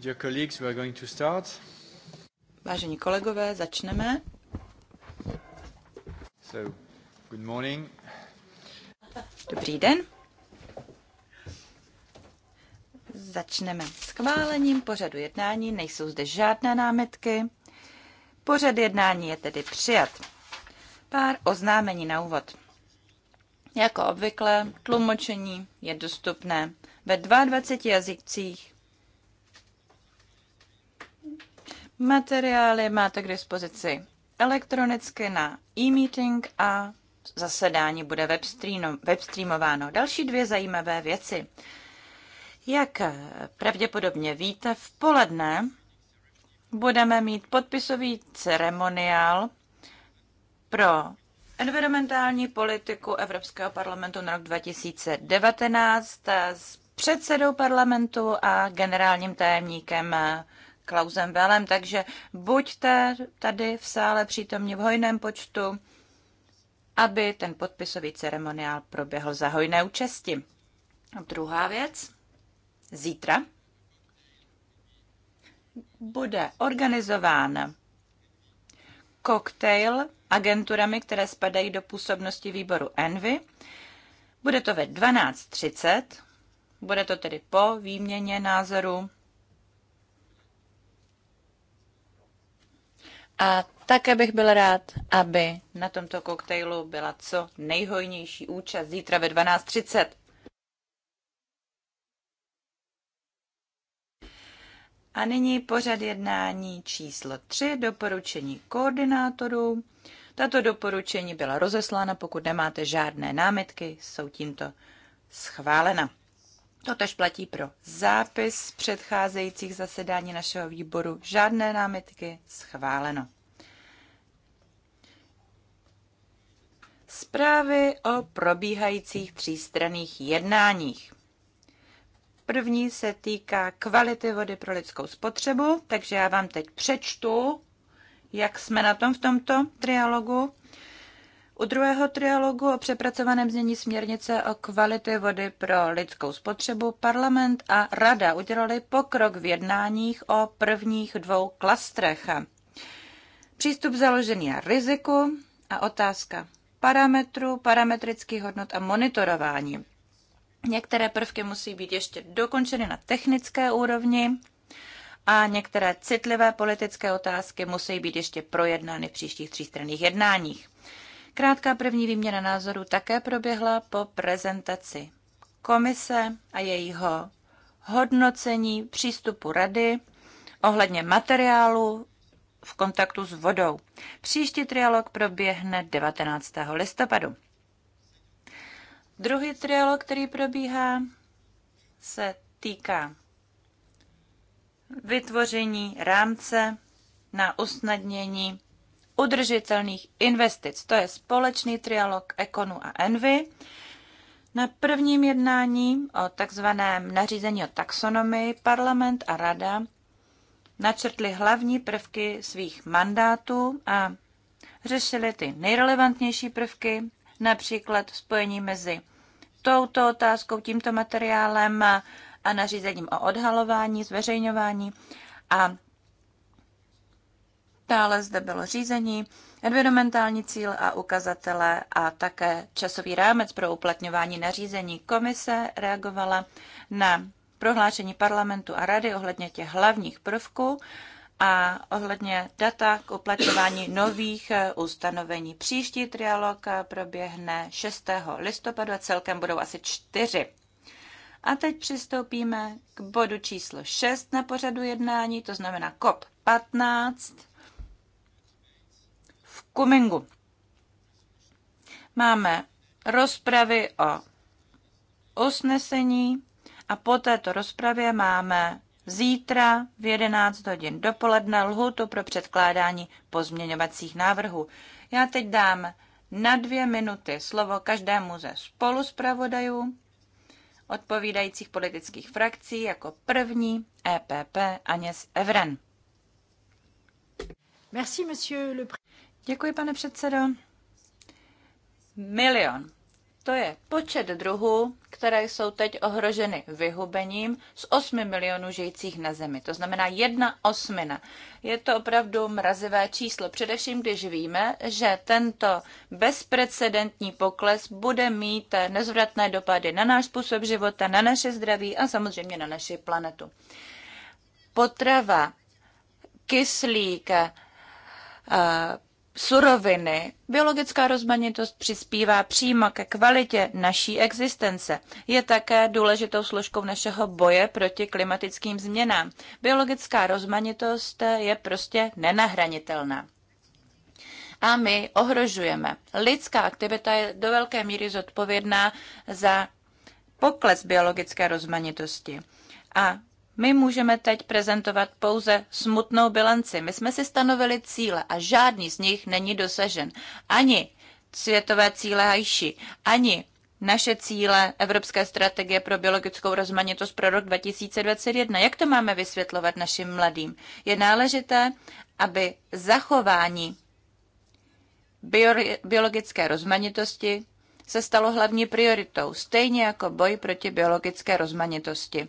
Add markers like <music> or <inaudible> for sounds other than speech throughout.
Dear colleagues, we are going to start. Vážení kolegové, začneme. So, good morning. Dobrý den. Začneme schválením pořadu jednání, nejsou zde žádné námitky. Pořad jednání je tedy přijat. Pár oznámení na úvod. Jako obvykle, tlumočení je dostupné ve 22 jazycích Materiály máte k dispozici elektronicky na e-meeting a zasedání bude webstreamováno. Další dvě zajímavé věci. Jak pravděpodobně víte, v poledne budeme mít podpisový ceremoniál pro environmentální politiku Evropského parlamentu na rok 2019 s předsedou parlamentu a generálním tajemníkem Klausem Velem, takže buďte tady v sále přítomně v hojném počtu, aby ten podpisový ceremoniál proběhl za hojné účasti. A druhá věc, zítra bude organizován koktejl agenturami, které spadají do působnosti výboru Envy. Bude to ve 12.30, bude to tedy po výměně názoru A také bych byl rád, aby na tomto koktejlu byla co nejhojnější účast zítra ve 12.30. A nyní pořad jednání číslo 3, doporučení koordinátorů. Tato doporučení byla rozeslána, pokud nemáte žádné námitky, jsou tímto schválena. To tež platí pro zápis předcházejících zasedání našeho výboru. Žádné námitky schváleno. Zprávy o probíhajících třístranných jednáních. První se týká kvality vody pro lidskou spotřebu, takže já vám teď přečtu, jak jsme na tom v tomto trialogu. U druhého trialogu o přepracovaném znění směrnice o kvality vody pro lidskou spotřebu parlament a rada udělali pokrok v jednáních o prvních dvou klastrech. Přístup založený na riziku a otázka parametrů, parametrických hodnot a monitorování. Některé prvky musí být ještě dokončeny na technické úrovni a některé citlivé politické otázky musí být ještě projednány v příštích třístranných jednáních. Krátká první výměna názorů také proběhla po prezentaci komise a jejího hodnocení přístupu rady ohledně materiálu v kontaktu s vodou. Příští trialog proběhne 19. listopadu. Druhý trialog, který probíhá, se týká vytvoření rámce na usnadnění udržitelných investic. To je společný trialog Ekonu a Envy. Na prvním jednání o takzvaném nařízení o taxonomii parlament a rada načrtli hlavní prvky svých mandátů a řešili ty nejrelevantnější prvky, například spojení mezi touto otázkou, tímto materiálem a nařízením o odhalování, zveřejňování a Dále zde bylo řízení, environmentální cíl a ukazatele a také časový rámec pro uplatňování nařízení. Komise reagovala na prohlášení parlamentu a rady ohledně těch hlavních prvků a ohledně data k uplatňování nových eh, ustanovení. Příští trialog eh, proběhne 6. listopadu a celkem budou asi čtyři. A teď přistoupíme k bodu číslo 6 na pořadu jednání, to znamená COP 15. Kumingu. Máme rozpravy o usnesení a po této rozpravě máme zítra v 11 hodin dopoledne lhutu pro předkládání pozměňovacích návrhů. Já teď dám na dvě minuty slovo každému ze spoluspravodajů odpovídajících politických frakcí jako první EPP Agnes Evren. Merci, monsieur le... Děkuji, pane předsedo. Milion. To je počet druhů, které jsou teď ohroženy vyhubením z 8 milionů žijících na Zemi. To znamená jedna osmina. Je to opravdu mrazivé číslo, především když víme, že tento bezprecedentní pokles bude mít nezvratné dopady na náš způsob života, na naše zdraví a samozřejmě na naši planetu. Potrava, kyslík, eh, suroviny, biologická rozmanitost přispívá přímo ke kvalitě naší existence. Je také důležitou složkou našeho boje proti klimatickým změnám. Biologická rozmanitost je prostě nenahranitelná. A my ohrožujeme. Lidská aktivita je do velké míry zodpovědná za pokles biologické rozmanitosti. A my můžeme teď prezentovat pouze smutnou bilanci. My jsme si stanovili cíle a žádný z nich není dosažen. Ani světové cíle hajší, ani naše cíle Evropské strategie pro biologickou rozmanitost pro rok 2021. Jak to máme vysvětlovat našim mladým? Je náležité, aby zachování biologické rozmanitosti se stalo hlavní prioritou, stejně jako boj proti biologické rozmanitosti.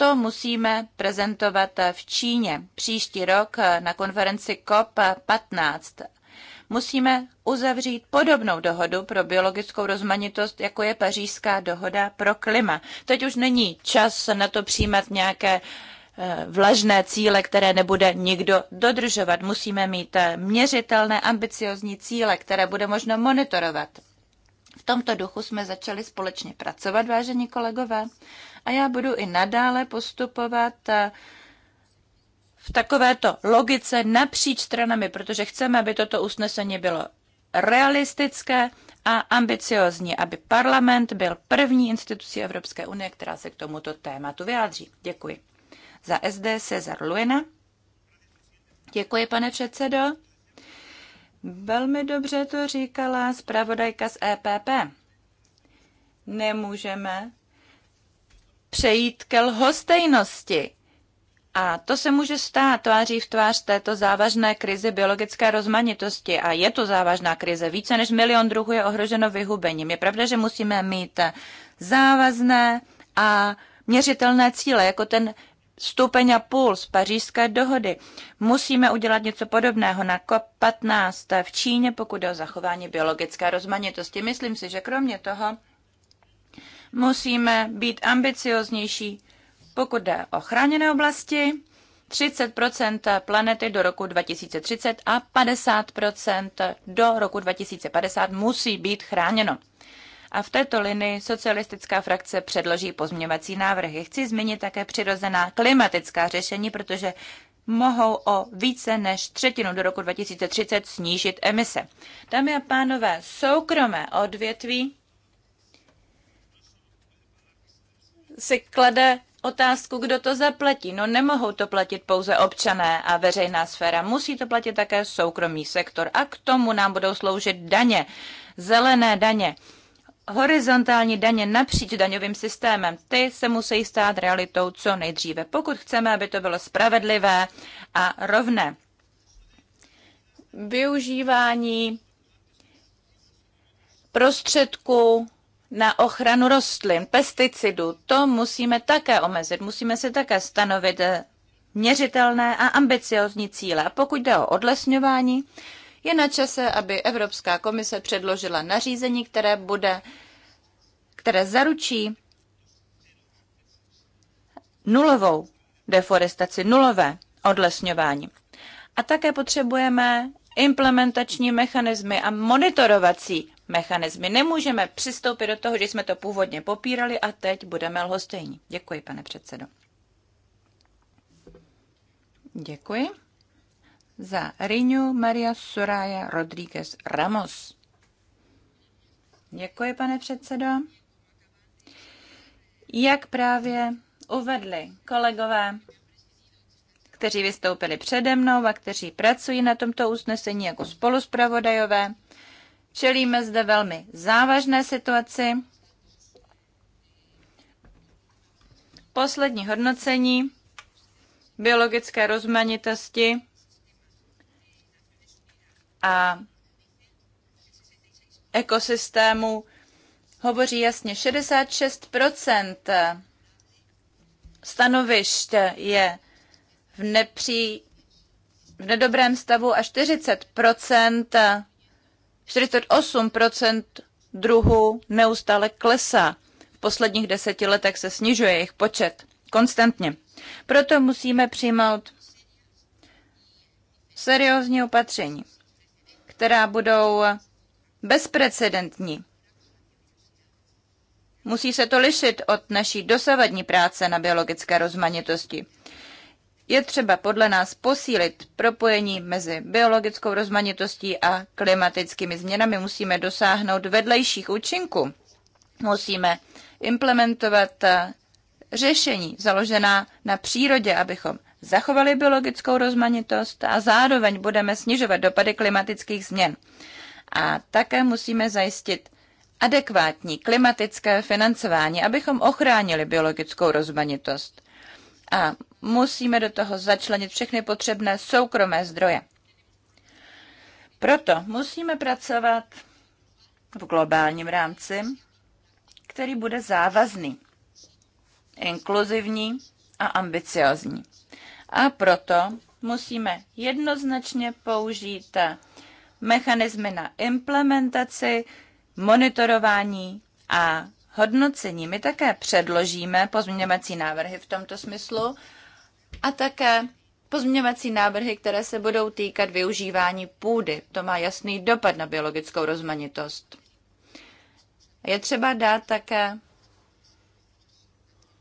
To musíme prezentovat v Číně příští rok na konferenci COP15. Musíme uzavřít podobnou dohodu pro biologickou rozmanitost, jako je pařížská dohoda pro klima. Teď už není čas na to přijímat nějaké eh, vlažné cíle, které nebude nikdo dodržovat. Musíme mít eh, měřitelné, ambiciozní cíle, které bude možno monitorovat. V tomto duchu jsme začali společně pracovat, vážení kolegové a já budu i nadále postupovat eh, v takovéto logice napříč stranami, protože chceme, aby toto usnesení bylo realistické a ambiciozní, aby parlament byl první institucí Evropské unie, která se k tomuto tématu vyjádří. Děkuji. Za SD Cezar Luena. Děkuji, pane předsedo. Velmi dobře to říkala zpravodajka z EPP. Nemůžeme přejít ke lhostejnosti. A to se může stát tváří v tvář této závažné krizi biologické rozmanitosti. A je to závažná krize. Více než milion druhů je ohroženo vyhubením. Je pravda, že musíme mít závazné a měřitelné cíle, jako ten stupeň a půl z pařížské dohody. Musíme udělat něco podobného na COP15 v Číně, pokud jde o zachování biologické rozmanitosti. Myslím si, že kromě toho musíme být ambicioznější, pokud jde o chráněné oblasti, 30 planety do roku 2030 a 50 do roku 2050 musí být chráněno. A v této linii socialistická frakce předloží pozměňovací návrhy. Chci zmínit také přirozená klimatická řešení, protože mohou o více než třetinu do roku 2030 snížit emise. Dámy a pánové, soukromé odvětví si klade otázku, kdo to zaplatí. No nemohou to platit pouze občané a veřejná sféra, musí to platit také soukromý sektor a k tomu nám budou sloužit daně, zelené daně. Horizontální daně napříč daňovým systémem, ty se musí stát realitou co nejdříve, pokud chceme, aby to bylo spravedlivé a rovné. Využívání prostředků na ochranu rostlin, pesticidů, to musíme také omezit. Musíme se také stanovit eh, měřitelné a ambiciozní cíle. A pokud jde o odlesňování, je na čase, aby Evropská komise předložila nařízení, které bude, které zaručí nulovou deforestaci, nulové odlesňování. A také potřebujeme implementační mechanismy a monitorovací mechanizmy. Nemůžeme přistoupit do toho, že jsme to původně popírali a teď budeme lhostejní. Děkuji, pane předsedo. Děkuji. Za Rinu Maria Soraya Rodríguez Ramos. Děkuji, pane předsedo. Jak právě uvedli kolegové, kteří vystoupili přede mnou a kteří pracují na tomto usnesení jako spoluspravodajové, Čelíme zde velmi závažné situaci. Poslední hodnocení biologické rozmanitosti a ekosystému hovoří jasně 66 stanovišť je v, nepří, v nedobrém stavu a 40 48% druhů neustále klesá. V posledních deseti letech se snižuje jejich počet konstantně. Proto musíme přijmout seriózní opatření, která budou bezprecedentní. Musí se to lišit od naší dosavadní práce na biologické rozmanitosti. Je třeba podle nás posílit propojení mezi biologickou rozmanitostí a klimatickými změnami. Musíme dosáhnout vedlejších účinků. Musíme implementovat eh, řešení založená na přírodě, abychom zachovali biologickou rozmanitost a zároveň budeme snižovat dopady klimatických změn. A také musíme zajistit adekvátní klimatické financování, abychom ochránili biologickou rozmanitost a musíme do toho začlenit všechny potřebné soukromé zdroje. Proto musíme pracovat v globálním rámci, který bude závazný, inkluzivní a ambiciozní. A proto musíme jednoznačně použít mechanismy na implementaci, monitorování a hodnocení. My také předložíme pozměňovací návrhy v tomto smyslu a také pozměňovací návrhy, které se budou týkat využívání půdy. To má jasný dopad na biologickou rozmanitost. Je třeba dát také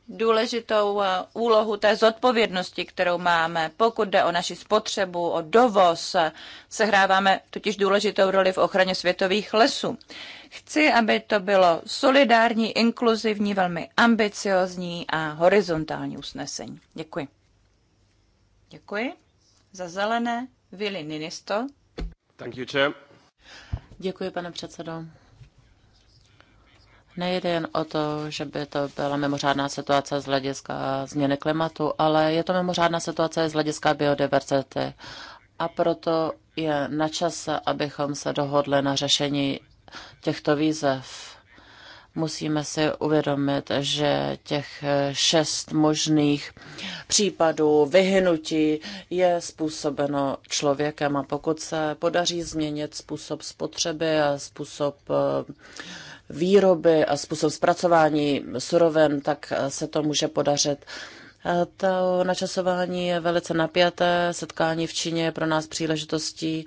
důležitou eh, úlohu té zodpovědnosti, kterou máme. Pokud jde o naši spotřebu, o dovoz, eh, sehráváme totiž důležitou roli v ochraně světových lesů. Chci, aby to bylo solidární, inkluzivní, velmi ambiciozní a horizontální usnesení. Děkuji. Děkuji. Za zelené Vili Ninisto. Thank you, chair. Děkuji, pane předsedo. Nejde jen o to, že by to byla mimořádná situace z hlediska změny klimatu, ale je to mimořádná situace z hlediska biodiverzity. A proto je na čase, abychom se dohodli na řešení těchto výzev musíme si uvědomit, že těch šest možných případů vyhnutí je způsobeno člověkem a pokud se podaří změnit způsob spotřeby a způsob eh, výroby a způsob zpracování surovin, tak se to může podařit to načasování je velice napjaté. Setkání v Číně je pro nás příležitostí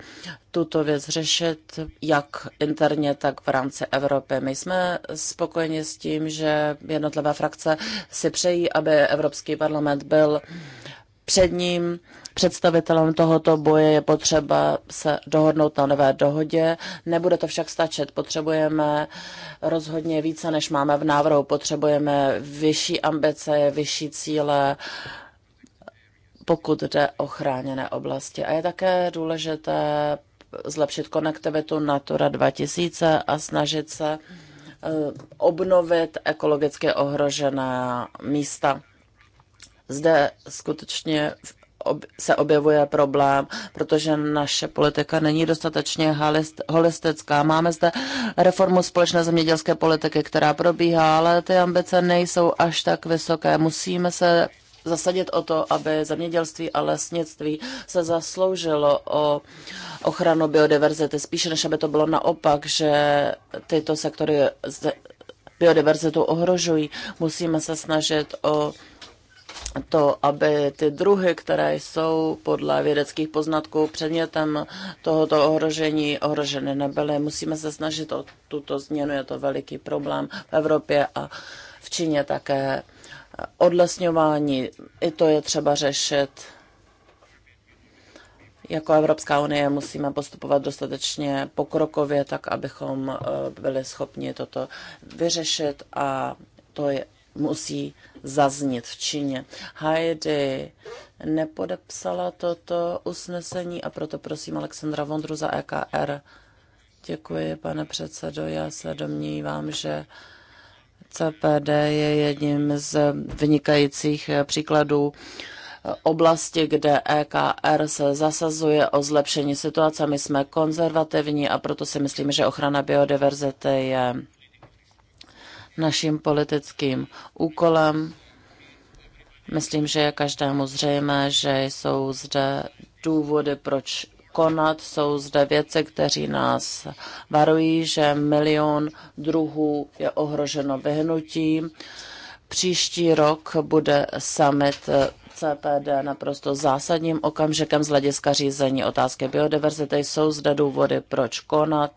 tuto věc řešit, jak interně, tak v rámci Evropy. My jsme spokojeni s tím, že jednotlivé frakce si přejí, aby Evropský parlament byl před ním představitelem tohoto boje je potřeba se dohodnout na nové dohodě. Nebude to však stačit. Potřebujeme rozhodně více, než máme v návrhu. Potřebujeme vyšší ambice, vyšší cíle, pokud jde o chráněné oblasti. A je také důležité zlepšit konektivitu Natura 2000 a snažit se eh, obnovit ekologicky ohrožená místa. Zde skutečně se objevuje problém, protože naše politika není dostatečně holistická. Máme zde reformu společné zemědělské politiky, která probíhá, ale ty ambice nejsou až tak vysoké. Musíme se zasadit o to, aby zemědělství a lesnictví se zasloužilo o ochranu biodiverzity, spíše než aby to bylo naopak, že tyto sektory biodiverzitu ohrožují. Musíme se snažit o to, aby ty druhy, které jsou podle vědeckých poznatků předmětem tohoto ohrožení, ohroženy nebyly. Musíme se snažit o tuto změnu, je to veliký problém v Evropě a v Číně také. Odlesňování, i to je třeba řešit. Jako Evropská unie musíme postupovat dostatečně pokrokově, tak abychom eh, byli schopni toto vyřešit a to je musí zaznít v Číně. Heidi nepodepsala toto usnesení a proto prosím Alexandra Vondru za EKR. Děkuji, pane předsedo. Já se domnívám, že CPD je jedním z vynikajících příkladů oblasti, kde EKR se zasazuje o zlepšení situace. My jsme konzervativní a proto si myslím, že ochrana biodiverzity je naším politickým úkolem. Myslím, že je každému zřejmé, že jsou zde důvody, proč konat. Jsou zde věci, kteří nás varují, že milion druhů je ohroženo vyhnutím. Příští rok bude summit CPD naprosto zásadním okamžikem z hlediska řízení otázky biodiverzity. Jsou zde důvody, proč konat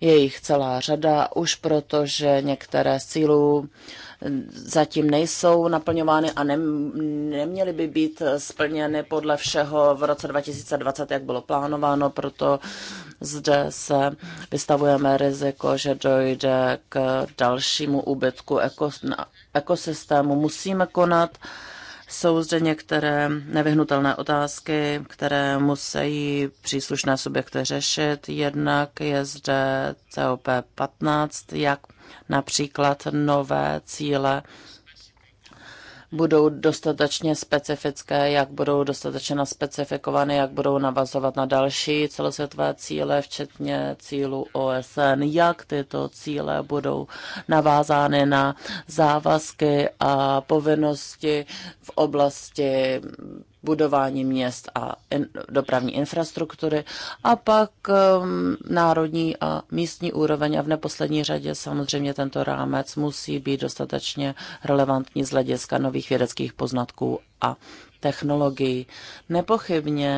je jich celá řada, už protože některé z cílů eh, zatím nejsou naplňovány a nem, neměly by být splněny podle všeho v roce 2020, jak bylo plánováno, proto zde se vystavujeme riziko, že dojde k dalšímu úbytku ekos, ekosystému. Musíme konat jsou zde některé nevyhnutelné otázky, které musí příslušné subjekty řešit. Jednak je zde COP 15, jak například nové cíle budou dostatečně specifické, jak budou dostatečně naspecifikovány, jak budou navazovat na další celosvětové cíle, včetně cílu OSN, jak tyto cíle budou navázány na závazky a povinnosti v oblasti budování měst a in, dopravní infrastruktury a pak um, národní a místní úroveň a v neposlední řadě samozřejmě tento rámec musí být dostatečně relevantní z hlediska nových vědeckých poznatků a technologií. Nepochybně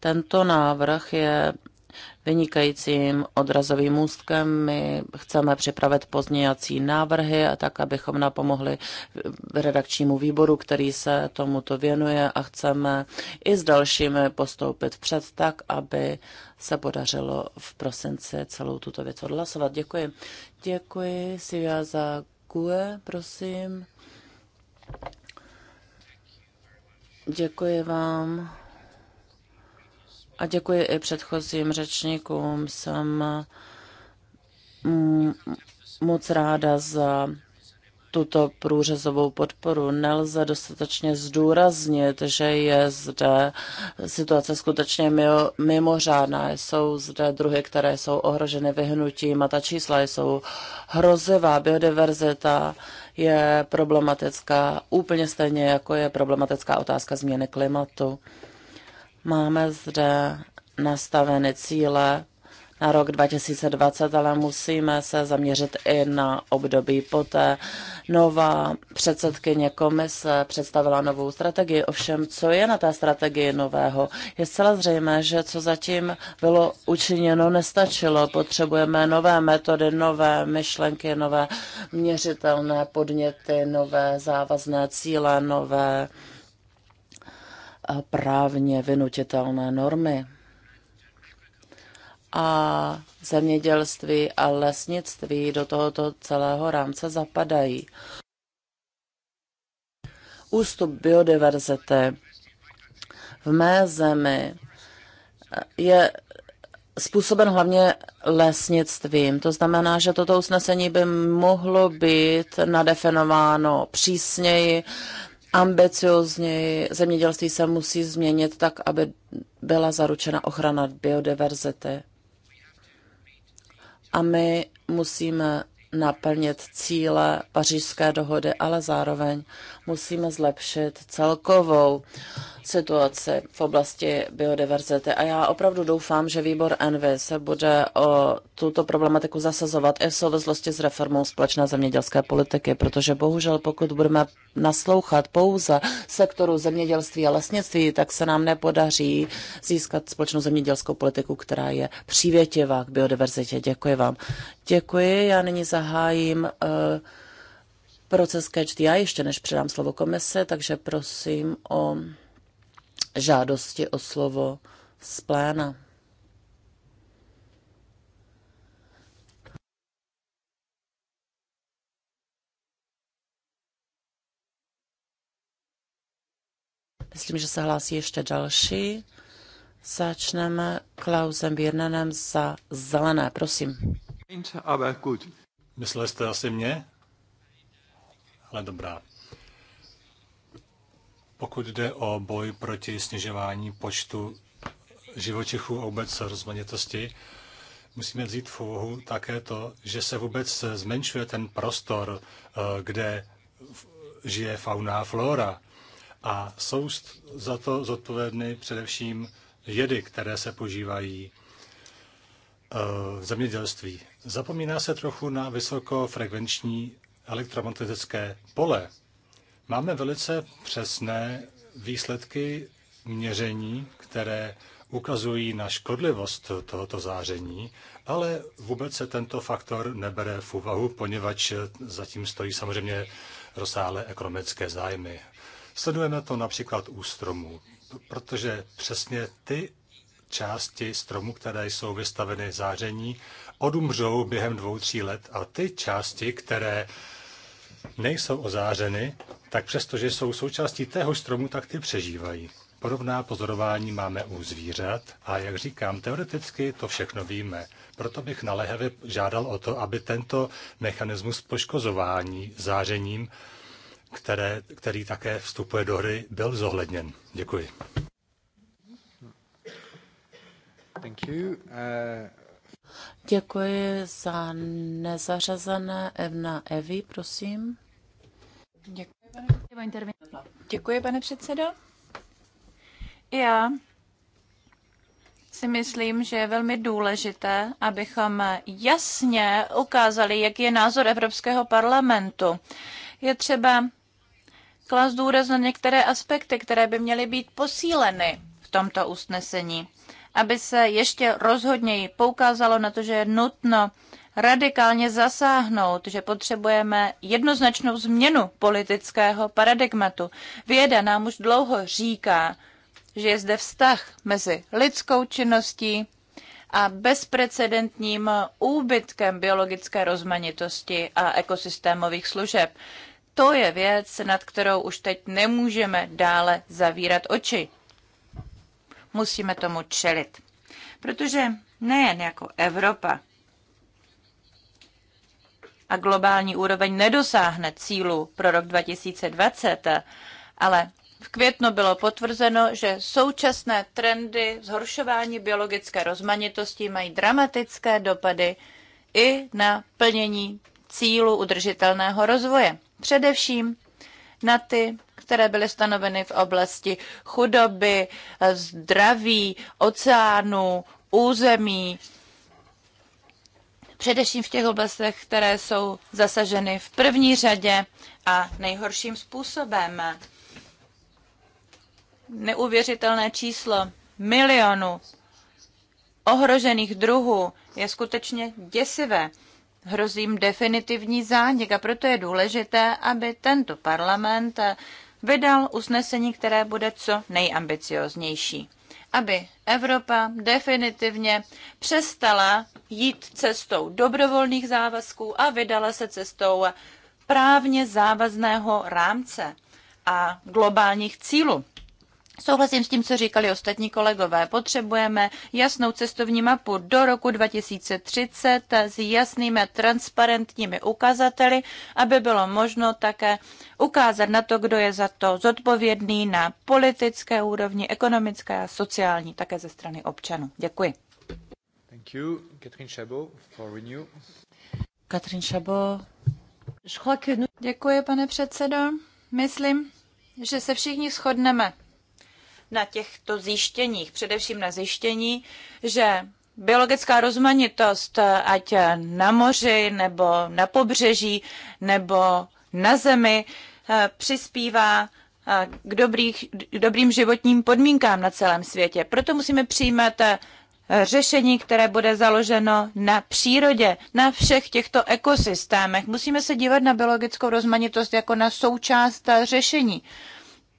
tento návrh je vynikajícím odrazovým můstkem. My chceme připravit pozdějací návrhy a tak, abychom napomohli redakčnímu výboru, který se tomuto věnuje a chceme i s dalšími postoupit před tak, aby se podařilo v prosinci celou tuto věc odhlasovat. Děkuji. Děkuji, Sivia, za GUE, prosím. Děkuji vám a děkuji i předchozím řečníkům. Jsem mm, moc ráda za tuto průřezovou podporu. Nelze dostatečně zdůraznit, že je zde situace skutečně mimořádná. Jsou zde druhy, které jsou ohroženy vyhnutím a ta čísla jsou hrozivá. Biodiverzita je problematická úplně stejně, jako je problematická otázka změny klimatu. Máme zde nastaveny cíle na rok 2020, ale musíme se zaměřit i na období poté. Nová předsedkyně komise představila novou strategii, ovšem co je na té strategii nového? Je zcela zřejmé, že co zatím bylo učiněno, nestačilo. Potřebujeme nové metody, nové myšlenky, nové měřitelné podněty, nové závazné cíle, nové právně vynutitelné normy. A zemědělství a lesnictví do tohoto celého rámce zapadají. Ústup biodiverzity v mé zemi je způsoben hlavně lesnictvím. To znamená, že toto usnesení by mohlo být nadefinováno přísněji, ambiciozněji. Zemědělství se musí změnit tak, aby byla zaručena ochrana biodiverzity. A my musíme naplnit cíle pařížské dohody, ale zároveň musíme zlepšit celkovou situaci v oblasti biodiverzity. A já opravdu doufám, že výbor Envy se bude o tuto problematiku zasazovat i v souvislosti s reformou společné zemědělské politiky, protože bohužel pokud budeme naslouchat pouze sektoru zemědělství a lesnictví, tak se nám nepodaří získat společnou zemědělskou politiku, která je přívětivá k biodiverzitě. Děkuji vám. Děkuji, já nyní zahájím zahájím eh, proces catch já ještě než předám slovo komise, takže prosím o žádosti o slovo z pléna. Myslím, že se hlásí ještě další. Začneme Klausem Birnenem za zelené, prosím. Mysleli jste asi mě? Ale dobrá. Pokud jde o boj proti snižování počtu živočichů a vůbec rozmanitosti, musíme vzít v úvahu také to, že se vůbec zmenšuje ten prostor, eh, kde žije fauna a flora. A jsou za to zodpovědny především jedy, které se požívají Eh, zemědělství. Zapomíná se trochu na vysokofrekvenční elektromagnetické pole. Máme velice přesné výsledky měření, které ukazují na škodlivost tohoto záření, ale vůbec se tento faktor nebere v úvahu, poněvadž zatím stojí samozřejmě rozsáhlé ekonomické zájmy. Sledujeme to například u stromů, protože přesně ty části stromu, které jsou vystaveny záření, odumřou během dvou, tří let a ty části, které nejsou ozářeny, tak přestože jsou součástí tého stromu, tak ty přežívají. Podobná pozorování máme u zvířat a jak říkám, teoreticky to všechno víme. Proto bych naléhavě žádal o to, aby tento mechanismus poškozování zářením, které, který také vstupuje do hry, byl zohledněn. Děkuji. Thank you. Uh... Děkuji za nezařazené Evna Evi, prosím. Děkuji, pane, Děkuji, pane předsedo. Já si myslím, že je velmi důležité, abychom jasně ukázali, jaký je názor Evropského parlamentu. Je třeba klas důraz na některé aspekty, které by měly být posíleny v tomto usnesení aby se ještě rozhodněji poukázalo na to, že je nutno radikálně zasáhnout, že potřebujeme jednoznačnou změnu politického paradigmatu. Věda nám už dlouho říká, že je zde vztah mezi lidskou činností a bezprecedentním úbytkem biologické rozmanitosti a ekosystémových služeb. To je věc, nad kterou už teď nemůžeme dále zavírat oči musíme tomu čelit. Protože nejen jako Evropa a globální úroveň nedosáhne cílu pro rok 2020, ale v květnu bylo potvrzeno, že současné trendy zhoršování biologické rozmanitosti mají dramatické dopady i na plnění cílu udržitelného rozvoje. Především na ty, které byly stanoveny v oblasti chudoby, zdraví, oceánu, území, především v těch oblastech, které jsou zasaženy v první řadě a nejhorším způsobem. Neuvěřitelné číslo milionu ohrožených druhů je skutečně děsivé hrozí definitivní zánik a proto je důležité, aby tento parlament vydal usnesení, které bude co nejambicioznější. Aby Evropa definitivně přestala jít cestou dobrovolných závazků a vydala se cestou právně závazného rámce a globálních cílů. Souhlasím s tím, co říkali ostatní kolegové. Potřebujeme jasnou cestovní mapu do roku 2030 s jasnými transparentními ukazateli, aby bylo možno také ukázat na to, kdo je za to zodpovědný na politické úrovni, ekonomické a sociální, také ze strany občanů. Děkuji. Thank you. Catherine Chabot for Renew. Catherine Chabot. Děkuji, pane předsedo. Myslím, že se všichni shodneme na těchto zjištěních, především na zjištění, že biologická rozmanitost, ať na moři, nebo na pobřeží, nebo na zemi, eh, přispívá eh, k, dobrých, k dobrým životním podmínkám na celém světě. Proto musíme přijímat eh, řešení, které bude založeno na přírodě, na všech těchto ekosystémech. Musíme se dívat na biologickou rozmanitost jako na součást řešení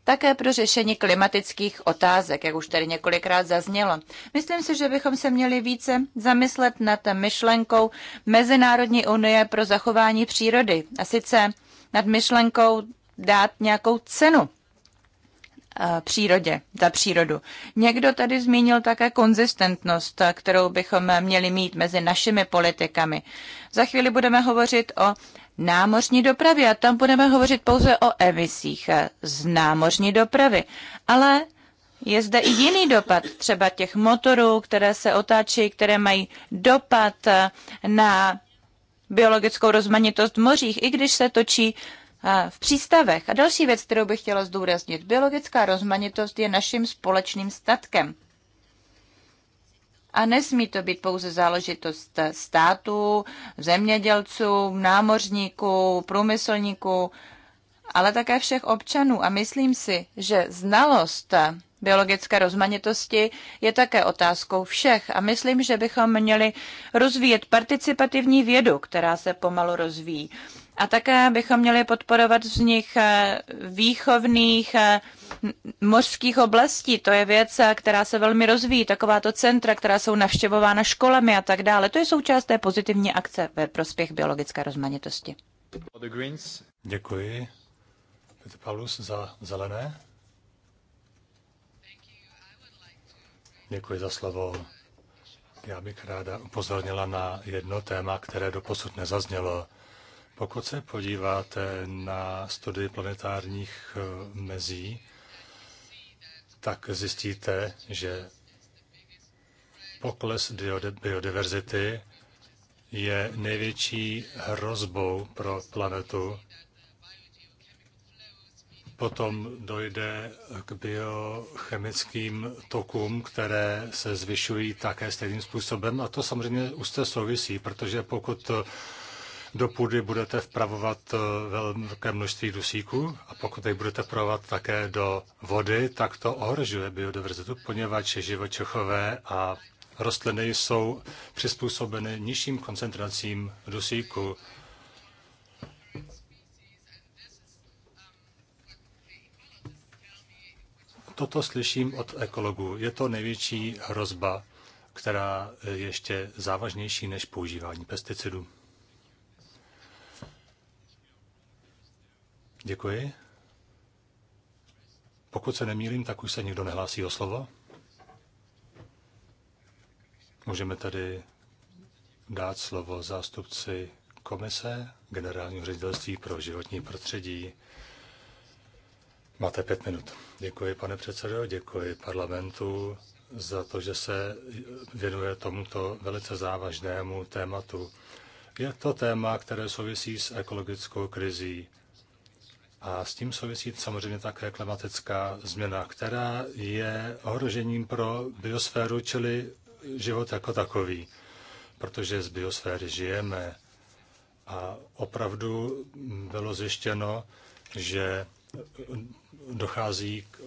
také pro řešení klimatických otázek, jak už tady několikrát zaznělo. Myslím si, že bychom se měli více zamyslet nad myšlenkou Mezinárodní unie pro zachování přírody a sice nad myšlenkou dát nějakou cenu eh, přírodě, za přírodu. Někdo tady zmínil také konzistentnost, kterou bychom měli mít mezi našimi politikami. Za chvíli budeme hovořit o námořní dopravy a tam budeme hovořit pouze o emisích z námořní dopravy. Ale je zde i jiný dopad, třeba těch motorů, které se otáčí, které mají dopad na biologickou rozmanitost v mořích, i když se točí v přístavech. A další věc, kterou bych chtěla zdůraznit, biologická rozmanitost je naším společným statkem. A nesmí to být pouze záležitost států, zemědělců, námořníků, průmyslníků, ale také všech občanů. A myslím si, že znalost biologické rozmanitosti je také otázkou všech. A myslím, že bychom měli rozvíjet participativní vědu, která se pomalu rozvíjí. A také bychom měli podporovat z nich eh, výchovných eh, mořských oblastí. To je věc, eh, která se velmi rozvíjí. Takováto centra, která jsou navštěvována školami a tak dále. To je součást té pozitivní akce ve prospěch biologické rozmanitosti. Děkuji. Petr Paulus za zelené. Děkuji za slovo. Já bych ráda upozornila na jedno téma, které doposud nezaznělo. Pokud se podíváte na studii planetárních eh, mezí, tak zjistíte, že pokles biodiverzity je největší hrozbou pro planetu. Potom dojde k biochemickým tokům, které se zvyšují také stejným způsobem. A to samozřejmě se souvisí, protože pokud do půdy budete vpravovat eh, velké množství dusíků a pokud je budete vpravovat také do vody, tak to ohrožuje biodiverzitu, poněvadž živočichové a rostliny jsou přizpůsobeny nižším koncentracím dusíku. Toto slyším od ekologů. Je to největší hrozba, která je ještě závažnější než používání pesticidů. Děkuji. Pokud se nemýlím, tak už se nikdo nehlásí o slovo. Můžeme tady dát slovo zástupci komise Generálního ředitelství pro životní prostředí. Máte pět minut. Děkuji, pane předsedo, děkuji parlamentu za to, že se věnuje tomuto velice závažnému tématu. Je to téma, které souvisí s ekologickou krizí. A s tím souvisí samozřejmě také klimatická změna, která je ohrožením pro biosféru, čili život jako takový, protože z biosféry žijeme. A opravdu bylo zjištěno, že dochází k,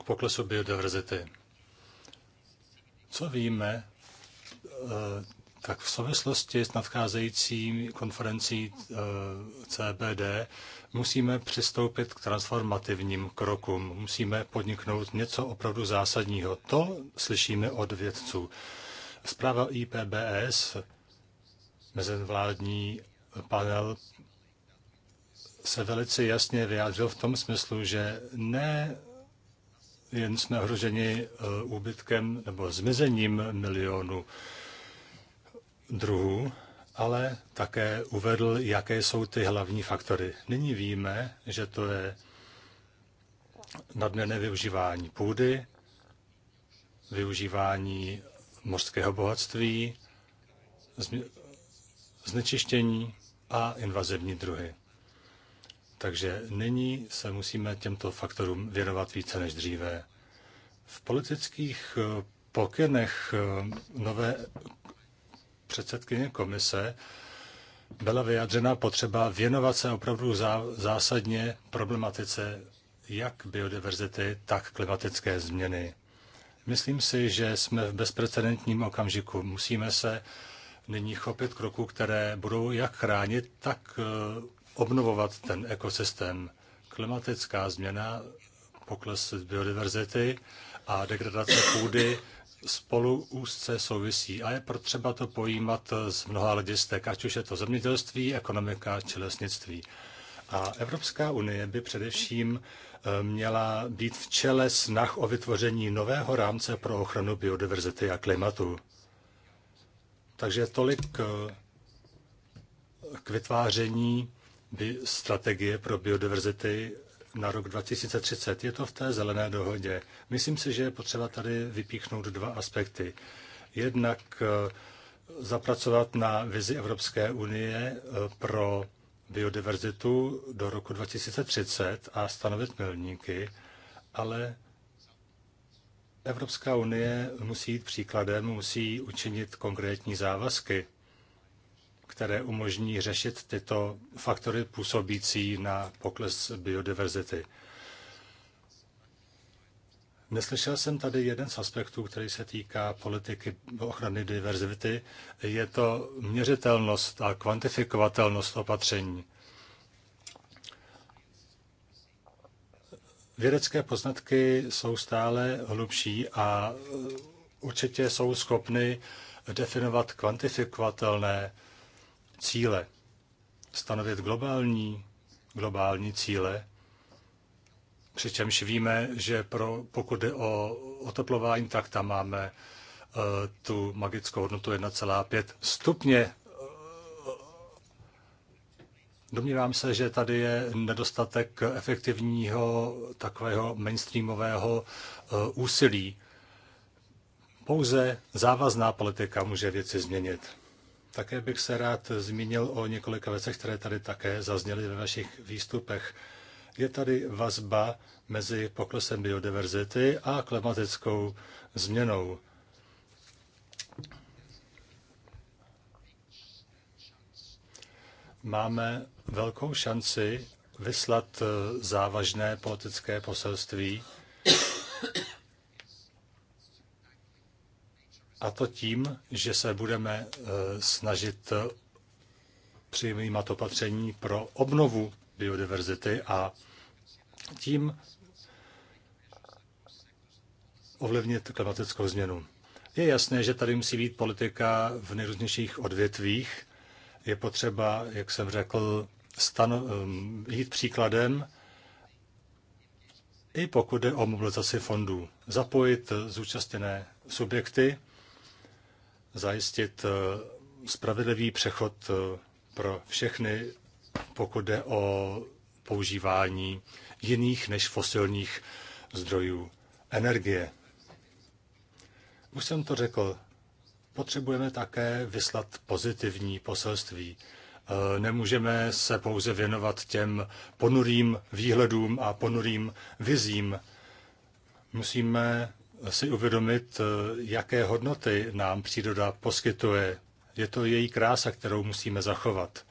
k poklesu biodiverzity. Co víme, eh, tak v souvislosti s nadcházející konferencí eh, CBD musíme přistoupit k transformativním krokům. Musíme podniknout něco opravdu zásadního. To slyšíme od vědců. Zpráva IPBS, mezinvládní panel, se velice jasně vyjádřil v tom smyslu, že ne jen jsme ohroženi eh, úbytkem nebo zmizením milionů druhů, ale také uvedl, jaké jsou ty hlavní faktory. Nyní víme, že to je nadměrné využívání půdy, využívání mořského bohatství, znečištění a invazivní druhy. Takže nyní se musíme těmto faktorům věnovat více než dříve. V politických eh, pokynech eh, nové předsedkyně komise byla vyjádřena potřeba věnovat se opravdu zásadně problematice jak biodiverzity, tak klimatické změny. Myslím si, že jsme v bezprecedentním okamžiku. Musíme se nyní chopit kroků, které budou jak chránit, tak eh, obnovovat ten ekosystém. Klimatická změna, pokles biodiverzity a degradace půdy spolu úzce souvisí a je potřeba to pojímat z mnoha hledisek, ať už je to zemědělství, ekonomika či lesnictví. A Evropská unie by především eh, měla být v čele snah o vytvoření nového rámce pro ochranu biodiverzity a klimatu. Takže tolik eh, k vytváření strategie pro biodiverzity na rok 2030. Je to v té zelené dohodě. Myslím si, že je potřeba tady vypíchnout dva aspekty. Jednak eh, zapracovat na vizi Evropské unie eh, pro biodiverzitu do roku 2030 a stanovit milníky, ale Evropská unie musí jít příkladem, musí učinit konkrétní závazky které umožní řešit tyto faktory působící na pokles biodiverzity. Neslyšel jsem tady jeden z aspektů, který se týká politiky ochrany diverzity. Je to měřitelnost a kvantifikovatelnost opatření. Vědecké poznatky jsou stále hlubší a e, určitě jsou schopny definovat kvantifikovatelné cíle. Stanovit globální, globální cíle, přičemž víme, že pro, pokud jde o oteplování, tak tam máme uh, tu magickou hodnotu 1,5 stupně. Domnívám se, že tady je nedostatek efektivního takového mainstreamového uh, úsilí pouze závazná politika může věci změnit. Také bych se rád zmínil o několika věcech, které tady také zazněly ve vašich výstupech. Je tady vazba mezi poklesem biodiverzity a klimatickou změnou. Máme velkou šanci vyslat eh, závažné politické poselství A to tím, že se budeme eh, snažit eh, přijímat opatření pro obnovu biodiverzity a tím ovlivnit klimatickou změnu. Je jasné, že tady musí být politika v nejrůznějších odvětvích. Je potřeba, jak jsem řekl, stano- ehm, jít příkladem, i pokud jde o mobilizaci fondů. Zapojit zúčastněné subjekty zajistit eh, spravedlivý přechod eh, pro všechny, pokud jde o používání jiných než fosilních zdrojů energie. Už jsem to řekl, potřebujeme také vyslat pozitivní poselství. Eh, nemůžeme se pouze věnovat těm ponurým výhledům a ponurým vizím. Musíme si uvědomit, eh, jaké hodnoty nám příroda poskytuje. Je to její krása, kterou musíme zachovat.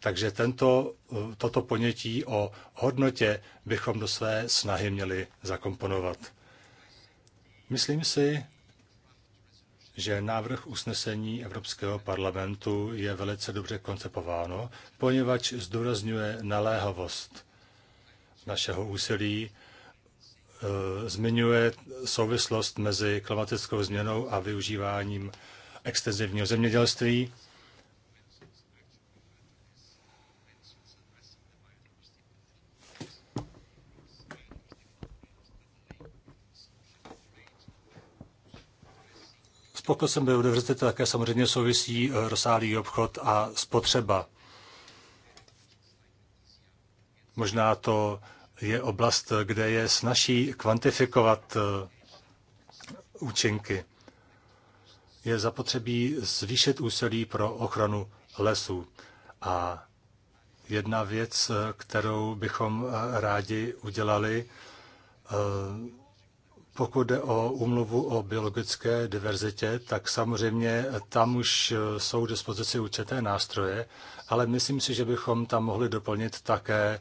Takže tento, eh, toto ponětí o hodnotě bychom do své snahy měli zakomponovat. Myslím si, že návrh usnesení Evropského parlamentu je velice dobře koncepováno, poněvadž zdůrazňuje naléhavost našeho úsilí Eh, zmiňuje souvislost mezi klimatickou změnou a využíváním extenzivního zemědělství. S poklesem biodiverzity také samozřejmě souvisí eh, rozsáhlý obchod a spotřeba. Možná to je oblast, kde je snaží kvantifikovat eh, účinky. Je zapotřebí zvýšit úsilí pro ochranu lesů. A jedna věc, eh, kterou bychom eh, rádi udělali, pokud jde o umluvu o biologické diverzitě, tak samozřejmě tam už jsou k dispozici určité nástroje, ale myslím si, že bychom tam mohli doplnit také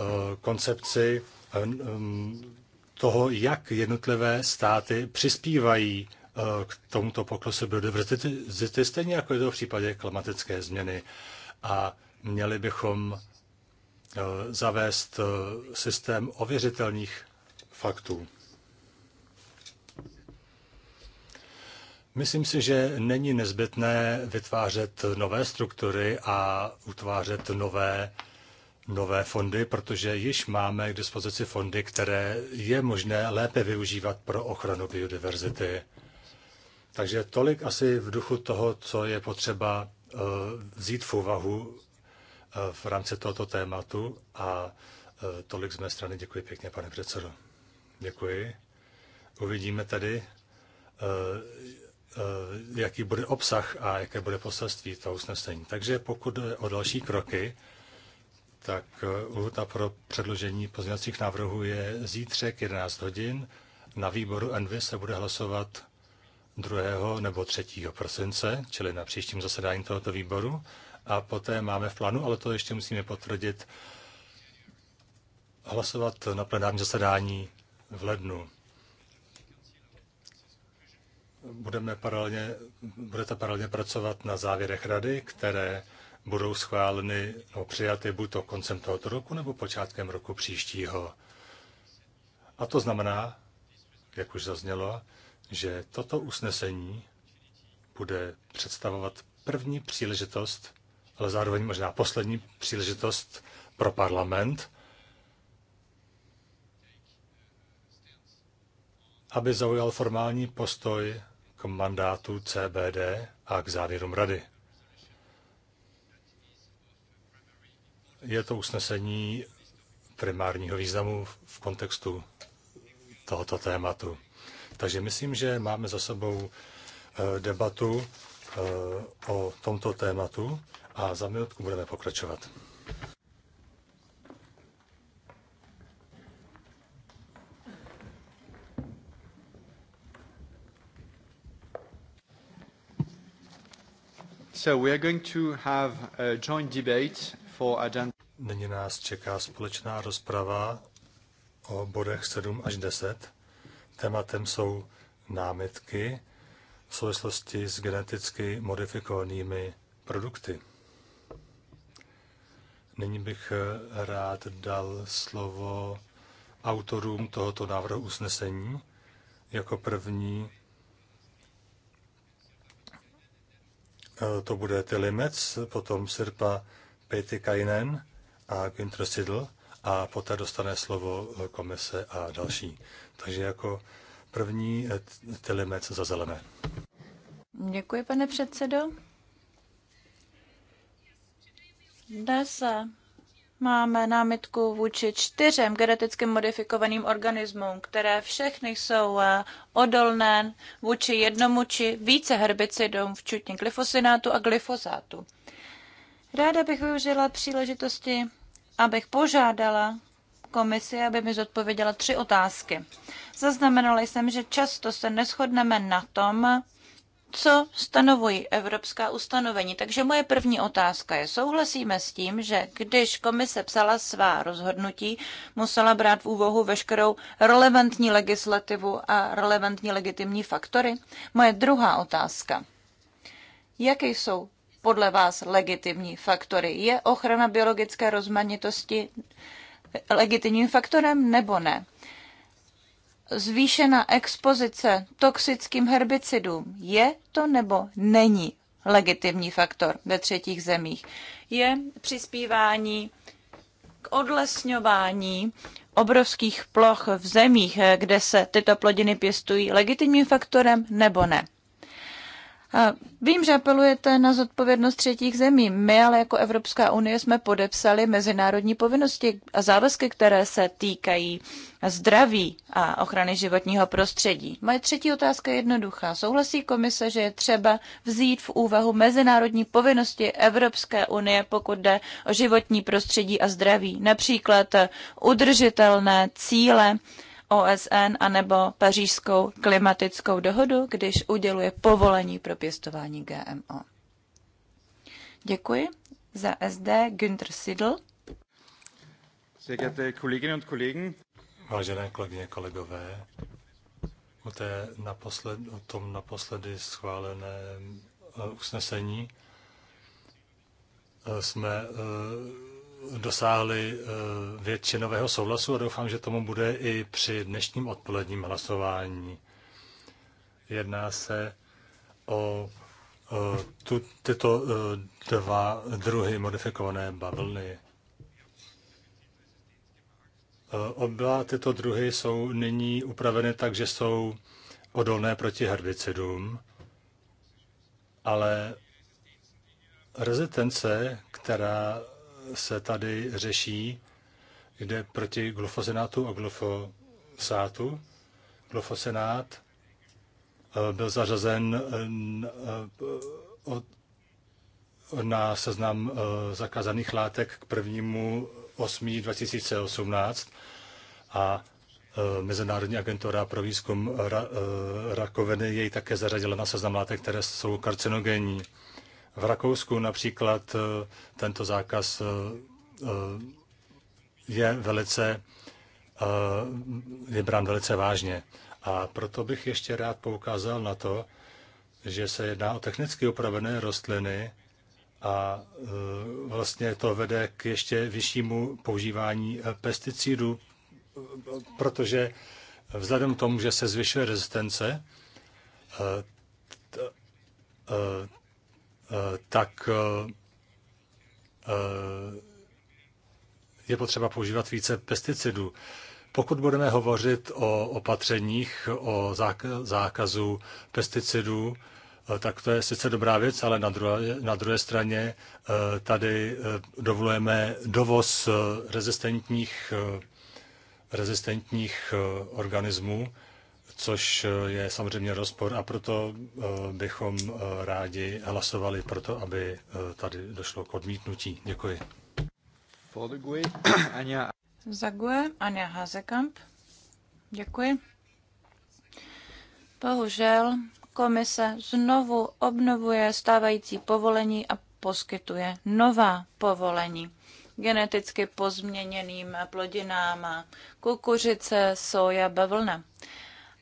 Eh, koncepci eh, mm, toho, jak jednotlivé státy přispívají eh, k tomuto poklesu biodiverzity, stejně jako je to v případě klimatické změny. A měli bychom zavést systém ověřitelných faktů. Myslím si, že není nezbytné vytvářet nové struktury a utvářet nové nové fondy, protože již máme k dispozici fondy, které je možné lépe využívat pro ochranu biodiverzity. Takže tolik asi v duchu toho, co je potřeba eh, vzít v úvahu eh, v rámci tohoto tématu a eh, tolik z mé strany. Děkuji pěkně, pane předsedo. Děkuji. Uvidíme tedy, jaký bude obsah a jaké bude poselství toho usnesení. Takže pokud jde o další kroky, tak eh, lhuta pro předložení pozměňovacích návrhů je zítřek 11 hodin. Na výboru Envy se bude hlasovat 2. nebo 3. prosince, čili na příštím zasedání tohoto výboru. A poté máme v plánu, ale to ještě musíme potvrdit, hlasovat na plenárním zasedání v lednu. Budeme paralelně, budete paralelně pracovat na závěrech rady, které budou schváleny nebo přijaty buď to koncem tohoto roku nebo počátkem roku příštího. A to znamená, jak už zaznělo, že toto usnesení bude představovat první příležitost, ale zároveň možná poslední příležitost pro parlament, aby zaujal formální postoj k mandátu CBD a k závěrům rady. je to usnesení primárního významu v kontextu tohoto tématu. Takže myslím, že máme za sebou eh, debatu eh, o tomto tématu a za minutku budeme pokračovat. So we are going to have a joint debate Nyní nás čeká společná rozprava o bodech 7 až 10. Tématem jsou námitky v souvislosti s geneticky modifikovanými produkty. Nyní bych eh, rád dal slovo autorům tohoto návrhu usnesení. Jako první eh, to bude Tilimec, potom Sirpa Pejty Kajnen a Günther Sidl a poté dostane slovo eh, komise a další. Takže jako první eh, telemec za zelené. Děkuji, pane předsedo. Dnes eh, máme námitku vůči čtyřem geneticky modifikovaným organismům, které všechny jsou odolné vůči jednomu či více herbicidům, včetně glyfosinátu a glyfozátu. Ráda bych využila příležitosti, abych požádala komisi, aby mi zodpověděla tři otázky. Zaznamenala jsem, že často se neschodneme na tom, co stanovují evropská ustanovení. Takže moje první otázka je, souhlasíme s tím, že když komise psala svá rozhodnutí, musela brát v úvahu veškerou relevantní legislativu a relevantní legitimní faktory? Moje druhá otázka. Jaké jsou podle vás legitimní faktory. Je ochrana biologické rozmanitosti legitimním faktorem nebo ne? Zvýšená expozice toxickým herbicidům je to nebo není legitimní faktor ve třetích zemích? Je přispívání k odlesňování obrovských ploch v zemích, eh, kde se tyto plodiny pěstují, legitimním faktorem nebo ne? A vím, že apelujete na zodpovědnost třetích zemí. My ale jako Evropská unie jsme podepsali mezinárodní povinnosti a závazky, které se týkají zdraví a ochrany životního prostředí. Moje třetí otázka je jednoduchá. Souhlasí komise, že je třeba vzít v úvahu mezinárodní povinnosti Evropské unie, pokud jde o životní prostředí a zdraví, například udržitelné cíle OSN anebo pařížskou klimatickou dohodu, když uděluje povolení pro pěstování GMO. Děkuji. Za SD Günther Sidl. Vážené kolegyně, kolegové, o, té naposled, o tom naposledy schváleném eh, usnesení eh, jsme eh, dosáhli eh, většinového souhlasu a doufám, že tomu bude i při dnešním odpoledním hlasování. Jedná se o eh, tu, tyto eh, dva druhy modifikované bavlny. Oba tyto druhy jsou nyní upraveny tak, že jsou odolné proti herbicidům, ale rezistence, která se tady řeší, jde proti glufosinátu a glufosátu. Glufosinát eh, byl zařazen eh, eh, na seznam zakázaných látek k prvnímu 8. 2018 a Mezinárodní agentura pro výzkum ra, rakoviny jej také zařadila na seznam látek, které jsou karcinogenní. V Rakousku například eh, tento zákaz eh, eh, je velice je brán velice vážně. A proto bych ještě rád poukázal na to, že se jedná o technicky upravené rostliny a vlastně to vede k ještě vyššímu používání pesticidů, protože vzhledem k tomu, že se zvyšuje rezistence, Eh, tak eh, je potřeba používat více pesticidů. Pokud budeme hovořit o opatřeních, o zákazu pesticidů, eh, tak to je sice dobrá věc, ale na druhé, na druhé straně tady dovolujeme dovoz rezistentních, rezistentních organismů což eh, je samozřejmě rozpor a proto eh, bychom eh, rádi hlasovali pro to, aby tady došlo k odmítnutí. Děkuji. Zague, Anja Hazekamp. Děkuji. Bohužel komise znovu obnovuje stávající povolení a poskytuje nová povolení geneticky pozměněným plodinám kukuřice, soja, bavlna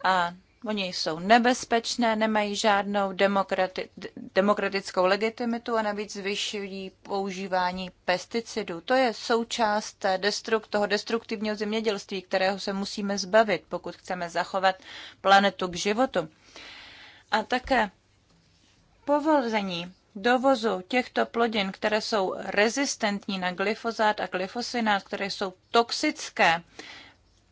a Oni jsou nebezpečné, nemají žádnou demokrati- demokratickou legitimitu a navíc zvyšují používání pesticidů. To je součást destruk- toho destruktivního zemědělství, kterého se musíme zbavit, pokud chceme zachovat planetu k životu. A také povolení dovozu těchto plodin, které jsou rezistentní na glyfozát a glyfosinát, které jsou toxické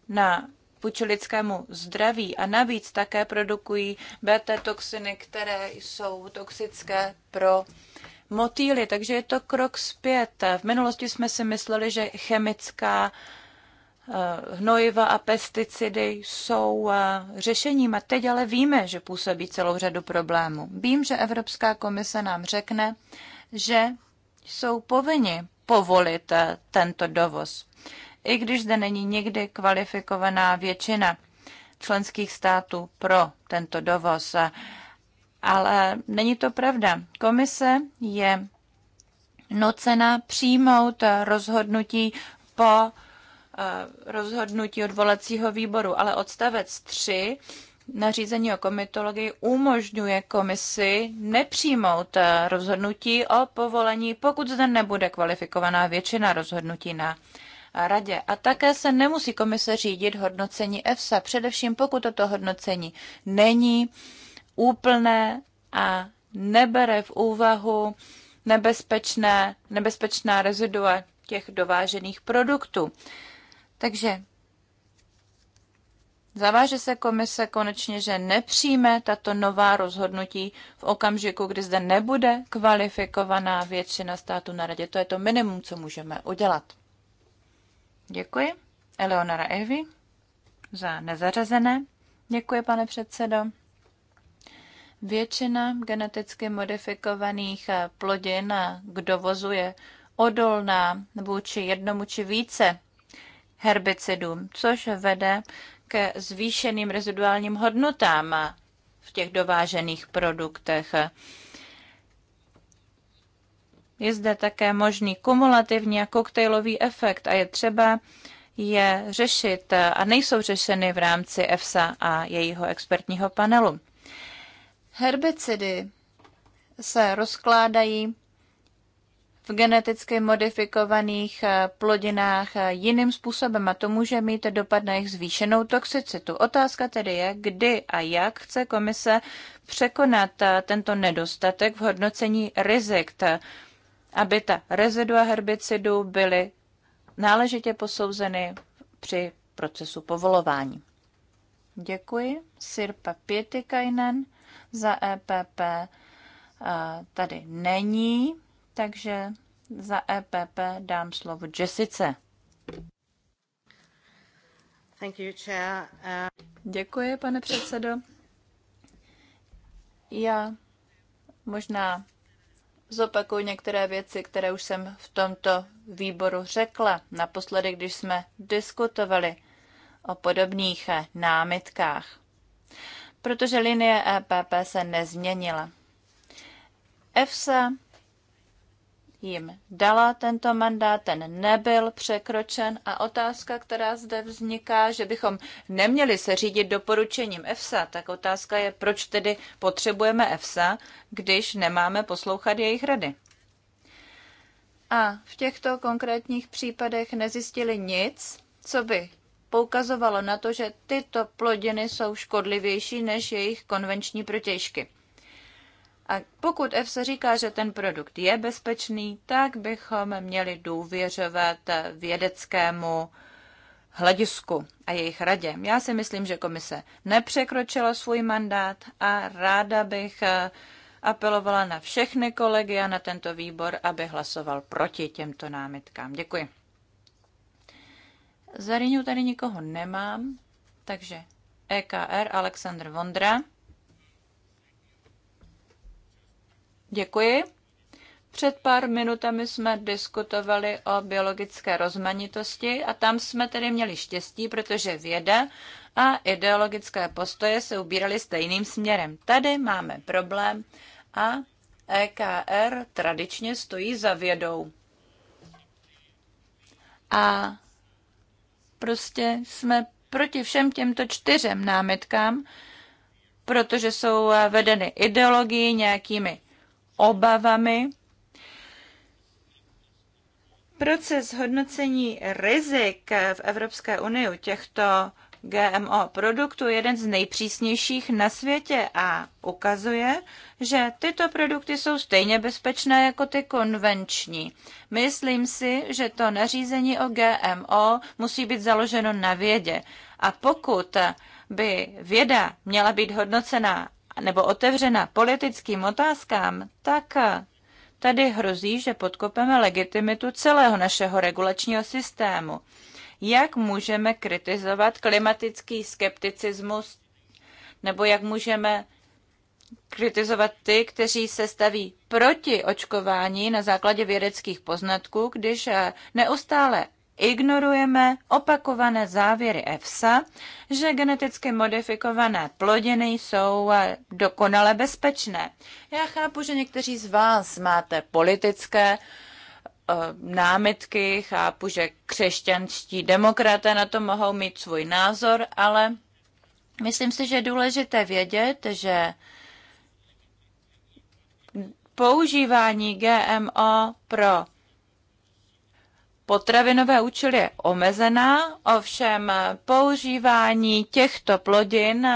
na vůči lidskému zdraví a navíc také produkují BT toxiny které jsou toxické pro motýly, takže je to krok zpět. V minulosti jsme si mysleli, že chemická eh, hnojiva a pesticidy jsou eh, řešením a teď ale víme, že působí celou řadu problémů. Vím, že Evropská komise nám řekne, že jsou povinni povolit eh, tento dovoz i když zde není někdy kvalifikovaná většina členských států pro tento dovoz. Ale není to pravda. Komise je nucena přijmout rozhodnutí po eh, rozhodnutí odvolacího výboru, ale odstavec 3 nařízení o komitologii umožňuje komisi nepřijmout eh, rozhodnutí o povolení, pokud zde nebude kvalifikovaná většina rozhodnutí na radě. A také se nemusí komise řídit hodnocení EFSA, především pokud toto hodnocení není úplné a nebere v úvahu nebezpečné, nebezpečná rezidua těch dovážených produktů. Takže Zaváže se komise konečně, že nepřijme tato nová rozhodnutí v okamžiku, kdy zde nebude kvalifikovaná většina států na radě. To je to minimum, co můžeme udělat. Děkuji. Eleonora Evi za nezařazené. Děkuji, pane předsedo. Většina geneticky modifikovaných eh, plodin eh, k dovozu je odolná vůči jednomu či více herbicidům, což vede ke zvýšeným reziduálním hodnotám v těch dovážených produktech. Je zde také možný kumulativní a koktejlový efekt a je třeba je řešit a nejsou řešeny v rámci EFSA a jejího expertního panelu. Herbicidy se rozkládají v geneticky modifikovaných eh, plodinách eh, jiným způsobem a to může mít dopad na jejich zvýšenou toxicitu. Otázka tedy je, kdy a jak chce komise překonat eh, tento nedostatek v hodnocení rizik aby ta rezidua herbicidů byly náležitě posouzeny při procesu povolování. Děkuji. Sirpa Pietikainen za EPP tady není, takže za EPP dám slovo Jessice. Thank you, chair. Uh... Děkuji, pane předsedo. Já možná zopakuji některé věci, které už jsem v tomto výboru řekla, naposledy, když jsme diskutovali o podobných eh, námitkách. Protože linie EPP se nezměnila. EFSA jim dala tento mandát, ten nebyl překročen a otázka, která zde vzniká, že bychom neměli se řídit doporučením EFSA, tak otázka je, proč tedy potřebujeme EFSA, když nemáme poslouchat jejich rady. A v těchto konkrétních případech nezjistili nic, co by poukazovalo na to, že tyto plodiny jsou škodlivější než jejich konvenční protějšky. A pokud EFSA říká, že ten produkt je bezpečný, tak bychom měli důvěřovat vědeckému hledisku a jejich radě. Já si myslím, že komise nepřekročila svůj mandát a ráda bych eh, apelovala na všechny kolegy a na tento výbor, aby hlasoval proti těmto námitkám. Děkuji. Za tady nikoho nemám, takže EKR Aleksandr Vondra. Děkuji. Před pár minutami jsme diskutovali o biologické rozmanitosti a tam jsme tedy měli štěstí, protože věda a ideologické postoje se ubíraly stejným směrem. Tady máme problém a EKR tradičně stojí za vědou. A prostě jsme proti všem těmto čtyřem námitkám, protože jsou vedeny ideologií nějakými obavami. Proces hodnocení rizik v Evropské unii těchto GMO produktů je jeden z nejpřísnějších na světě a ukazuje, že tyto produkty jsou stejně bezpečné jako ty konvenční. Myslím si, že to nařízení o GMO musí být založeno na vědě. A pokud by věda měla být hodnocena nebo otevřena politickým otázkám, tak tady hrozí, že podkopeme legitimitu celého našeho regulačního systému. Jak můžeme kritizovat klimatický skepticismus, nebo jak můžeme kritizovat ty, kteří se staví proti očkování na základě vědeckých poznatků, když neustále ignorujeme opakované závěry EFSA, že geneticky modifikované plodiny jsou eh, dokonale bezpečné. Já chápu, že někteří z vás máte politické eh, námitky, chápu, že křesťanští demokraté na to mohou mít svůj názor, ale myslím si, že je důležité vědět, že používání GMO pro potravinové účely je omezená, ovšem používání těchto plodin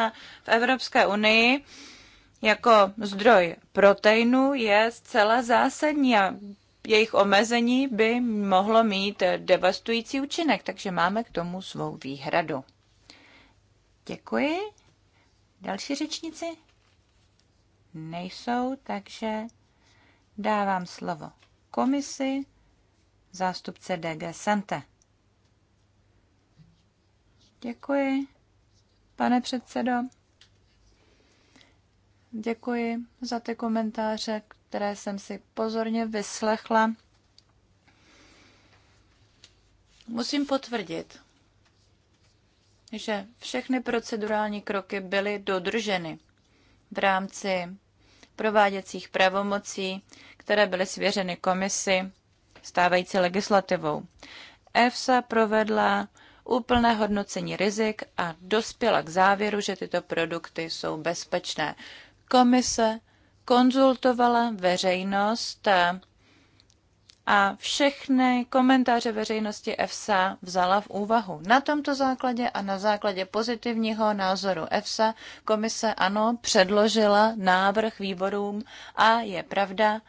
v Evropské unii jako zdroj proteinu je zcela zásadní a jejich omezení by mohlo mít devastující účinek, takže máme k tomu svou výhradu. Děkuji. Další řečníci? Nejsou, takže dávám slovo komisi zástupce DG Sante. Děkuji, pane předsedo. Děkuji za ty komentáře, které jsem si pozorně vyslechla. Musím potvrdit, že všechny procedurální kroky byly dodrženy v rámci prováděcích pravomocí, které byly svěřeny komisi stávající legislativou. EFSA provedla úplné hodnocení rizik a dospěla k závěru, že tyto produkty jsou bezpečné. Komise konzultovala veřejnost a všechny komentáře veřejnosti EFSA vzala v úvahu. Na tomto základě a na základě pozitivního názoru EFSA komise ano předložila návrh výborům a je pravda,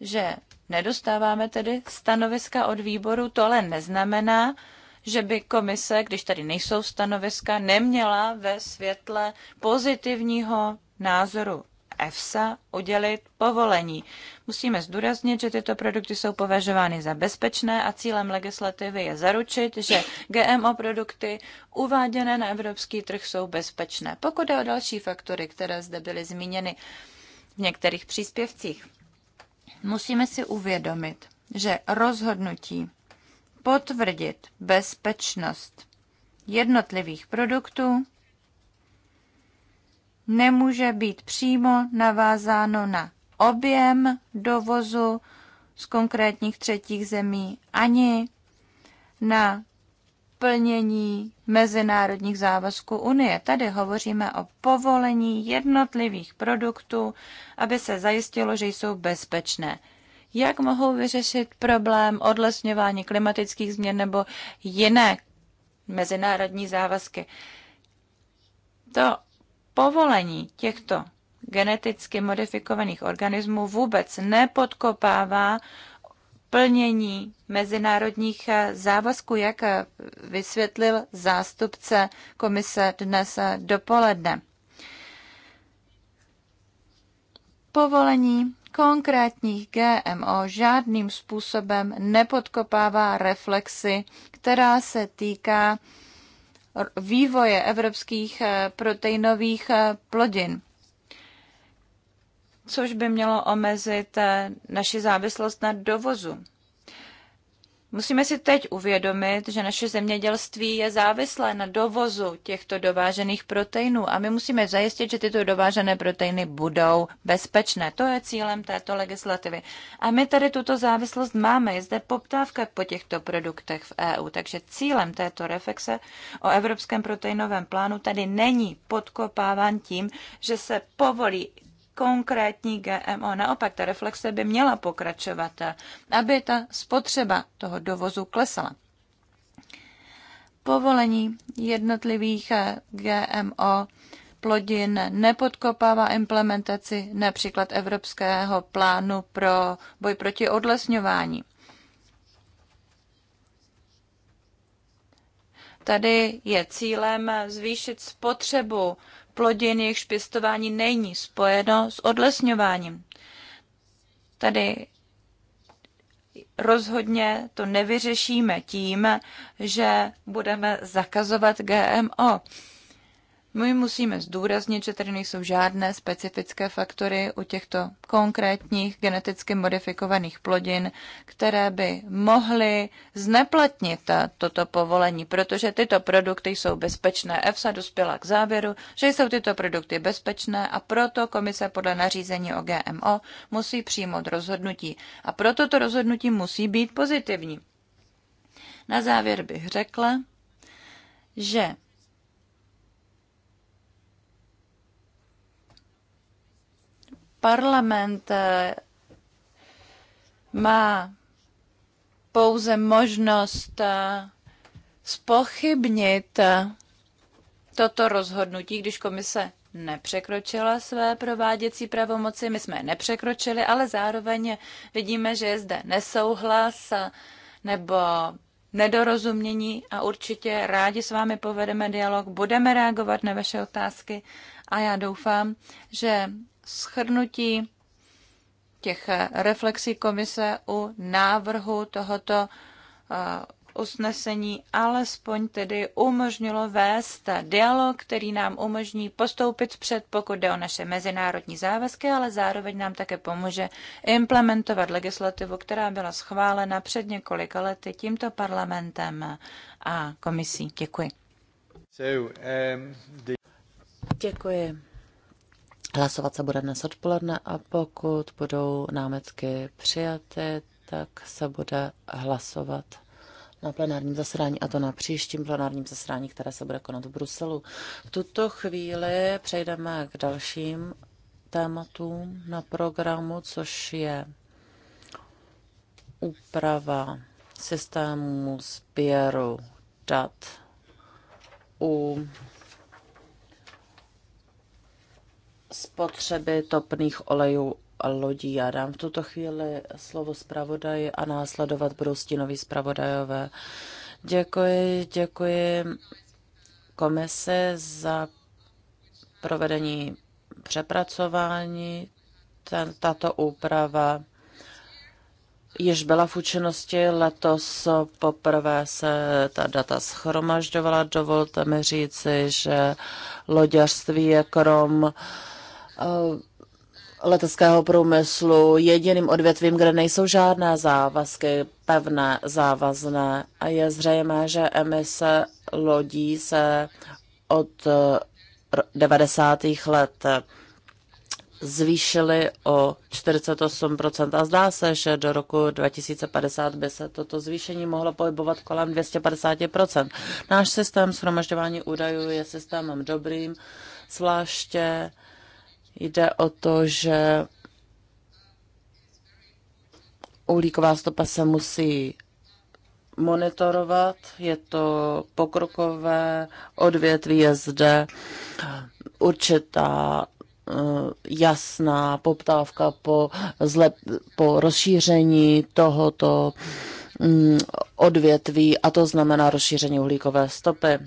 že Nedostáváme tedy stanoviska od výboru, to ale neznamená, že by komise, když tady nejsou stanoviska, neměla ve světle pozitivního názoru EFSA udělit povolení. Musíme zdůraznit, že tyto produkty jsou považovány za bezpečné a cílem legislativy je zaručit, že GMO produkty uváděné na evropský trh jsou bezpečné. Pokud je o další faktory, které zde byly zmíněny v některých příspěvcích, musíme si uvědomit, že rozhodnutí potvrdit bezpečnost jednotlivých produktů nemůže být přímo navázáno na objem dovozu z konkrétních třetích zemí ani na plnění mezinárodních závazků Unie. Tady hovoříme o povolení jednotlivých produktů, aby se zajistilo, že jsou bezpečné. Jak mohou vyřešit problém odlesňování klimatických změn nebo jiné mezinárodní závazky? To povolení těchto geneticky modifikovaných organismů vůbec nepodkopává plnění mezinárodních závazků, jak vysvětlil zástupce komise dnes dopoledne. Povolení konkrétních GMO žádným způsobem nepodkopává reflexy, která se týká vývoje evropských proteinových plodin což by mělo omezit eh, naši závislost na dovozu. Musíme si teď uvědomit, že naše zemědělství je závislé na dovozu těchto dovážených proteinů a my musíme zajistit, že tyto dovážené proteiny budou bezpečné. To je cílem této legislativy. A my tady tuto závislost máme. Je zde poptávka po těchto produktech v EU. Takže cílem této reflexe o Evropském proteinovém plánu tady není podkopáván tím, že se povolí konkrétní GMO. Naopak ta reflexe by měla pokračovat, aby ta spotřeba toho dovozu klesala. Povolení jednotlivých eh, GMO plodin nepodkopává implementaci například Evropského plánu pro boj proti odlesňování. Tady je cílem zvýšit spotřebu plodin, jejichž pěstování není spojeno s odlesňováním. Tady rozhodně to nevyřešíme tím, že budeme zakazovat GMO. My musíme zdůraznit, že tady nejsou žádné specifické faktory u těchto konkrétních geneticky modifikovaných plodin, které by mohly zneplatnit toto povolení, protože tyto produkty jsou bezpečné. EFSA dospěla k závěru, že jsou tyto produkty bezpečné a proto komise podle nařízení o GMO musí přijmout rozhodnutí. A proto to rozhodnutí musí být pozitivní. Na závěr bych řekla, že parlament eh, má pouze možnost eh, spochybnit eh, toto rozhodnutí, když komise nepřekročila své prováděcí pravomoci. My jsme je nepřekročili, ale zároveň vidíme, že je zde nesouhlas nebo nedorozumění a určitě rádi s vámi povedeme dialog, budeme reagovat na vaše otázky a já doufám, že schrnutí těch reflexí komise u návrhu tohoto eh, usnesení alespoň tedy umožnilo vést dialog, který nám umožní postoupit před, pokud jde o naše mezinárodní závazky, ale zároveň nám také pomůže implementovat legislativu, která byla schválena před několika lety tímto parlamentem a komisí. Děkuji. So, um, the... Děkuji. Hlasovat se bude dnes odpoledne a pokud budou námetky přijaty, tak se bude hlasovat na plenárním zasedání a to na příštím plenárním zasedání, které se bude konat v Bruselu. V tuto chvíli přejdeme k dalším tématům na programu, což je úprava systému sběru dat u spotřeby topných olejů lodí. Já dám v tuto chvíli slovo zpravodaji a následovat budou stínoví zpravodajové. Děkuji, děkuji komise za provedení přepracování. Ten, tato úprava již byla v účinnosti. Letos poprvé se ta data schromažďovala. Dovolte mi říci, že loďařství je krom uh, Eh, leteckého průmyslu jediným odvětvím, kde nejsou žádné závazky, pevné, závazné. A je zřejmé, že emise lodí se od 90. Eh, let zvýšily o 48% a zdá se, že do roku 2050 by se toto zvýšení mohlo pohybovat kolem 250%. Náš systém shromažďování údajů je systémem dobrým, zvláště Jde o to, že uhlíková stopa se musí monitorovat, je to pokrokové odvětví, je zde určitá eh, jasná poptávka po, zlep, po rozšíření tohoto mm, odvětví a to znamená rozšíření uhlíkové stopy.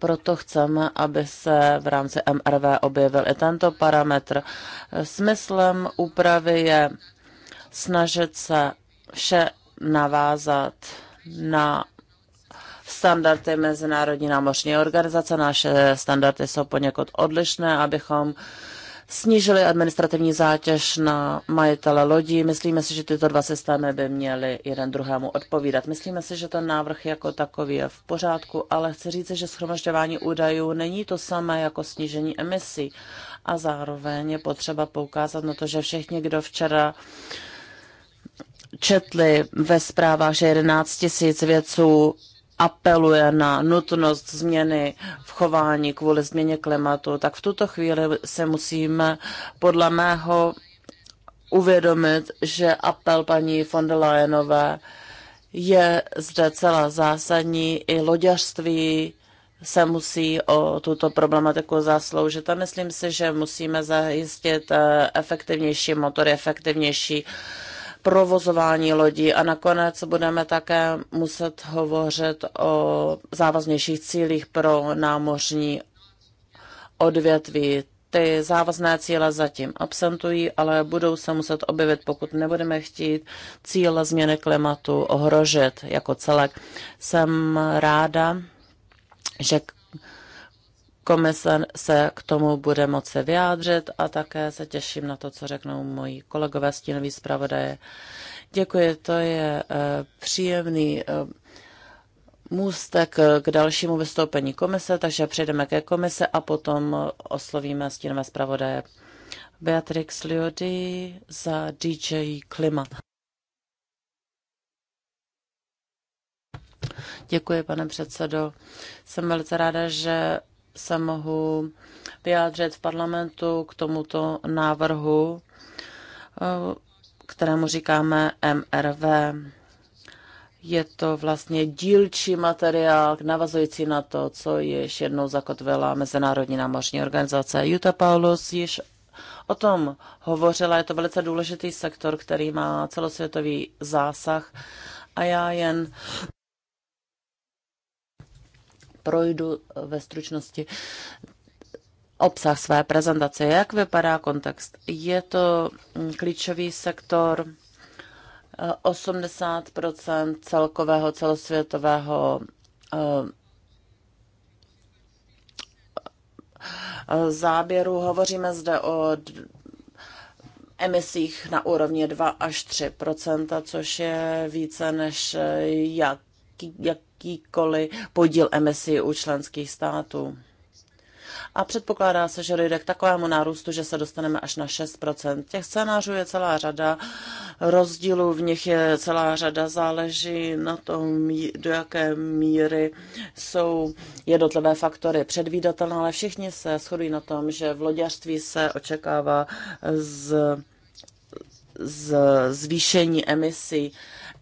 Proto chceme, aby se v rámci MRV objevil i tento parametr. Smyslem úpravy je snažit se vše navázat na standardy Mezinárodní námořní organizace. Naše standardy jsou poněkud odlišné, abychom snížili administrativní zátěž na majitele lodí. Myslíme si, že tyto dva systémy by měly jeden druhému odpovídat. Myslíme si, že ten návrh jako takový je v pořádku, ale chci říct, že schromažďování údajů není to samé jako snížení emisí. A zároveň je potřeba poukázat na to, že všichni, kdo včera četli ve zprávách, že 11 tisíc věců apeluje na nutnost změny v chování kvůli změně klimatu, tak v tuto chvíli se musíme podle mého uvědomit, že apel paní von der Leyenové je zde celá zásadní. I loďařství se musí o tuto problematiku zasloužit a myslím si, že musíme zajistit eh, efektivnější motory, efektivnější uh, provozování lodí a nakonec budeme také muset hovořit o závaznějších cílích pro námořní odvětví. Ty závazné cíle zatím absentují, ale budou se muset objevit, pokud nebudeme chtít cíle změny klimatu ohrožit jako celek. Jsem ráda, že komise se k tomu bude moci vyjádřit a také se těším na to, co řeknou moji kolegové stínoví zpravodaje. Děkuji, to je eh, příjemný eh, můstek k dalšímu vystoupení komise, takže přejdeme ke komise a potom oslovíme stínové zpravodaje Beatrix Liody za DJ Klima. Děkuji, pane předsedo. Jsem velice ráda, že se mohu vyjádřit v parlamentu k tomuto návrhu, eh, kterému říkáme MRV. Je to vlastně dílčí materiál navazující na to, co již jednou zakotvila Mezinárodní námořní organizace. Juta Paulus již o tom hovořila. Je to velice důležitý sektor, který má celosvětový zásah. A já jen projdu ve stručnosti obsah své prezentace. Jak vypadá kontext? Je to klíčový sektor, 80 eh, celkového celosvětového eh, záběru. Hovoříme zde o emisích na úrovni 2 až 3 což je více než eh, jak, jak jakýkoliv podíl emisí u členských států. A předpokládá se, že dojde k takovému nárůstu, že se dostaneme až na 6%. Těch scénářů je celá řada, rozdílů v nich je celá řada, záleží na tom, do jaké míry jsou jednotlivé faktory předvídatelné, ale všichni se shodují na tom, že v loďařství se očekává z z zvýšení emisí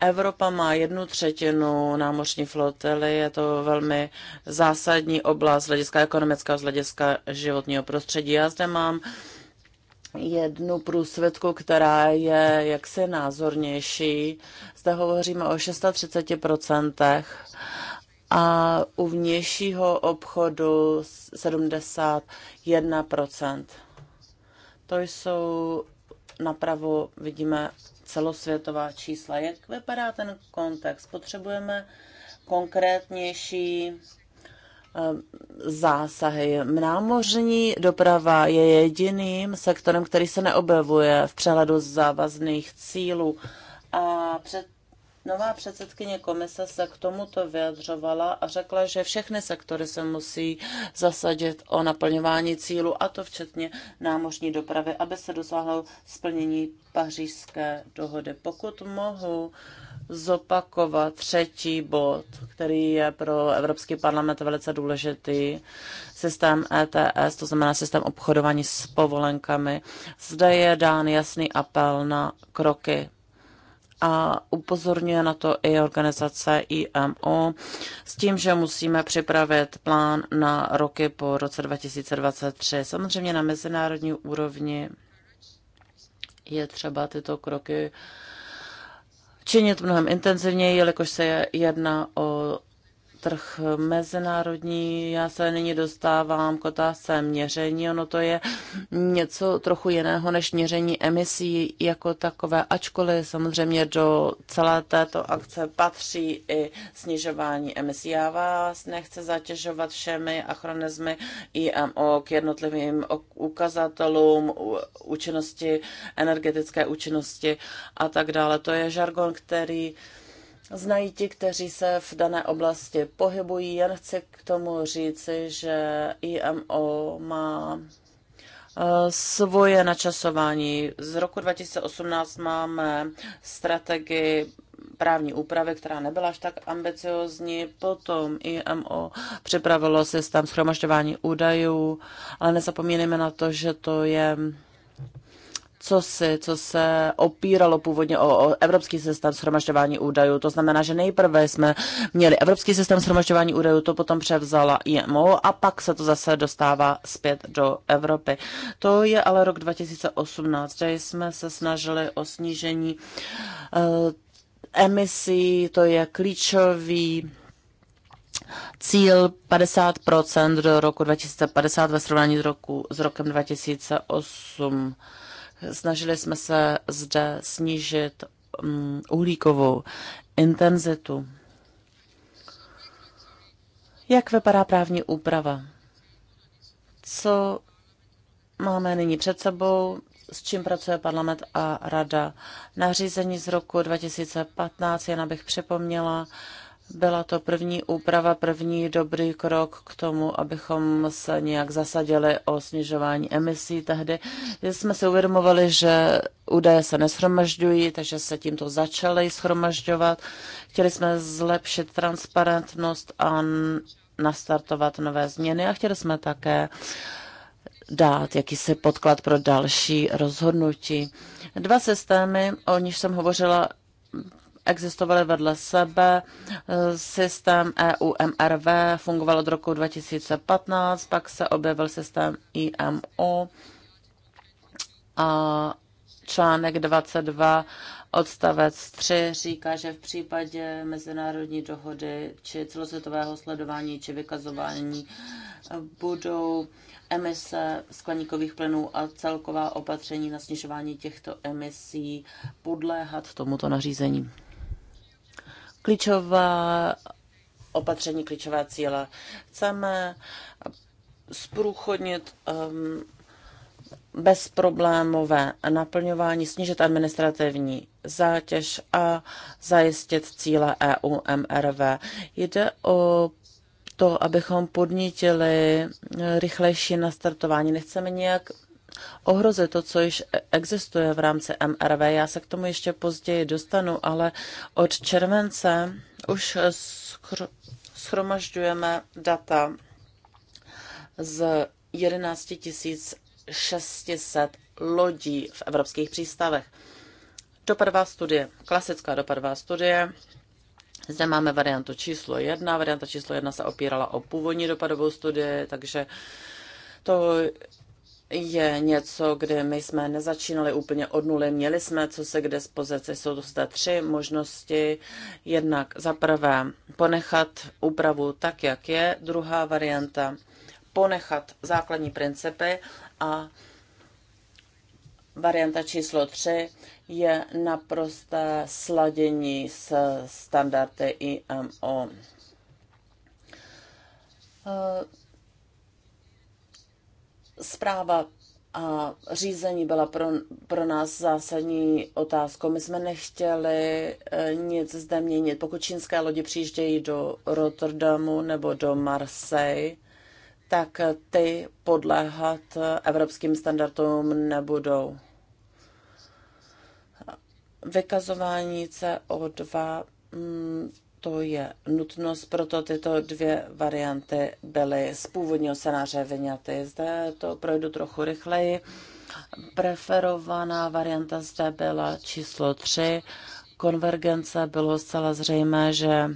Evropa má jednu třetinu námořní flotily, je to velmi zásadní oblast z hlediska ekonomického, z hlediska životního prostředí. Já zde mám jednu průsvědku, která je jaksi názornější. Zde hovoříme o 630% a u vnějšího obchodu 71%. To jsou napravo, vidíme celosvětová čísla. Jak vypadá ten kontext? Potřebujeme konkrétnější eh, zásahy. Námořní doprava je jediným sektorem, který se neobjevuje v přehledu závazných cílů a před Nová předsedkyně komise se k tomuto vyjadřovala a řekla, že všechny sektory se musí zasadit o naplňování cílu, a to včetně námořní dopravy, aby se dosáhlo splnění pařížské dohody. Pokud mohu zopakovat třetí bod, který je pro Evropský parlament velice důležitý, systém ETS, to znamená systém obchodování s povolenkami. Zde je dán jasný apel na kroky a upozorňuje na to i organizace IMO s tím, že musíme připravit plán na roky po roce 2023. Samozřejmě na mezinárodní úrovni je třeba tyto kroky činit mnohem intenzivněji, jelikož se jedná o trh mezinárodní. Já se nyní dostávám k otázce měření. Ono to je něco trochu jiného než měření emisí jako takové, ačkoliv samozřejmě do celé této akce patří i snižování emisí. Já vás nechci zatěžovat všemi achronizmy IMO k jednotlivým ukazatelům účinnosti, energetické účinnosti a tak dále. To je žargon, který znají ti, kteří se v dané oblasti pohybují. Jen chci k tomu říci, že IMO má eh, svoje načasování. Z roku 2018 máme strategii právní úpravy, která nebyla až tak ambiciozní. Potom IMO připravilo systém schromažďování údajů, ale nezapomínejme na to, že to je co, se, co se opíralo původně o, o evropský systém shromažďování údajů. To znamená, že nejprve jsme měli evropský systém shromažďování údajů, to potom převzala IMO a pak se to zase dostává zpět do Evropy. To je ale rok 2018, kde jsme se snažili o snížení uh, emisí, to je klíčový cíl 50% do roku 2050 ve srovnání s, roku, s rokem 2008. Snažili jsme se zde snížit mm, uhlíkovou intenzitu. Jak vypadá právní úprava? Co máme nyní před sebou? s čím pracuje parlament a rada. Nařízení z roku 2015, jen abych připomněla, byla to první úprava, první dobrý krok k tomu, abychom se nějak zasadili o snižování emisí. Tehdy jsme si uvědomovali, že údaje se neshromažďují, takže se tímto začaly schromažďovat. Chtěli jsme zlepšit transparentnost a nastartovat nové změny a chtěli jsme také dát jakýsi podklad pro další rozhodnutí. Dva systémy, o nich jsem hovořila, existovaly vedle sebe. Systém EUMRV fungoval od roku 2015, pak se objevil systém IMO a článek 22 odstavec 3 říká, že v případě mezinárodní dohody či celosvětového sledování či vykazování budou emise skleníkových plynů a celková opatření na snižování těchto emisí podléhat tomuto nařízení klíčová opatření, klíčová cíle. Chceme zprůchodnit um, bezproblémové naplňování, snížit administrativní zátěž a zajistit cíle EU MRV. Jde o to, abychom podnítili rychlejší nastartování. Nechceme nějak ohrozit to, co již existuje v rámci MRV. Já se k tomu ještě později dostanu, ale od července už schromažďujeme data z 11 600 lodí v evropských přístavech. Dopadová studie, klasická dopadová studie. Zde máme variantu číslo 1. Varianta číslo 1 se opírala o původní dopadovou studii, takže to je něco, kde my jsme nezačínali úplně od nuly. Měli jsme, co se k dispozici, jsou to tři možnosti. Jednak za prvé ponechat úpravu tak, jak je. Druhá varianta ponechat základní principy a varianta číslo tři je naprosté sladění s standardy IMO. Zpráva a řízení byla pro, pro nás zásadní otázkou. My jsme nechtěli eh, nic zde měnit. Pokud čínské lodi přijíždějí do Rotterdamu nebo do Marseille, tak ty podléhat evropským standardům nebudou. Vykazování CO2 to je nutnost, proto tyto dvě varianty byly z původního scénáře vyňaty. Zde to projdu trochu rychleji. Preferovaná varianta zde byla číslo 3. Konvergence bylo zcela zřejmé, že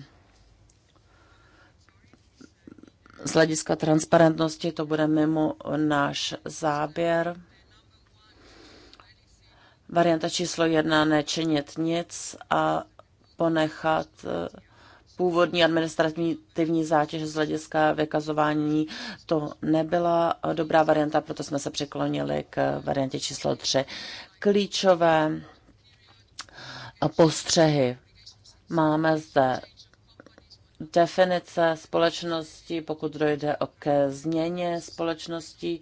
z hlediska transparentnosti to bude mimo náš záběr. Varianta číslo jedna nečinit nic a ponechat eh, původní administrativní zátěž z hlediska vykazování to nebyla dobrá varianta, proto jsme se přiklonili k variantě číslo 3. Klíčové postřehy. Máme zde definice společnosti, pokud dojde o ke změně společnosti,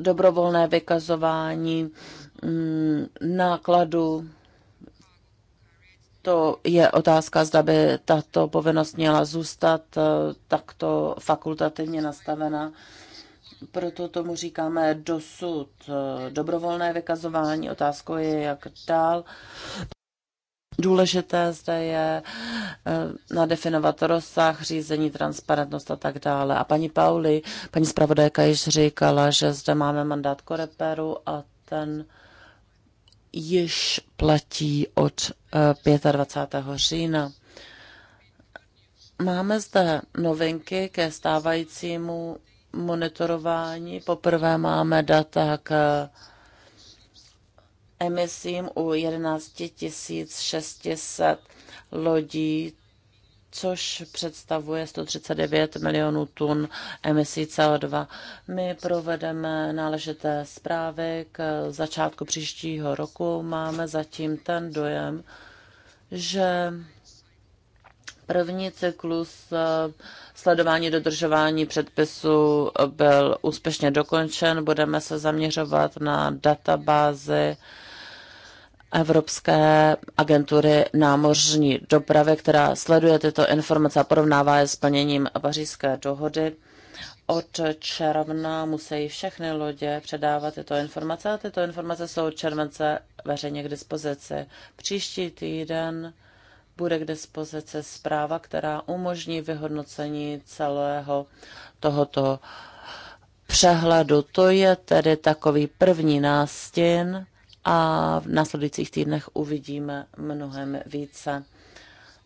dobrovolné vykazování mm, nákladu to je otázka, zda by tato povinnost měla zůstat eh, takto fakultativně nastavena. Proto tomu říkáme dosud eh, dobrovolné vykazování. Otázkou je, jak dál. Důležité zde je eh, nadefinovat rozsah, řízení, transparentnost a tak dále. A paní Pauli, paní zpravodajka již říkala, že zde máme mandát koreperu a ten již platí od 25. Eh, října. Máme zde novinky ke stávajícímu monitorování. Poprvé máme data k emisím u 11 600 lodí, což představuje 139 milionů tun emisí CO2. My provedeme náležité zprávy k začátku příštího roku. Máme zatím ten dojem, že první cyklus eh, sledování dodržování předpisu byl úspěšně dokončen. Budeme se zaměřovat na databázy Evropské agentury námořní dopravy, která sleduje tyto informace a porovnává je s plněním pařížské dohody. Od června musí všechny lodě předávat tyto informace a tyto informace jsou od července veřejně k dispozici. Příští týden bude k dispozici zpráva, která umožní vyhodnocení celého tohoto přehledu. To je tedy takový první nástin a v následujících týdnech uvidíme mnohem více.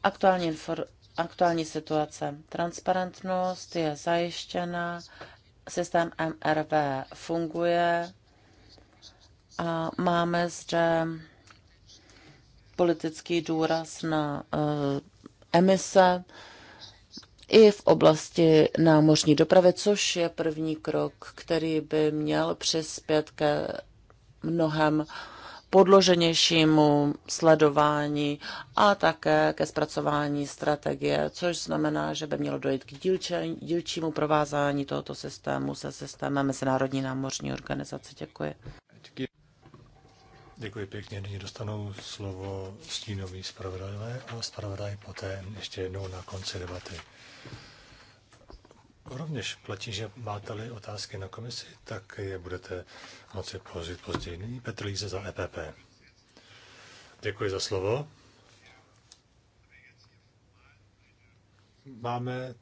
Aktuální, infor- aktuální situace. Transparentnost je zajištěna, systém MRV funguje a máme zde politický důraz na uh, emise i v oblasti námořní dopravy, což je první krok, který by měl přispět ke mnohem podloženějšímu sledování a také ke zpracování strategie, což znamená, že by mělo dojít k dílče, dílčímu provázání tohoto systému se systémem Mezinárodní námořní organizace. Děkuji. Děkuji pěkně. Nyní dostanou slovo stínový zpravodajové a zpravodaj poté ještě jednou na konci debaty. Jako rovněž platí, že máte-li otázky na komisi, tak je budete moci položit později. Nyní Petr Líze za EPP. Děkuji za slovo. Máme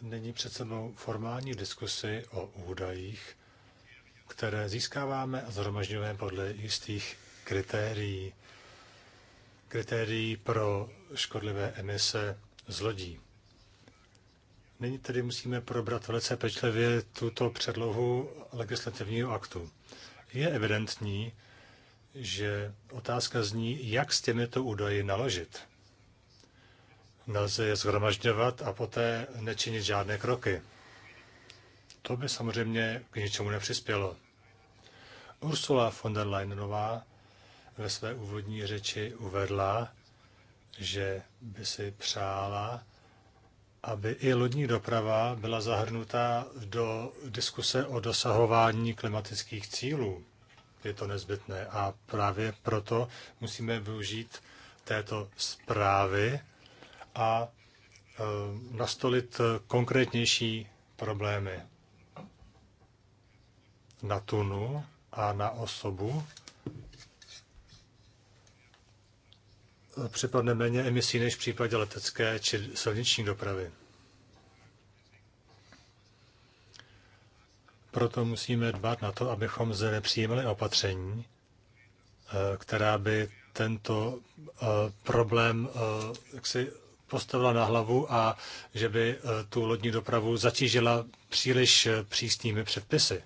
nyní před sebou formální diskusy o údajích, které získáváme a zhromažďujeme podle jistých kritérií, kritérií pro škodlivé emise z lodí. Nyní tedy musíme probrat velice pečlivě tuto předlohu legislativního aktu. Je evidentní, že otázka zní, jak s těmito údaji naložit. Nelze je zhromažďovat a poté nečinit žádné kroky. To by samozřejmě k ničemu nepřispělo. Ursula von der Leyenová ve své úvodní řeči uvedla, že by si přála, aby i lodní doprava byla zahrnuta do diskuse o dosahování klimatických cílů. Je to nezbytné a právě proto musíme využít této zprávy a eh, nastolit konkrétnější problémy na tunu a na osobu připadne méně emisí než v případě letecké či silniční dopravy. Proto musíme dbát na to, abychom zde nepřijímali opatření, eh, která by tento eh, problém eh, jaksi postavila na hlavu a že by tu lodní dopravu zatížila příliš přísnými předpisy.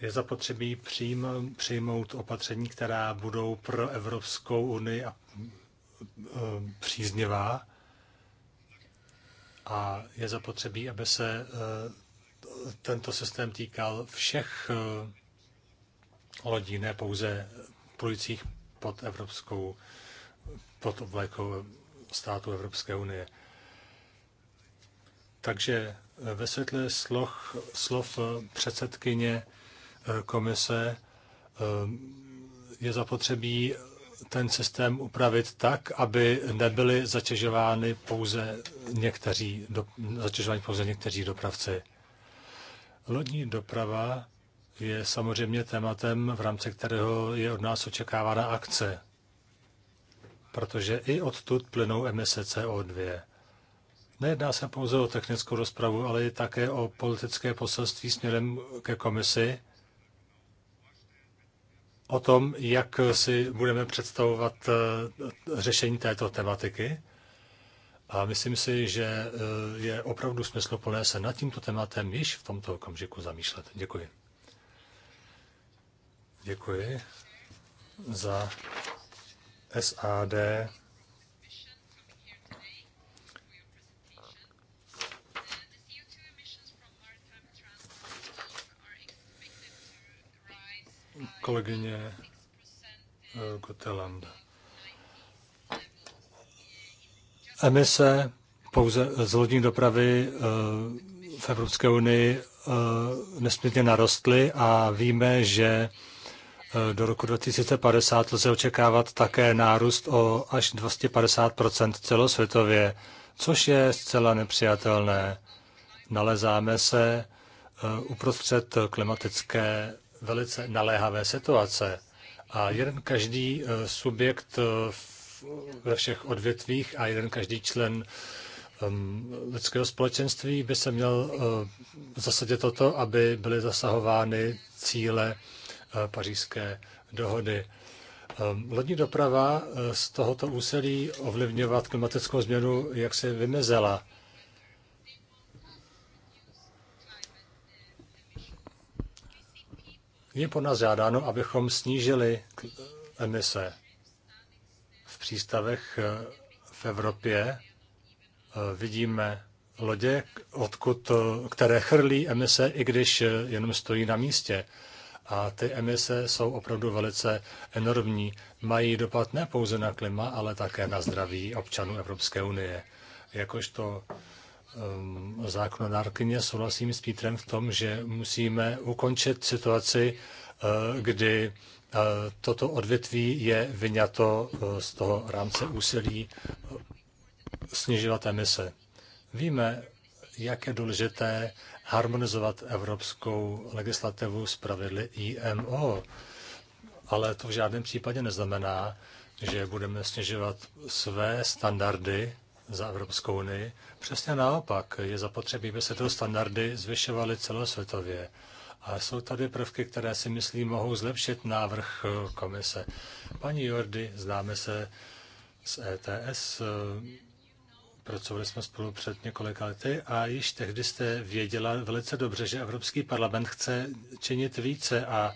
Je zapotřebí přijmout opatření, která budou pro Evropskou unii a Eh, příznivá a je zapotřebí, aby se eh, tento systém týkal všech eh, lodí, ne pouze plujících pod evropskou, pod vlajkou státu Evropské unie. Takže ve světle sloh, slov předsedkyně komise je zapotřebí ten systém upravit tak, aby nebyly zatěžovány pouze někteří, do, zatěžovány pouze někteří dopravci. Lodní doprava je samozřejmě tématem, v rámci kterého je od nás očekávána akce, protože i odtud plynou emise CO2. Nejedná se pouze o technickou rozpravu, ale i také o politické poselství směrem ke komisi, o tom, jak si budeme představovat eh, řešení této tematiky. A myslím si, že eh, je opravdu smysluplné se nad tímto tématem již v tomto okamžiku zamýšlet. Děkuji. Děkuji za SAD kolegyně eh, Goteland. Emise pouze z lodní dopravy eh, v Evropské unii eh, nesmírně narostly a víme, že do roku 2050 lze očekávat také nárůst o až 250 celosvětově, což je zcela nepřijatelné. Nalezáme se uprostřed klimatické velice naléhavé situace. A jeden každý eh, subjekt eh, ve všech odvětvích a jeden každý člen ehm, lidského společenství by se měl eh, zasadit o to, aby byly zasahovány cíle pařížské dohody. Ehm, lodní doprava z tohoto úsilí ovlivňovat klimatickou změnu, jak se vymezela. Je po nás žádáno, abychom snížili emise v přístavech eh, v Evropě. Eh, vidíme lodě, odkud, eh, které chrlí emise, i když jenom stojí na místě. A ty emise jsou opravdu velice enormní. Mají dopad ne pouze na klima, ale také na zdraví občanů Evropské unie. Jakožto Ehm, zákonodárkyně, souhlasím s Pítrem v tom, že musíme ukončit situaci, eh, kdy eh, toto odvětví je vyňato eh, z toho rámce úsilí snižovat emise. Víme, jak je důležité harmonizovat evropskou legislativu s pravidly IMO, ale to v žádném případě neznamená, že budeme snižovat své standardy za Evropskou unii. Přesně naopak, je zapotřebí, aby se ty standardy zvyšovaly celosvětově. A jsou tady prvky, které si myslím mohou zlepšit návrh eh, komise. Paní Jordy, známe se z ETS, eh, pracovali jsme spolu před několika lety a již tehdy jste věděla velice dobře, že Evropský parlament chce činit více a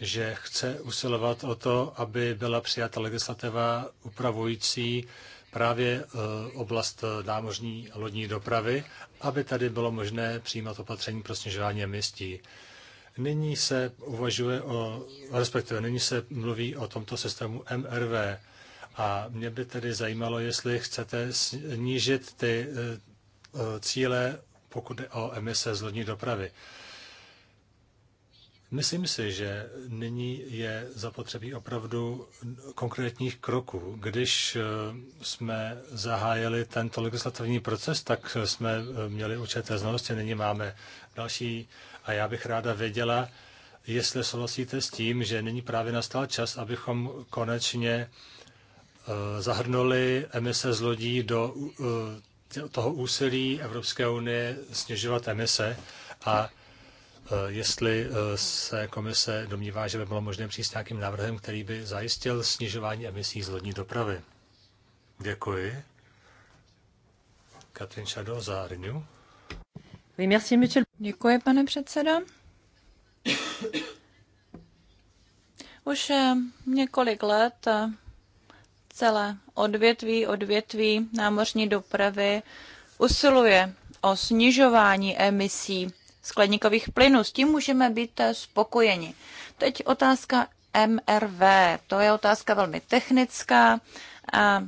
že chce usilovat o to, aby byla přijata legislativa upravující právě eh, oblast eh, námořní a lodní dopravy, aby tady bylo možné přijímat opatření pro snižování emisí. Nyní se uvažuje o, respektive nyní se mluví o tomto systému MRV. A mě by tedy zajímalo, jestli chcete snížit ty eh, cíle, pokud je o emise z lodní dopravy. Myslím si, že nyní je zapotřebí opravdu konkrétních kroků. Když eh, jsme zahájili tento legislativní proces, tak eh, jsme eh, měli určité znalosti, nyní máme další a já bych ráda věděla, jestli souhlasíte s tím, že nyní právě nastal čas, abychom konečně zahrnuli emise z lodí do toho úsilí Evropské unie snižovat emise a Eh, jestli eh, se komise domnívá, že by bylo možné přijít s nějakým návrhem, který by zajistil snižování emisí z lodní dopravy. Děkuji. Katrin Šado za Renew. Děkuji, pane předsedo. <coughs> Už eh, několik let celé odvětví, odvětví námořní dopravy usiluje o snižování emisí skleníkových plynů. S tím můžeme být eh, spokojeni. Teď otázka MRV. To je otázka velmi technická a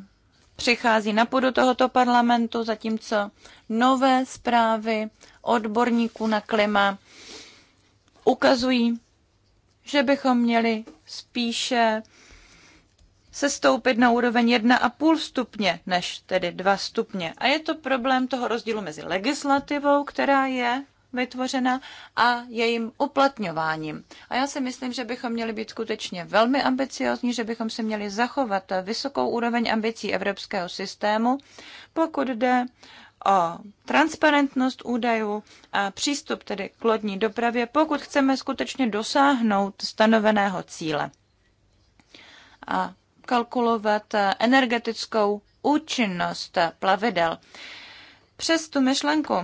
přichází na půdu tohoto parlamentu, zatímco nové zprávy odborníků na klima ukazují, že bychom měli spíše se stoupit na úroveň 1,5 stupně, než tedy 2 stupně. A je to problém toho rozdílu mezi legislativou, která je vytvořena a jejím uplatňováním. A já si myslím, že bychom měli být skutečně velmi ambiciozní, že bychom si měli zachovat vysokou úroveň ambicí evropského systému, pokud jde o transparentnost údajů a přístup tedy k lodní dopravě, pokud chceme skutečně dosáhnout stanoveného cíle a kalkulovat energetickou účinnost plavidel. Přes tu myšlenku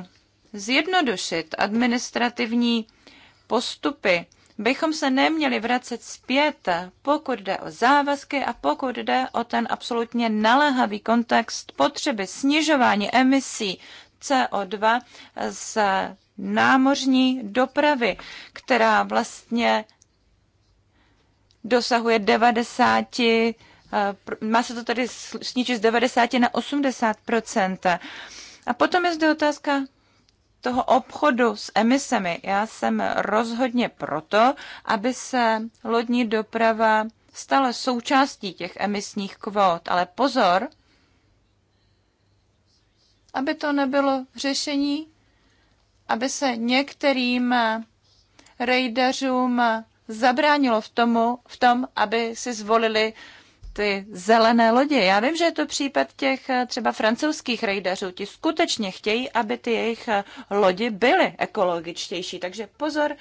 zjednodušit administrativní postupy, bychom se neměli vracet zpět, pokud jde o závazky a pokud jde o ten absolutně naléhavý kontext potřeby snižování emisí CO2 z námořní dopravy, která vlastně dosahuje 90 eh, má se to tady snížit z 90 na 80 A potom je zde otázka toho obchodu s emisemi. Já jsem rozhodně proto, aby se lodní doprava stala součástí těch emisních kvót. Ale pozor, aby to nebylo řešení, aby se některým rejdařům zabránilo v, tomu, v tom, aby si zvolili ty zelené lodě. Já vím, že je to případ těch eh, třeba francouzských rejdařů. Ti skutečně chtějí, aby ty jejich eh, lodi byly ekologičtější. Takže pozor,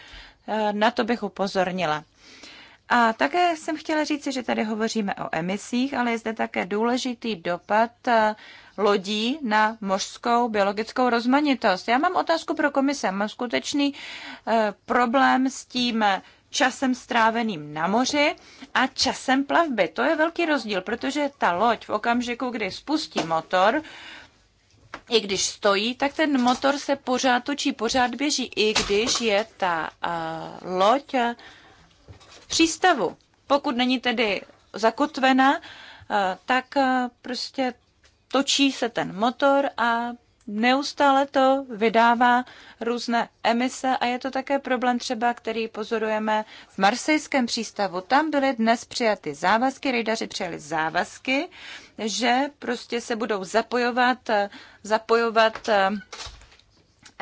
eh, na to bych upozornila. A také jsem chtěla říci, že tady hovoříme o emisích, ale je zde také důležitý dopad lodí na mořskou biologickou rozmanitost. Já mám otázku pro komise. Mám skutečný problém s tím časem stráveným na moři a časem plavby. To je velký rozdíl, protože ta loď v okamžiku, kdy spustí motor, i když stojí, tak ten motor se pořád točí, pořád běží, i když je ta uh, loď v přístavu. Pokud není tedy zakotvena, uh, tak uh, prostě točí se ten motor a neustále to vydává různé emise a je to také problém třeba, který pozorujeme v marsejském přístavu. Tam byly dnes přijaty závazky, rejdaři přijali závazky, že prostě se budou zapojovat, zapojovat eh,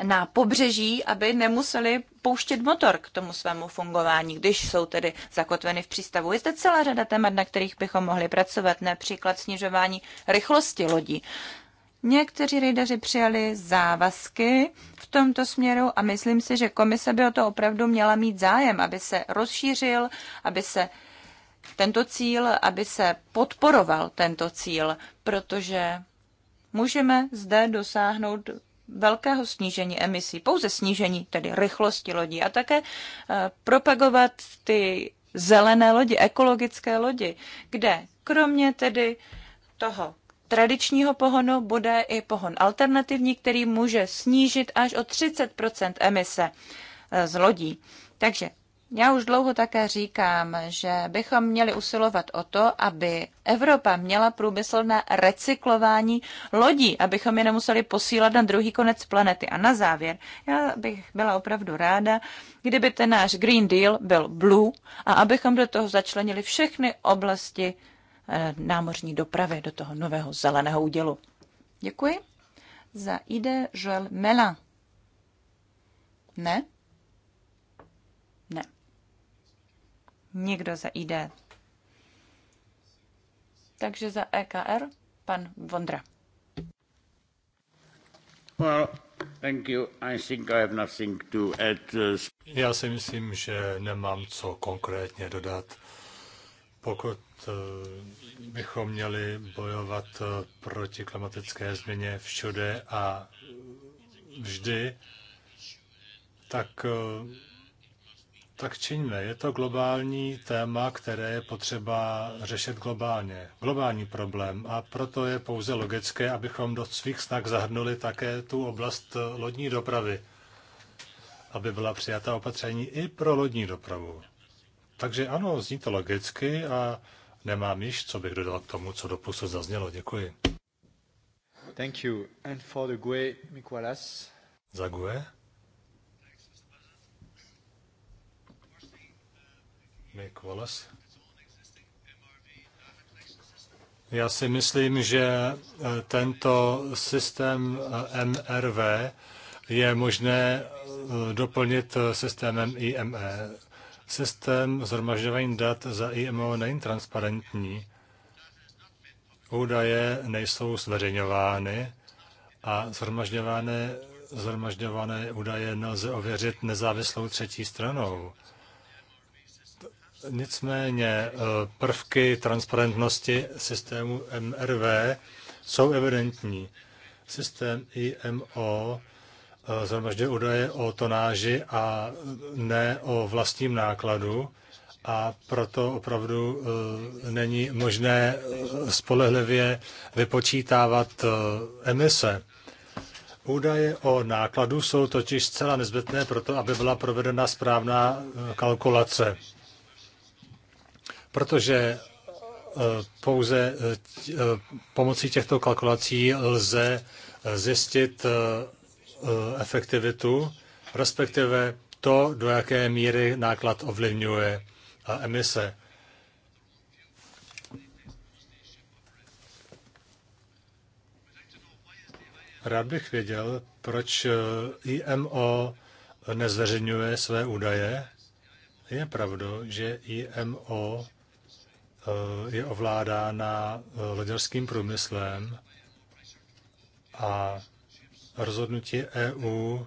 na pobřeží, aby nemuseli pouštět motor k tomu svému fungování, když jsou tedy zakotveny v přístavu. Je zde celá řada témat, na kterých bychom mohli pracovat, například snižování rychlosti lodí. Někteří rejdaři přijali závazky v tomto směru a myslím si, že komise by o to opravdu měla mít zájem, aby se rozšířil, aby se tento cíl, aby se podporoval tento cíl, protože můžeme zde dosáhnout velkého snížení emisí, pouze snížení tedy rychlosti lodí a také eh, propagovat ty zelené lodi, ekologické lodi, kde kromě tedy toho tradičního pohonu bude i pohon alternativní, který může snížit až o 30 emise eh, z lodí. Takže já už dlouho také říkám, že bychom měli usilovat o to, aby Evropa měla průmysl na recyklování lodí, abychom je nemuseli posílat na druhý konec planety. A na závěr, já bych byla opravdu ráda, kdyby ten náš Green Deal byl blue a abychom do toho začlenili všechny oblasti Eh, námořní dopravy do toho nového zeleného údělu. Děkuji. Za ide žel Mela. Ne? Ne. Někdo za ide. Takže za EKR pan Vondra. Well, thank you. I think I have nothing to add. Uh, Já si myslím, že nemám co konkrétně dodat. Pokud Eh, bychom měli bojovat eh, proti klimatické změně všude a eh, vždy, tak, tak čiňme. Je to globální téma, které je potřeba řešit globálně. Globální problém. A proto je pouze logické, abychom do svých snah zahrnuli také tu oblast lodní dopravy, aby byla přijata opatření i pro lodní dopravu. Takže ano, zní to logicky a nemám již, co bych dodal k tomu, co doposud zaznělo. Děkuji. Thank you. And for the GUE, Mikulas. Za GUE? Mikulas. Já si myslím, že eh, tento systém eh, MRV je možné eh, doplnit systémem IME. Systém zhromažďování dat za IMO není transparentní. Údaje nejsou zveřejňovány a zhromažďované, zhromažďované údaje nelze ověřit nezávislou třetí stranou. Nicméně e, prvky transparentnosti systému MRV jsou evidentní. Systém IMO Eh, zhromažďuje údaje o tonáži a ne o vlastním nákladu a proto opravdu eh, není možné eh, spolehlivě vypočítávat emise. Údaje o nákladu jsou totiž zcela nezbytné pro to, aby byla provedena správná kalkulace. Protože pouze pomocí těchto kalkulací lze zjistit Eh, efektivitu, respektive to, do jaké míry náklad ovlivňuje eh, emise. Rád bych věděl, proč eh, IMO nezveřejňuje své údaje. Je pravdou, že IMO je ovládána loďarským průmyslem a rozhodnutí EU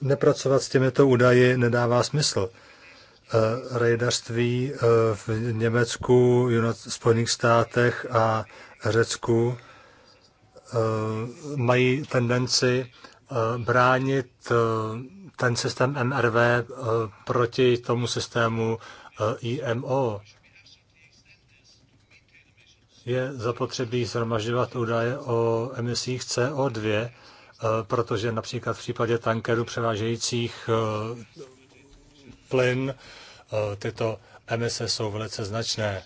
nepracovat s těmito údaji nedává smysl. E, rejdařství e, v Německu, Spojených státech a Řecku e, mají tendenci bránit ten systém MRV proti tomu systému IMO je zapotřebí zhromažďovat údaje o emisích CO2, eh, protože například v případě tankerů převážejících eh, plyn eh, tyto emise jsou velice značné.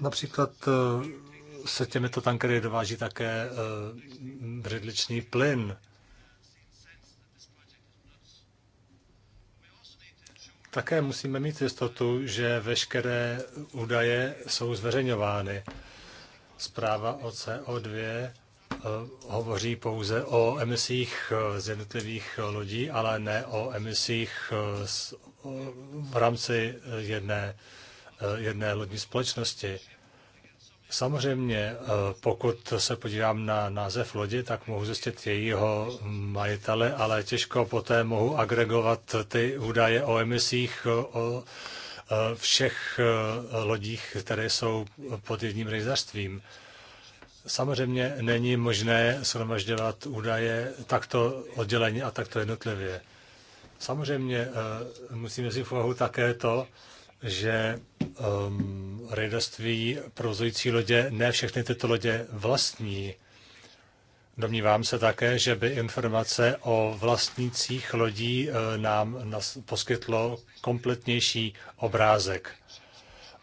Například se těmito tankery dováží také břidličný plyn. Také musíme mít jistotu, že veškeré údaje jsou zveřejňovány. Zpráva o CO2 eh, hovoří pouze o emisích eh, z jednotlivých eh, lodí, ale ne o emisích v rámci jedné, jedné lodní společnosti. Samozřejmě, eh, pokud se podívám na název lodi, tak mohu zjistit jejího majitele, ale těžko poté mohu agregovat ty údaje o emisích, eh, o eh, všech lodích, které jsou pod jedním rejzařstvím. Samozřejmě není možné shromažďovat údaje takto odděleně a takto jednotlivě. Samozřejmě musíme si v úvahu také to, že um, rejdoství provozující lodě ne všechny tyto lodě vlastní. Domnívám se také, že by informace o vlastnících lodí eh, nám poskytlo kompletnější obrázek.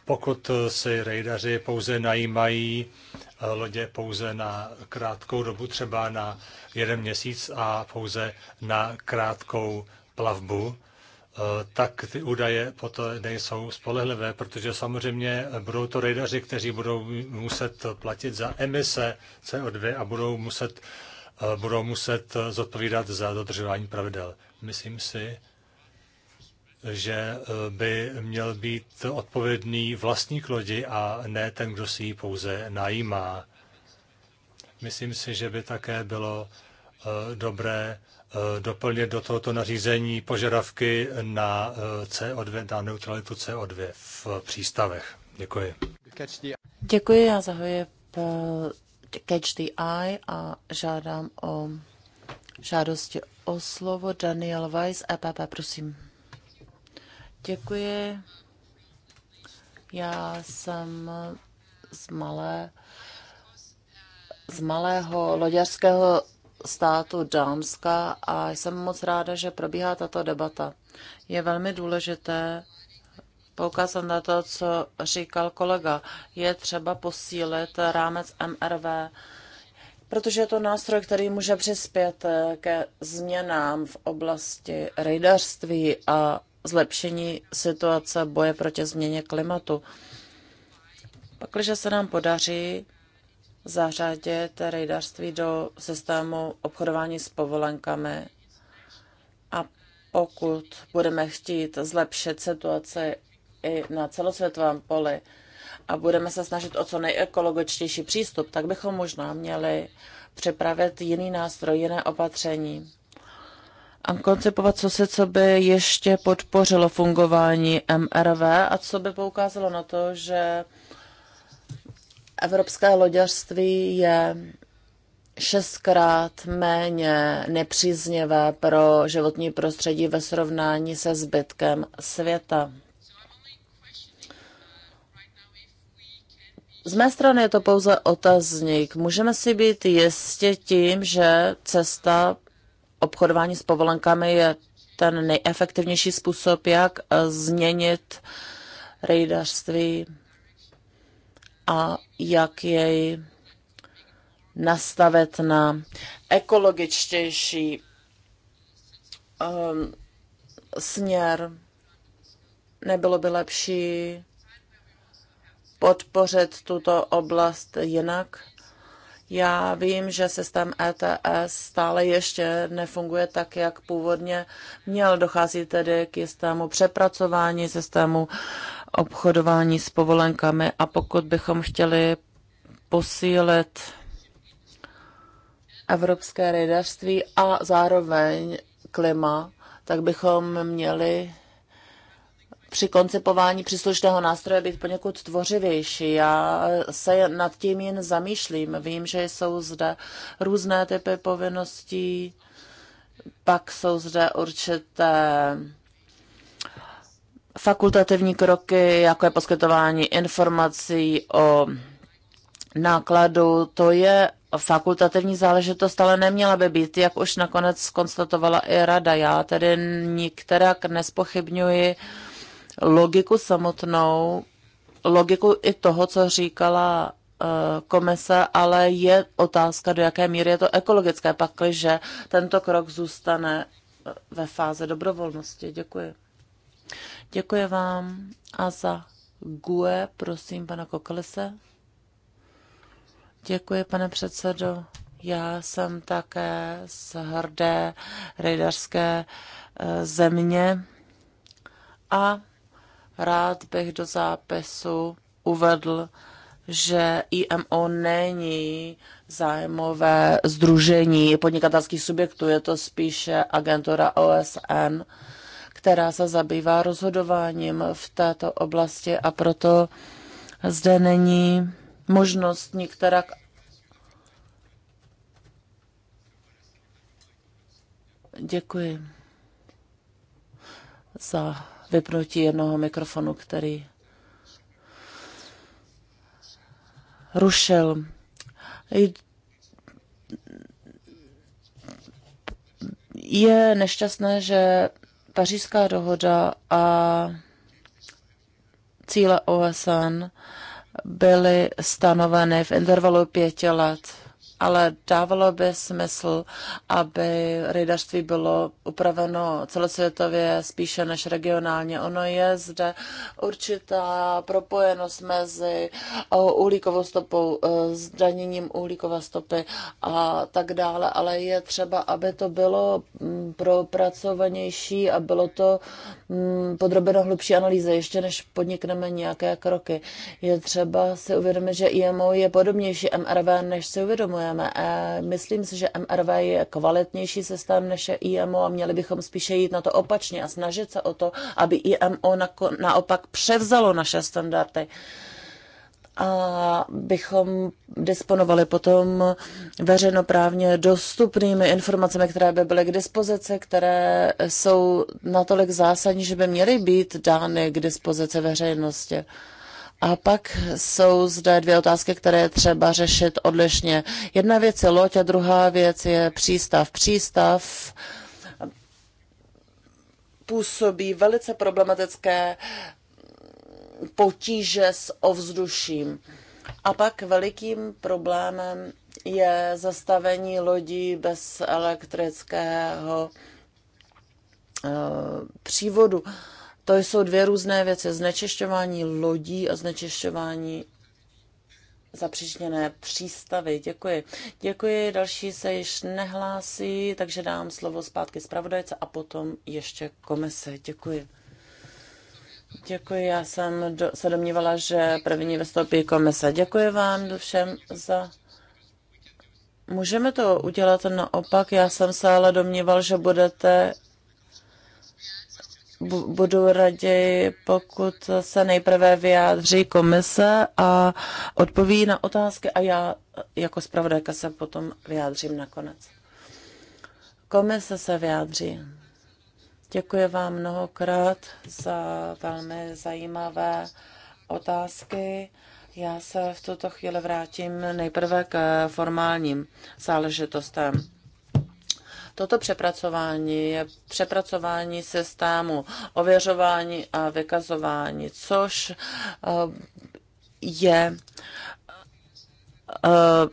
Pokud eh, si rejdaři pouze najímají eh, lodě pouze na krátkou dobu, třeba na jeden měsíc a pouze na krátkou plavbu, Eh, tak ty údaje poté nejsou spolehlivé, protože samozřejmě budou to radaři, kteří budou muset platit za emise CO2 a budou muset, eh, budou muset zodpovídat za dodržování pravidel. Myslím si, že eh, by měl být odpovědný vlastník lodi a ne ten, kdo si ji pouze najímá. Myslím si, že by také bylo dobré Eh, doplnit do tohoto nařízení požadavky na eh, CO2, na neutralitu CO2 v přístavech. Děkuji. Děkuji, já zahajuji eh, Catch the Eye a žádám o žádosti o slovo Daniel Weiss, EPP, prosím. Děkuji. Já jsem z malé z malého loďařského státu Dámska a jsem moc ráda, že probíhá tato debata. Je velmi důležité poukázat na to, co říkal kolega. Je třeba posílit rámec MRV, protože je to nástroj, který může přispět ke změnám v oblasti rejdařství a zlepšení situace boje proti změně klimatu. Pakliže se nám podaří zařadit rejdařství do systému obchodování s povolenkami a pokud budeme chtít zlepšit situaci i na celosvětovém poli a budeme se snažit o co nejekologičtější přístup, tak bychom možná měli připravit jiný nástroj, jiné opatření a koncipovat, co se co by ještě podpořilo fungování MRV a co by poukázalo na to, že Evropské loďařství je šestkrát méně nepříznivé pro životní prostředí ve srovnání se zbytkem světa. Z mé strany je to pouze otazník. Můžeme si být jistě tím, že cesta obchodování s povolenkami je ten nejefektivnější způsob, jak změnit rejdařství a jak jej nastavit na ekologičtější um, směr. Nebylo by lepší podpořit tuto oblast jinak? Já vím, že systém ETS stále ještě nefunguje tak, jak původně měl. Dochází tedy k jistému přepracování systému obchodování s povolenkami a pokud bychom chtěli posílit evropské rejdařství a zároveň klima, tak bychom měli při koncipování příslušného nástroje být poněkud tvořivější. Já se nad tím jen zamýšlím. Vím, že jsou zde různé typy povinností, pak jsou zde určité fakultativní kroky, jako je poskytování informací o nákladu. To je fakultativní záležitost, ale neměla by být, jak už nakonec konstatovala i rada. Já tedy nikterak nespochybňuji uh, logiku samotnou, logiku i toho, co říkala eh, komise, ale je otázka, do jaké míry je to ekologické, pakliže tento krok zůstane eh, ve fáze dobrovolnosti. Děkuji. Děkuji vám a za GUE, prosím, pana Kokelise. Děkuji, pane předsedo. Já jsem také z hrdé rejdařské eh, země a Rád bych do zápisu uvedl, že IMO není zájmové združení podnikatelských subjektů, je to spíše agentura OSN, která se zabývá rozhodováním v této oblasti a proto zde není možnost některak Děkuji za vypnutí jednoho mikrofonu, který rušil. Je nešťastné, že pařížská dohoda a cíle OSN byly stanoveny v intervalu pěti let ale dávalo by smysl, aby rejdařství bylo upraveno celosvětově spíše než regionálně. Ono je zde určitá propojenost mezi uhlíkovou stopou, e, zdaněním uhlíkové stopy a tak dále, ale je třeba, aby to bylo mm, propracovanější a bylo to mm, podrobeno hlubší analýze, ještě než podnikneme nějaké kroky. Je třeba si uvědomit, že IMO je podobnější MRV, než si uvědomujeme ME. E, myslím si, že MRV je kvalitnější systém než je IMO a měli bychom spíše jít na to opačně a snažit se o to, aby IMO naopak převzalo naše standardy a bychom disponovali potom veřejnoprávně dostupnými informacemi, které by byly k dispozici, které jsou natolik zásadní, že by měly být dány k dispozici veřejnosti. A pak jsou zde dvě otázky, které je třeba řešit odlišně. Jedna věc je loď a druhá věc je přístav. Přístav působí velice problematické potíže s ovzduším. A pak velikým problémem je zastavení lodí bez elektrického eh, přívodu. To jsou dvě různé věci. Znečišťování lodí a znečišťování zapříčněné přístavy. Děkuji. Děkuji, další se již nehlásí, takže dám slovo zpátky zpravodajce a potom ještě komise. Děkuji. Děkuji, já jsem do, se domnívala, že první vystoupí komise. Děkuji vám všem za... Můžeme to udělat naopak, já jsem se ale domníval, že budete budu raději, pokud se nejprve vyjádří komise a odpoví na otázky a já jako zpravodajka se potom vyjádřím nakonec. Komise se vyjádří. Děkuji vám mnohokrát za velmi zajímavé otázky. Já se v tuto chvíli vrátím nejprve k formálním záležitostem. Toto přepracování je přepracování systému ověřování a vykazování, což eh, je eh,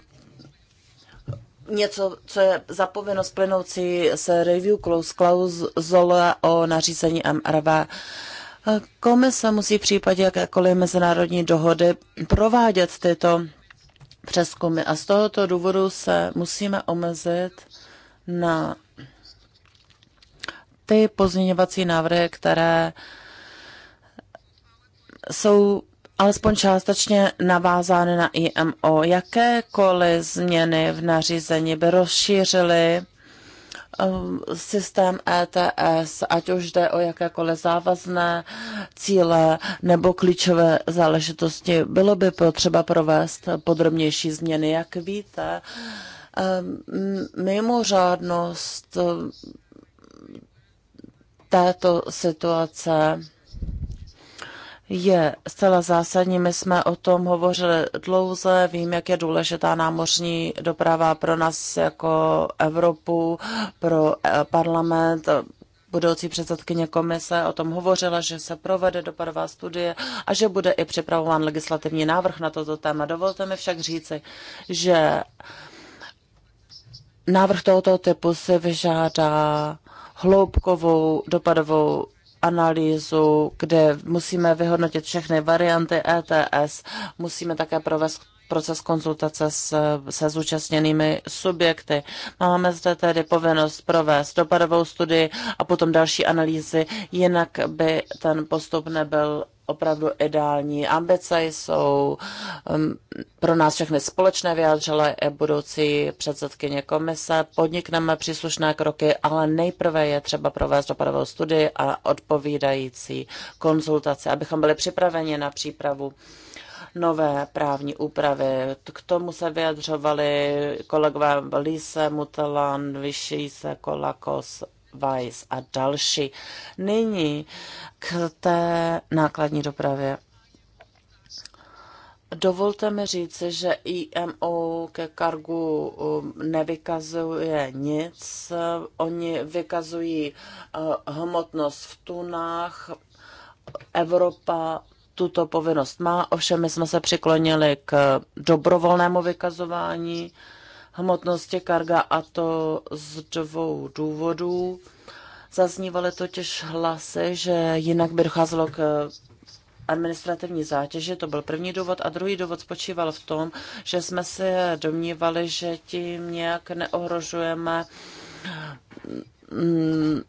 něco, co je zapovinnost plynoucí se review clause klauzule o nařízení MRV. Komise musí v případě jakékoliv mezinárodní dohody provádět tyto přeskumy a z tohoto důvodu se musíme omezit na ty pozměňovací návrhy, které jsou alespoň částečně navázány na IMO. Jakékoliv změny v nařízení by rozšířily um, systém ETS, ať už jde o jakékoliv závazné cíle nebo klíčové záležitosti, bylo by potřeba provést podrobnější změny. Jak víte, Eh, mimořádnost eh, této situace je zcela zásadní. My jsme o tom hovořili dlouze, vím, jak je důležitá námořní doprava pro nás jako Evropu, pro eh, parlament, budoucí předsedkyně komise o tom hovořila, že se provede dopadová studie a že bude i připravován legislativní návrh na toto téma. Dovolte mi však říci, že návrh tohoto typu se vyžádá hloubkovou dopadovou analýzu, kde musíme vyhodnotit všechny varianty ETS, musíme také provést proces konzultace s, se zúčastněnými subjekty. Máme zde tedy povinnost provést dopadovou studii a potom další analýzy, jinak by ten postup nebyl opravdu ideální. Ambice jsou um, pro nás všechny společné, vyjádřila i eh, budoucí předsedkyně komise. Podnikneme příslušné kroky, ale nejprve je třeba provést dopadovou studii a odpovídající konzultace, abychom byli připraveni na přípravu nové právní úpravy. K tomu se vyjadřovali kolegové Lise, Mutelan, se, Kolakos Weiss a další. Nyní k té nákladní dopravě. Dovolte mi říci, že IMO ke kargu um, nevykazuje nic. Oni vykazují uh, hmotnost v tunách. Evropa tuto povinnost má, ovšem my jsme se přiklonili k dobrovolnému vykazování hmotnosti karga a to z dvou důvodů. Zaznívaly totiž hlasy, že jinak by docházelo k administrativní zátěži, to byl první důvod. A druhý důvod spočíval v tom, že jsme se domnívali, že tím nějak neohrožujeme mm,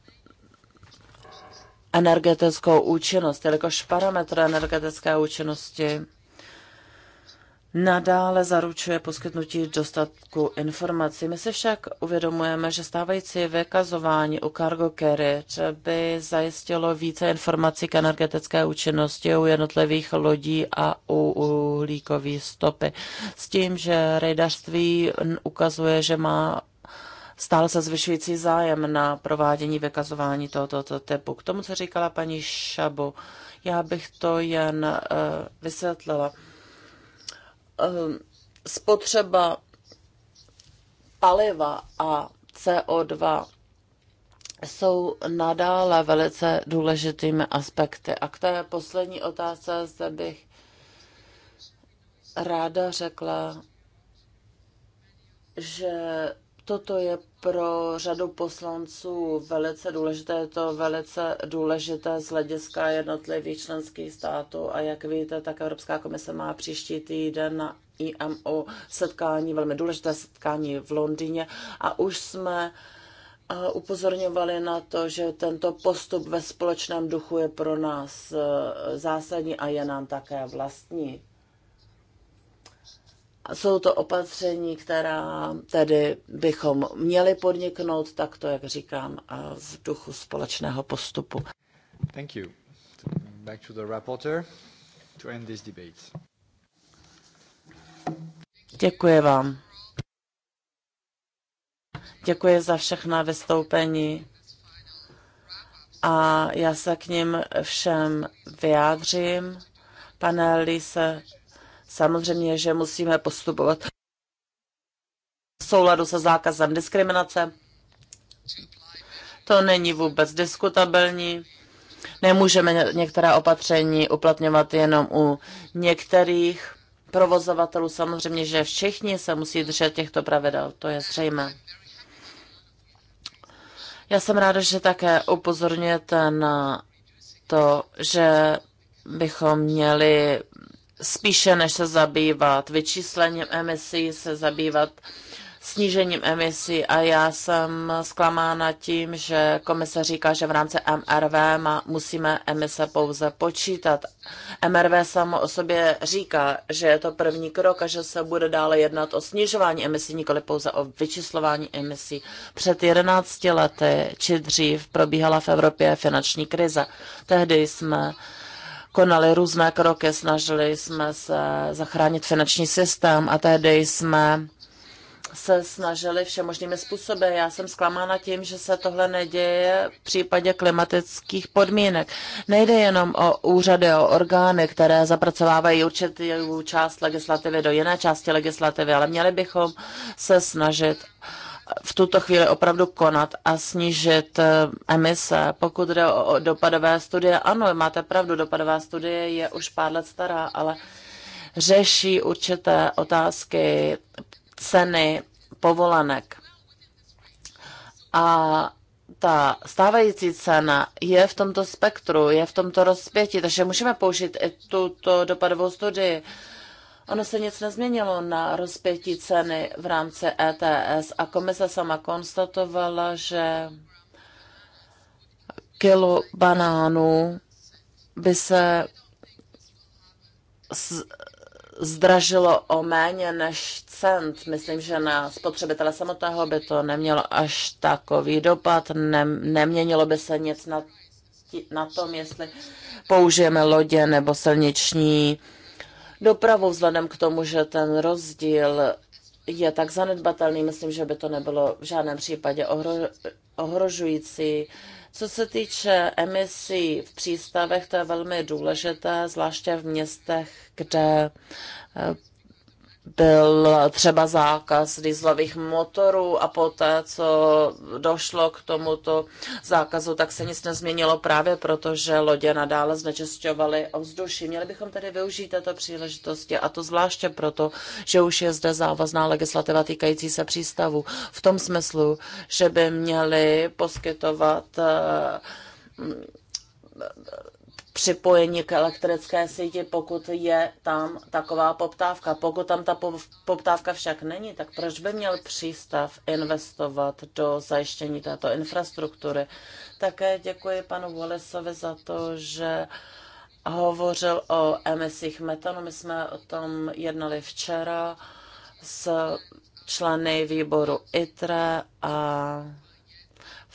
energetickou účinnost, jelikož parametr energetické účinnosti nadále zaručuje poskytnutí dostatku informací. My si však uvědomujeme, že stávající vykazování u Cargo Carriage by zajistilo více informací k energetické účinnosti u jednotlivých lodí a u uhlíkové stopy. S tím, že rejdařství ukazuje, že má stále se zvyšující zájem na provádění vykazování tohoto to, typu. K tomu, co říkala paní Šabu, já bych to jen uh, vysvětlila. Ehm, spotřeba paliva a CO2 jsou nadále velice důležitými aspekty. A k té poslední otázce zde bych ráda řekla, že Toto je pro řadu poslanců velice důležité. Je to velice důležité z hlediska jednotlivých členských států a jak víte, tak Evropská komise má příští týden na IMO setkání, velmi důležité setkání v Londýně a už jsme eh, upozorňovali na to, že tento postup ve společném duchu je pro nás eh, zásadní a je nám také vlastní jsou to opatření, která tedy bychom měli podniknout tak to, jak říkám, v duchu společného postupu. Thank you. Back to the rapporteur to end this debate. Děkuji vám. Děkuji za všechna vystoupení a já se k ním všem vyjádřím. Pane Lise, Samozřejmě, že musíme postupovat v souladu se zákazem diskriminace. To není vůbec diskutabilní. Nemůžeme některá opatření uplatňovat jenom u některých provozovatelů. Samozřejmě, že všichni se musí držet těchto pravidel, to je zřejmé. Já jsem ráda, že také upozorňujete na to, že bychom měli spíše než se zabývat vyčíslením emisí, se zabývat snížením emisí a já jsem zklamána tím, že komise říká, že v rámci MRV má, musíme emise pouze počítat. MRV samo o sobě říká, že je to první krok a že se bude dále jednat o snižování emisí, nikoli pouze o vyčíslování emisí. Před 11 lety či dřív probíhala v Evropě finanční krize. Tehdy jsme konali různé kroky, snažili jsme se zachránit finanční systém a tehdy jsme se snažili možnými způsoby. Já jsem zklamána tím, že se tohle neděje v případě klimatických podmínek. Nejde jenom o úřady, o orgány, které zapracovávají určitou část legislativy do jiné části legislativy, ale měli bychom se snažit uh, v tuto chvíli opravdu konat a snížit eh, emise. Pokud jde o dopadové studie, ano, máte pravdu, dopadová studie je už pár let stará, ale řeší určité otázky ceny povolenek. A ta stávající cena je v tomto spektru, je v tomto rozpětí, takže můžeme použít i tuto dopadovou studii. Ono se nic nezměnilo na rozpětí ceny v rámci ETS a komise sama konstatovala, že kilo banánů by se zdražilo o méně než cent. Myslím, že na spotřebitele samotného by to nemělo až takový dopad, neměnilo by se nic na, na tom, jestli použijeme lodě nebo silniční uh, dopravu, vzhledem k tomu, že ten rozdíl je tak zanedbatelný, myslím, že by to nebylo v žádném případě ohro, ohrožující. Co se týče emisí v přístavech, to je velmi důležité, zvláště v městech, kde eh, byl třeba zákaz dieselových motorů a poté, co došlo k tomuto zákazu, tak se nic nezměnilo právě proto, že lodě nadále znečišťovaly ovzduší. Měli bychom tedy využít této příležitosti a to zvláště proto, že už je zde závazná legislativa týkající se přístavu. V tom smyslu, že by měli poskytovat eh, Připojení k elektrické síti, pokud je tam taková poptávka. Pokud tam ta poptávka však není, tak proč by měl přístav investovat do zajištění této infrastruktury? Také děkuji panu Wallisovi za to, že hovořil o emisích metanu. My jsme o tom jednali včera s členy výboru ITRE a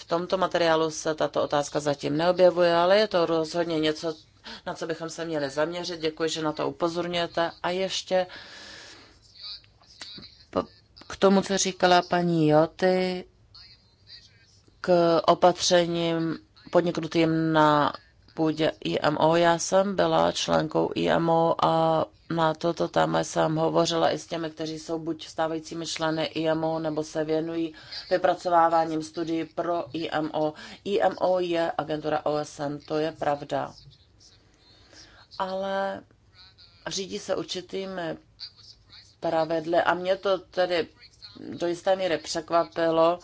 tomto materiálu se tato otázka zatím neobjevuje, ale je to rozhodně něco, na co bychom se měli zaměřit. Děkuji, že na to upozorňujete. A ještě k tomu, co říkala paní Joty, k opatřením podniknutým na půdě IMO. Já jsem byla členkou IMO a na toto téma jsem hovořila i s těmi, kteří jsou buď stávajícími členy IMO nebo se věnují vypracováváním studií pro IMO. IMO je agentura OSN, to je pravda. Ale řídí se určitými pravidly a mě to tedy do jisté míry překvapilo.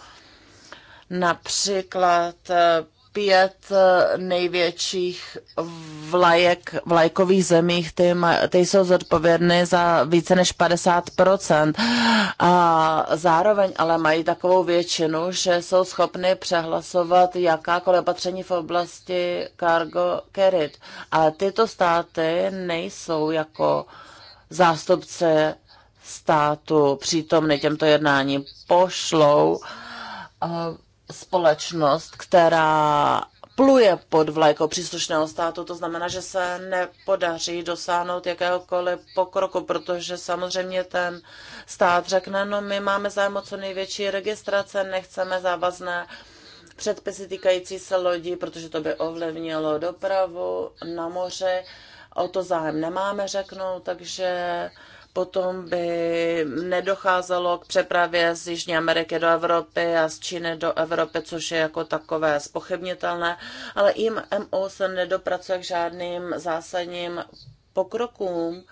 Například eh, pět eh, největších vlajek, vlajkových zemích, ty, ty jsou zodpovědny za více než 50%. A zároveň ale mají takovou většinu, že jsou schopny přehlasovat jakákoliv opatření v oblasti cargo carried. Ale tyto státy nejsou jako zástupce státu přítomny těmto jednání. Pošlou eh, společnost, která pluje pod vlajkou příslušného státu, to znamená, že se nepodaří dosáhnout jakéhokoliv pokroku, protože samozřejmě ten stát řekne, no my máme zájem o co největší registrace, nechceme závazné předpisy týkající se lodí, protože to by ovlivnilo dopravu na moře, o to zájem nemáme, řeknou, takže potom by nedocházelo k přepravě z Jižní Ameriky do Evropy a z Číny do Evropy, což je jako takové spochybnitelné, ale IMO se nedopracuje k žádným zásadním pokrokům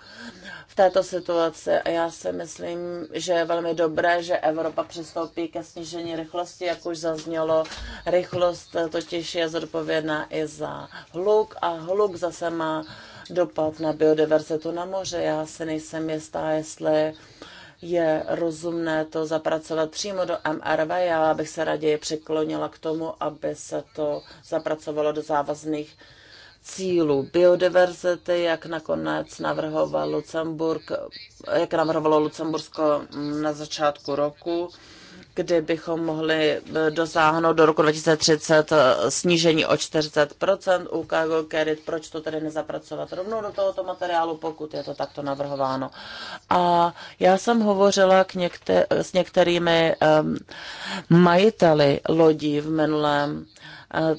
v této situaci a já si myslím, že je velmi dobré, že Evropa přistoupí ke snížení rychlosti, jak už zaznělo. Rychlost totiž je zodpovědná i za hluk a hluk zase má dopad na biodiverzitu na moře. Já se nejsem jistá, jestli je rozumné to zapracovat přímo do MRV. Já bych se raději přiklonila k tomu, aby se to zapracovalo do závazných cílů biodiverzity, jak nakonec navrhoval Lucemburg, jak navrhovalo Lucembursko na začátku roku kdy bychom mohli eh, dosáhnout do roku 2030 eh, snížení o 40% u Cargo Carried. Proč to tedy nezapracovat rovnou do tohoto materiálu, pokud je to takto navrhováno? A já jsem hovořila k někter- s některými um, majiteli lodí v minulém uh,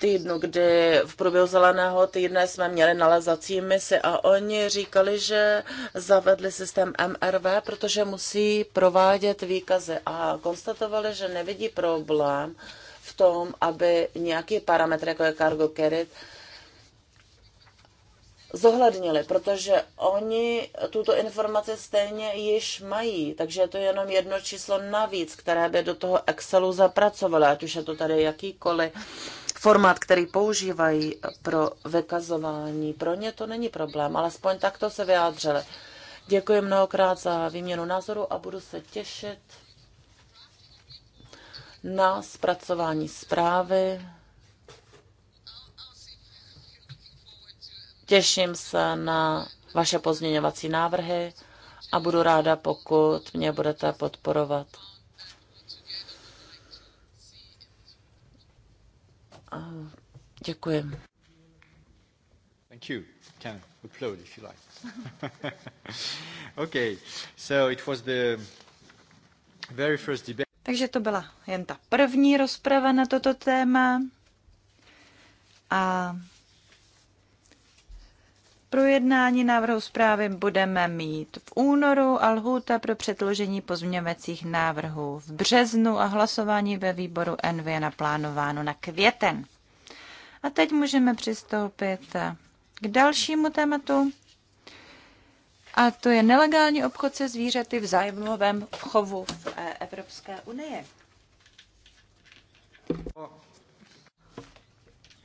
týdnu, kdy v průběhu zeleného týdne jsme měli nalezací misi a oni říkali, že zavedli systém MRV, protože musí provádět výkazy a konstatovali, že nevidí problém v tom, aby nějaký parametr, jako je cargo carry, zohlednili, protože oni tuto informaci stejně již mají, takže je to jenom jedno číslo navíc, které by do toho Excelu zapracovali, ať už je to tady jakýkoliv formát, který používají pro vykazování. Pro ně to není problém, alespoň takto se vyjádřili. Děkuji mnohokrát za výměnu názoru a budu se těšit na zpracování zprávy. Těším se na vaše pozměňovací návrhy a budu ráda, pokud mě budete podporovat. Děkuji. Thank you. Can applaud if you like. <laughs> okay, so it was the very first debate. Takže to byla jen ta první rozprava na toto téma. A Projednání návrhu zprávy budeme mít v únoru a lhůta pro předložení pozměňovacích návrhů v březnu a hlasování ve výboru NV je naplánováno na květen. A teď můžeme přistoupit k dalšímu tématu. A to je nelegální obchod se zvířaty v zájemnovém chovu v eh, Evropské unii.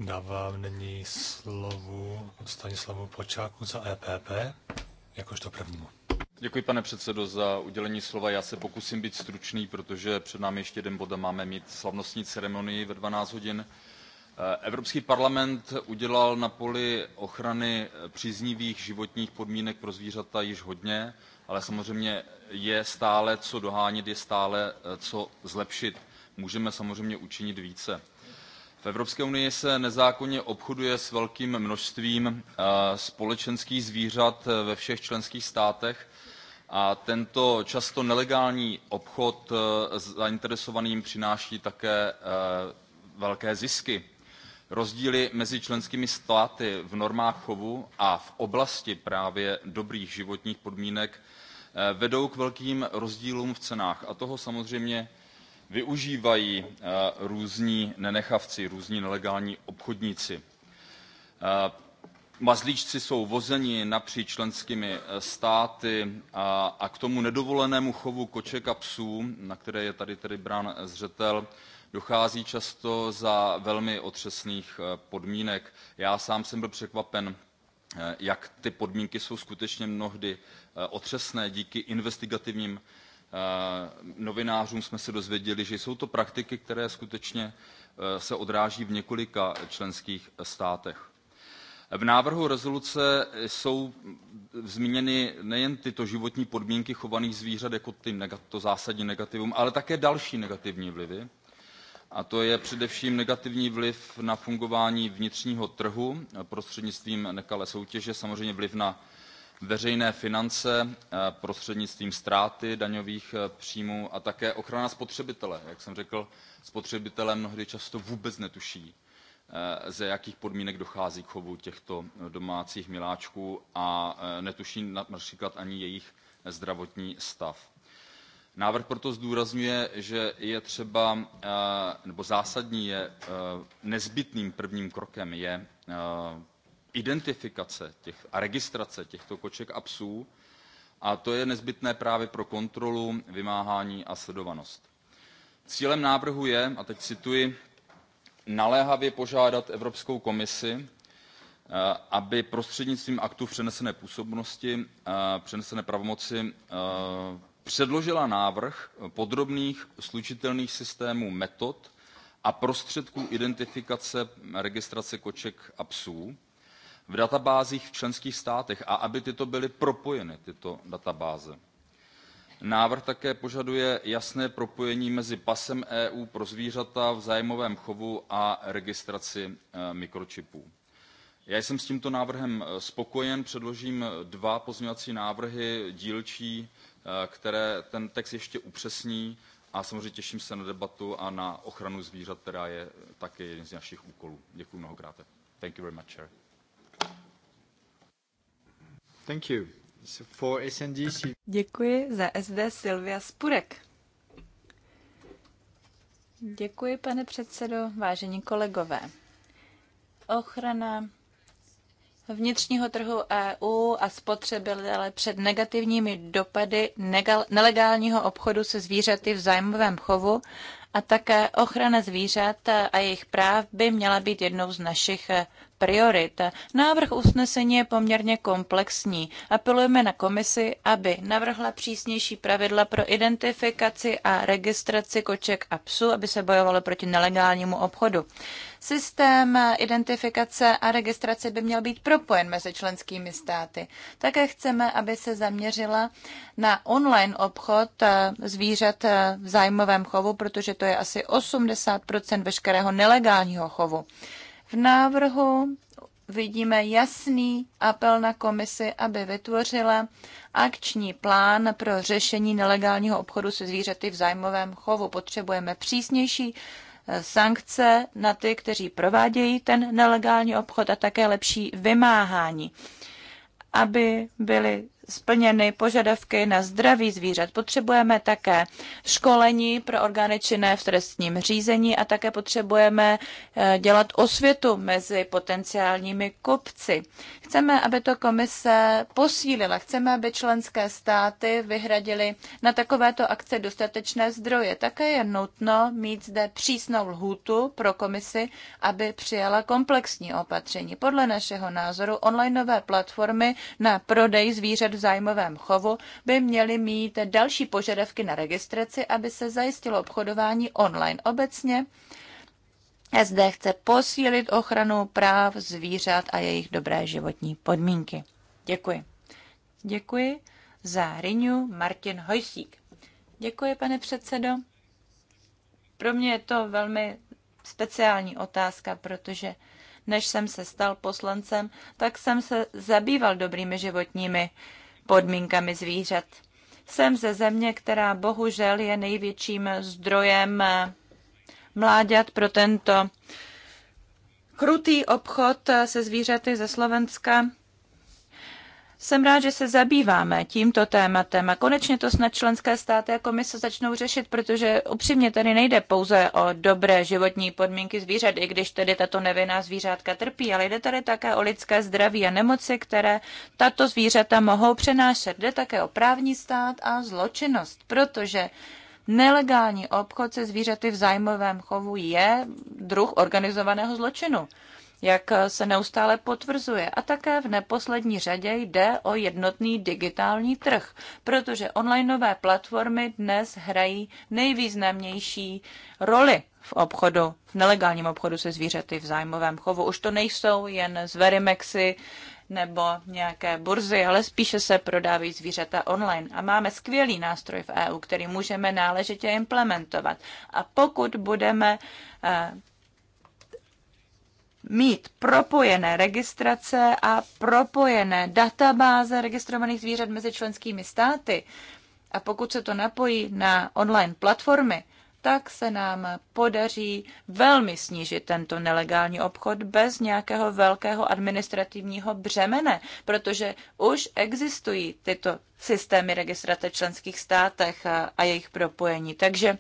Dávám nyní slovu Stanislavu Počáku za EPP, jakožto prvnímu. Děkuji, pane předsedo, za udělení slova. Já se pokusím být stručný, protože před námi ještě jeden bod a máme mít slavnostní ceremonii ve 12 hodin. Eh, Evropský parlament udělal na poli ochrany příznivých životních podmínek pro zvířata již hodně, ale samozřejmě je stále co dohánět, je stále eh, co zlepšit. Můžeme samozřejmě učinit více v evropské unii se nezákonně obchoduje s velkým množstvím eh, společenských zvířat eh, ve všech členských státech a tento často nelegální obchod eh, zainteresovaným přináší také velké zisky. rozdíly mezi členskými státy v normách chovu a v oblasti právě dobrých životních podmínek vedou k velkým rozdílům v cenách a toho samozřejmě využívají eh, různí nenechavci různí nelegální obchodníci. Eh, mazlíčci jsou vozeni napříč členskými eh, státy a k tomu nedovolenému chovu koček a psů na které je tady tedy brán zřetel dochází často za velmi otřesných podmínek. já sám jsem byl překvapen jak ty podmínky jsou skutečně mnohdy otřesné díky investigativním Eh, novinářům jsme se dozvěděli že jsou to praktiky které skutečně eh, se odráží v několika členských státech. v návrhu rezoluce jsou zmíněny nejen tyto životní podmínky chovaných zvířat jako to zásadní negativum ale také další negativní vlivy a to je především negativní vliv na fungování vnitřního trhu eh, prostřednictvím nekalé soutěže samozřejmě vliv na veřejné finance eh, prostřednictvím ztráty daňových eh, příjmů a také ochrana spotřebitele. jak jsem řekl spotřebitelé mnohdy často vůbec netuší eh, za jakých podmínek dochází k chovu těchto domácích miláčků a netuší například ani jejich zdravotní stav. návrh proto zdůrazňuje že je třeba nebo zásadní je nezbytným prvním krokem je identifikace těch, a registrace těchto koček a psů a to je nezbytné právě pro kontrolu vymáhání a sledovanost. cílem návrhu je a teď cituji naléhavě požádat evropskou komisi eh, aby prostřednictvím aktu přenesené působnosti eh, přenesené pravomoci eh, předložila návrh podrobných slučitelných systémů metod a prostředků identifikace registrace koček a psů v databázích v členských státech a aby tyto byly propojeny tyto databáze. návrh také požaduje jasné propojení mezi pasem eu pro zvířata v zájmovém chovu a registrací e, mikročipů. já jsem s tímto návrhem e, spokojen předložím e, dva pozměňovací návrhy které ten text ještě upřesní a samozřejmě těším se na debatu a na ochranu zvířat která je také jedním z našich úkolů. děkuji mnohokrát. Thank you. For SND, Děkuji za SD Silvia Spurek. Děkuji, pane předsedo, vážení kolegové. Ochrana vnitřního trhu EU a spotřebitele před negativními dopady nelegálního obchodu se zvířaty v zájmovém chovu a také ochrana zvířat a jejich práv by měla být jednou z našich priorit. Návrh usnesení je poměrně komplexní. Apelujeme na komisi, aby navrhla přísnější pravidla pro identifikaci a registraci koček a psů, aby se bojovalo proti nelegálnímu obchodu. Systém identifikace a registrace by měl být propojen mezi členskými státy. Také chceme, aby se zaměřila na online obchod eh, zvířat eh, v zájmovém chovu, protože to je asi 80 veškerého nelegálního chovu. V návrhu vidíme jasný apel na komisi, aby vytvořila akční plán pro řešení nelegálního obchodu se zvířaty v zájmovém chovu. Potřebujeme přísnější eh, sankce na ty, kteří provádějí ten nelegální obchod a také lepší vymáhání, aby byly splněny požadavky na zdraví zvířat. Potřebujeme také školení pro orgány činné v trestním řízení a také potřebujeme eh, dělat osvětu mezi potenciálními kupci. Chceme, aby to komise posílila. Chceme, aby členské státy vyhradili na takovéto akce dostatečné zdroje. Také je nutno mít zde přísnou lhůtu pro komisi, aby přijala komplexní opatření. Podle našeho názoru onlineové platformy na prodej zvířat v zájmovém chovu by měly mít další požadavky na registraci, aby se zajistilo obchodování online obecně. SD chce posílit ochranu práv zvířat a jejich dobré životní podmínky. Děkuji. Děkuji za Rinu Martin Hojsík. Děkuji, pane předsedo. Pro mě je to velmi speciální otázka, protože než jsem se stal poslancem, tak jsem se zabýval dobrými životními podmínkami zvířat. Jsem ze země, která bohužel je největším zdrojem eh, mláďat pro tento krutý obchod eh, se zvířaty ze Slovenska jsem rád, že se zabýváme tímto tématem a konečně to snad členské státy a komise začnou řešit, protože upřímně tady nejde pouze o dobré životní podmínky zvířat, i když tedy tato nevinná zvířátka trpí, ale jde tady také o lidské zdraví a nemoci, které tato zvířata mohou přenášet. Jde také o právní stát a zločinnost, protože nelegální obchod se zvířaty v zájmovém chovu je druh organizovaného zločinu jak se neustále potvrzuje. A také v neposlední řadě jde o jednotný digitální trh, protože onlineové platformy dnes hrají nejvýznamnější roli v obchodu, v nelegálním obchodu se zvířaty v zájmovém chovu. Už to nejsou jen zverimexy, nebo nějaké burzy, ale spíše se prodávají zvířata online. A máme skvělý nástroj v EU, který můžeme náležitě implementovat. A pokud budeme eh, mít propojené registrace a propojené databáze registrovaných zvířat mezi členskými státy. A pokud se to napojí na online platformy, tak se nám podaří velmi snížit tento nelegální obchod bez nějakého velkého administrativního břemene, protože už existují tyto systémy registrace v členských státech a, a jejich propojení. Takže uh,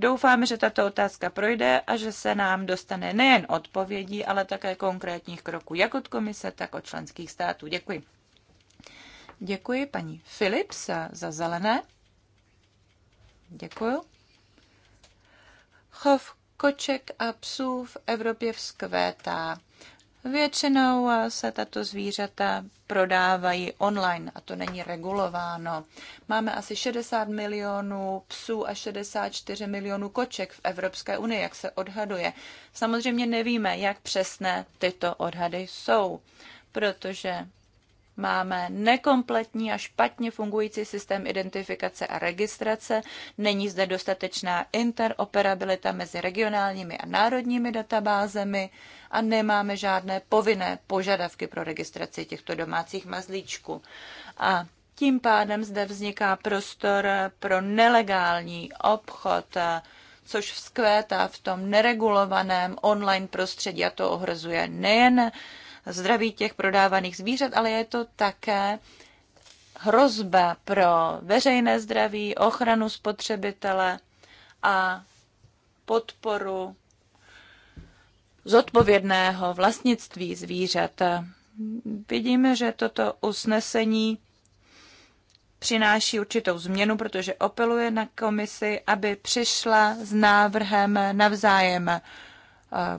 Doufáme, že tato otázka projde a že se nám dostane nejen odpovědí, ale také konkrétních kroků, jak od komise, tak od členských států. Děkuji. Děkuji paní Philips za zelené. Děkuji. Chov koček a psů v Evropě vzkvétá. Většinou se tato zvířata prodávají online a to není regulováno. Máme asi 60 milionů psů a 64 milionů koček v Evropské unii, jak se odhaduje. Samozřejmě nevíme, jak přesné tyto odhady jsou, protože Máme nekompletní a špatně fungující systém identifikace a registrace, není zde dostatečná interoperabilita mezi regionálními a národními databázemi a nemáme žádné povinné požadavky pro registraci těchto domácích mazlíčků. A tím pádem zde vzniká prostor pro nelegální obchod, což vzkvétá v tom neregulovaném online prostředí a to ohrozuje nejen zdraví těch prodávaných zvířat, ale je to také hrozba pro veřejné zdraví, ochranu spotřebitele a podporu zodpovědného vlastnictví zvířat. Vidíme, že toto usnesení přináší určitou změnu, protože opeluje na komisi, aby přišla s návrhem navzájem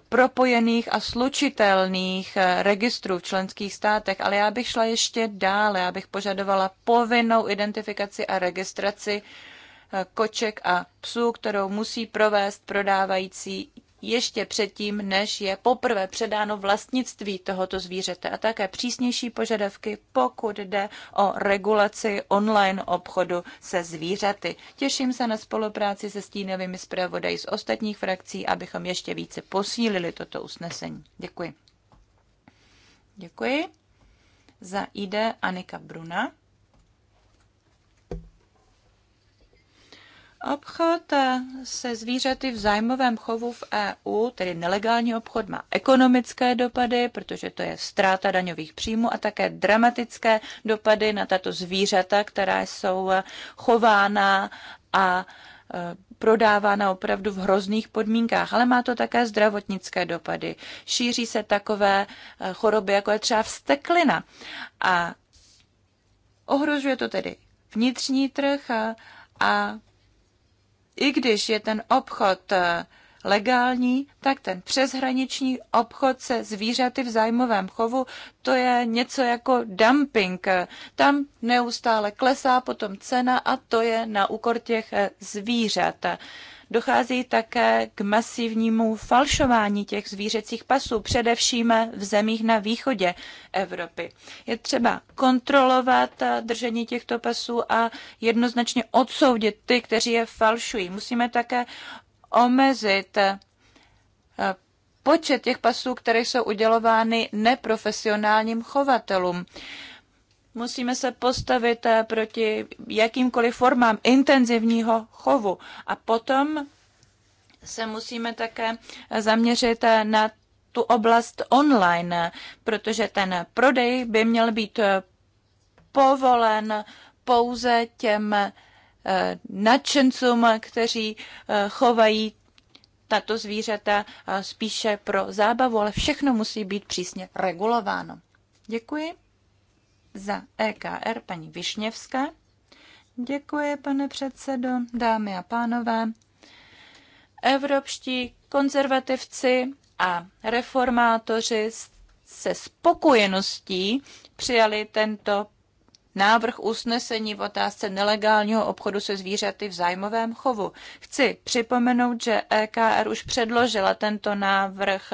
propojených a slučitelných eh, registrů v členských státech, ale já bych šla ještě dále, já bych požadovala povinnou identifikaci a registraci eh, koček a psů, kterou musí provést prodávající ještě předtím, než je poprvé předáno vlastnictví tohoto zvířete a také přísnější požadavky, pokud jde o regulaci online obchodu se zvířaty. Těším se na spolupráci se stínovými zpravodaji z ostatních frakcí, abychom ještě více posílili toto usnesení. Děkuji. Děkuji. Za ID Anika Bruna. Obchod eh, se zvířaty v zájmovém chovu v EU, tedy nelegální obchod, má ekonomické dopady, protože to je ztráta daňových příjmů a také dramatické dopady na tato zvířata, která jsou eh, chována a eh, prodávána opravdu v hrozných podmínkách, ale má to také zdravotnické dopady. Šíří se takové choroby, jako je třeba vsteklina. A ohrožuje to tedy vnitřní trh a, a i když je ten obchod eh, legální, tak ten přeshraniční obchod se zvířaty v zájmovém chovu, to je něco jako dumping. Tam neustále klesá potom cena a to je na úkor těch eh, zvířat. Dochází také k masivnímu falšování těch zvířecích pasů, především v zemích na východě Evropy. Je třeba kontrolovat eh, držení těchto pasů a jednoznačně odsoudit ty, kteří je falšují. Musíme také omezit eh, počet těch pasů, které jsou udělovány neprofesionálním chovatelům. Musíme se postavit eh, proti jakýmkoliv formám intenzivního chovu. A potom se musíme také zaměřit eh, na tu oblast online, protože ten prodej by měl být eh, povolen pouze těm nadšencům, kteří chovají tato zvířata spíše pro zábavu, ale všechno musí být přísně regulováno. Děkuji za EKR paní Višněvská. Děkuji, pane předsedo, dámy a pánové. Evropští konzervativci a reformátoři se spokojeností přijali tento návrh usnesení v otázce nelegálního obchodu se zvířaty v zájmovém chovu. Chci připomenout, že EKR už předložila tento návrh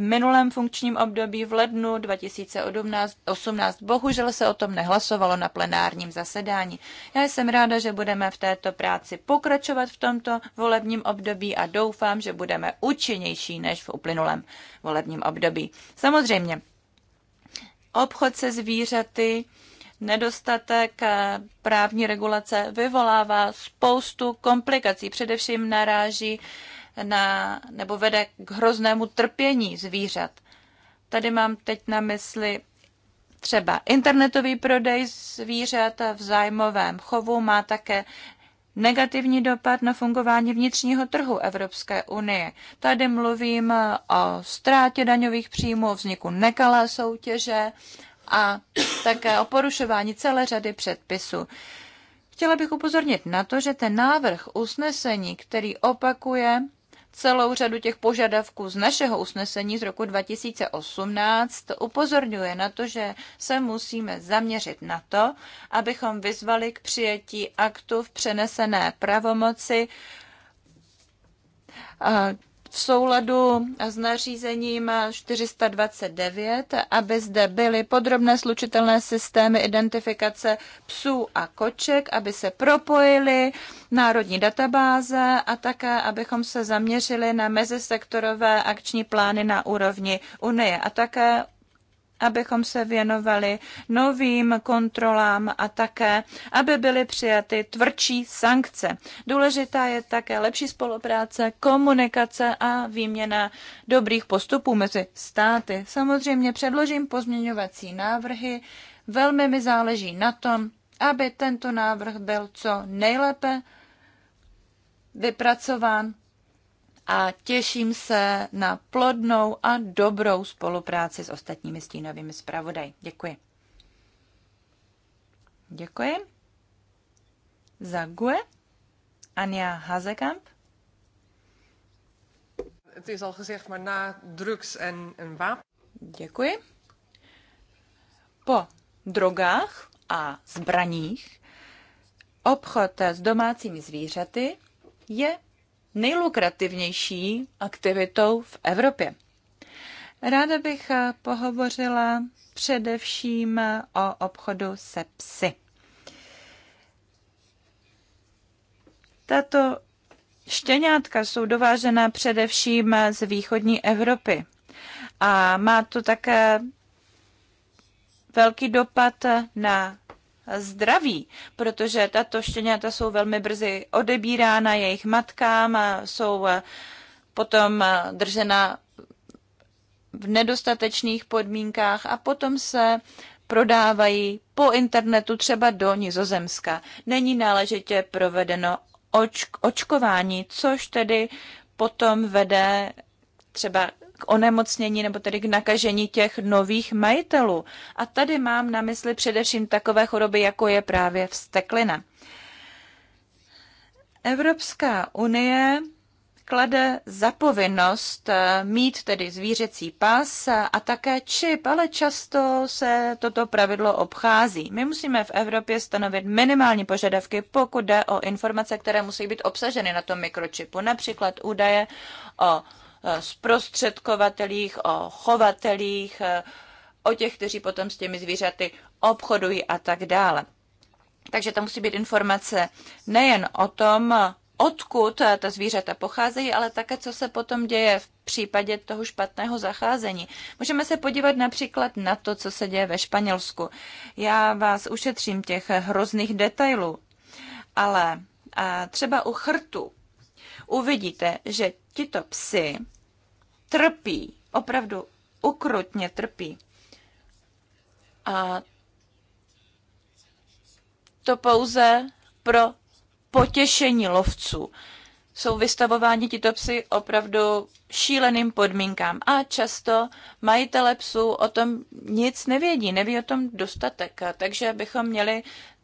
minulém funkčním období v lednu 2018. Bohužel se o tom nehlasovalo na plenárním zasedání. Já jsem ráda, že budeme v této práci pokračovat v tomto volebním období a doufám, že budeme účinnější než v uplynulém volebním období. Samozřejmě, obchod se zvířaty nedostatek eh, právní regulace vyvolává spoustu komplikací. Především naráží na, nebo vede k hroznému trpění zvířat. Tady mám teď na mysli třeba internetový prodej zvířat v zájmovém chovu má také negativní dopad na fungování vnitřního trhu Evropské unie. Tady mluvím o ztrátě daňových příjmů, vzniku nekalé soutěže a také o porušování celé řady předpisů. Chtěla bych upozornit na to, že ten návrh usnesení, který opakuje celou řadu těch požadavků z našeho usnesení z roku 2018 upozorňuje na to, že se musíme zaměřit na to, abychom vyzvali k přijetí aktu v přenesené pravomoci v souladu s nařízením 429, aby zde byly podrobné slučitelné systémy identifikace psů a koček, aby se propojily národní databáze a také, abychom se zaměřili na mezisektorové akční plány na úrovni Unie a také abychom se věnovali novým kontrolám a také, aby byly přijaty tvrdší sankce. Důležitá je také lepší spolupráce, komunikace a výměna dobrých postupů mezi státy. Samozřejmě předložím pozměňovací návrhy. Velmi mi záleží na tom, aby tento návrh byl co nejlépe vypracován a těším se na plodnou a dobrou spolupráci s ostatními stínovými zpravodaji. Děkuji. Děkuji. Za GUE Anja Hazekamp. Het is al gezegd, maar na drugs en, en wapen. Děkuji. Po drogách a zbraních obchod s domácími zvířaty je nejlukrativnější aktivitou v Evropě. Ráda bych eh, pohovořila především eh, o obchodu se psy. Tato štěňátka jsou dovážená především eh, z východní Evropy a má to také velký dopad na zdraví, protože tato štěňata jsou velmi brzy odebírána jejich matkám a jsou eh, potom eh, držena v nedostatečných podmínkách a potom se prodávají po internetu třeba do Nizozemska. Není náležitě provedeno očk- očkování, což tedy potom vede třeba k onemocnění nebo tedy k nakažení těch nových majitelů. A tady mám na mysli především takové choroby, jako je právě vsteklina. Evropská unie klade za povinnost eh, mít tedy zvířecí pas a také čip, ale často se toto pravidlo obchází. My musíme v Evropě stanovit minimální požadavky, pokud jde o informace, které musí být obsaženy na tom mikročipu, například údaje o Eh, zprostředkovatelích, o chovatelích, eh, o těch, kteří potom s těmi zvířaty obchodují a tak dále. Takže tam musí být informace nejen o tom, odkud eh, ta zvířata pocházejí, ale také, co se potom děje v případě toho špatného zacházení. Můžeme se podívat například na to, co se děje ve Španělsku. Já vás ušetřím těch hrozných detailů, ale třeba u chrtu uvidíte, že tito psy trpí, opravdu ukrutně trpí. A to pouze pro potěšení lovců. Jsou vystavováni tito psy opravdu šíleným podmínkám a často majitele psů o tom nic nevědí, neví o tom dostatek, takže bychom měli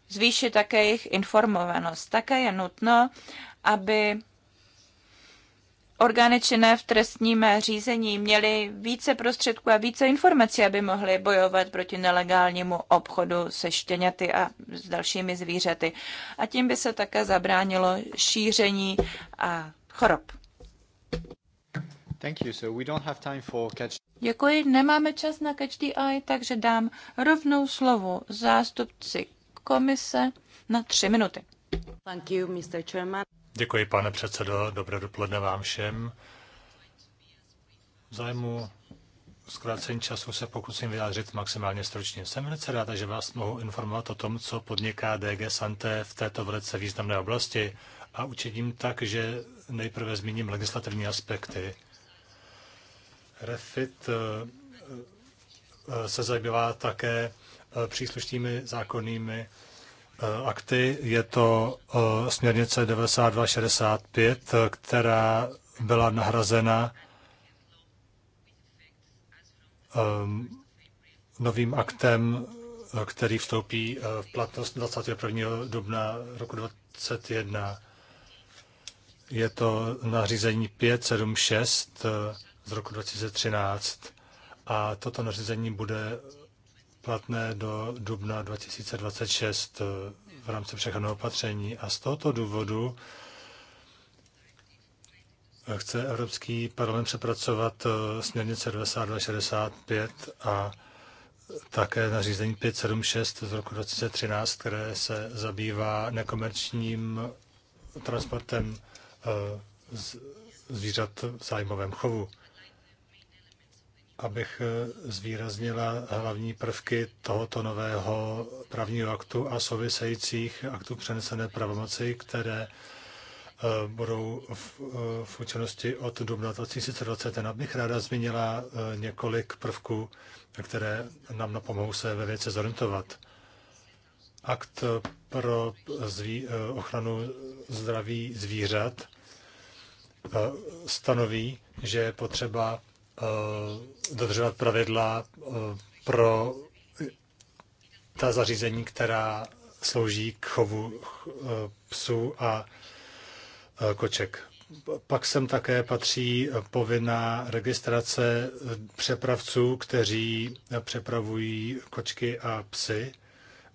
zvýšit také jejich informovanost. Také je nutno, aby orgány činné v trestním řízení měly více prostředků a více informací, aby mohly bojovat proti nelegálnímu obchodu se štěňaty a s dalšími zvířaty. A tím by se také zabránilo šíření a chorob. Děkuji, nemáme čas na catch the eye, takže dám rovnou slovo zástupci komise na tři minuty. Thank you, Mr. Chairman. Děkuji, pane předsedo. Dobré dopoledne vám všem. V zájmu zkrácení času se pokusím vyjádřit maximálně stručně. Jsem velice rád, že vás mohu informovat o tom, co podniká DG Santé v této velice významné oblasti a učiním tak, že nejprve zmíním legislativní aspekty. Refit eh, eh, se zabývá také eh, příslušnými zákonnými Eh, akty. Je to eh, směrnice 9265, eh, která byla nahrazena novým aktem, který vstoupí v platnost 21. dubna roku 2021. Je to nařízení 576 z roku 2013 a toto nařízení bude platné do dubna 2026 eh, v rámci přechodného opatření. A z tohoto důvodu eh, chce Evropský parlament přepracovat eh, směrnice 2265 a také nařízení 576 z roku 2013, které se zabývá nekomerčním transportem zvířat v zájmovém chovu abych eh, zvýraznila hlavní prvky tohoto nového právního aktu a souvisejících aktů přenesené pravomoci, které eh, budou v, eh, v účinnosti od dubna 2021. Jen bych ráda zmínila několik prvků, které nám napomohou se ve věci zorientovat. Akt pro zví, ochranu zdraví zvířat stanoví, že je potřeba Eh, dodržovat pravidla eh, pro ta zařízení, která slouží k chovu eh, psů a koček. Pak sem také patří povinná registrace přepravců, kteří přepravují kočky a psy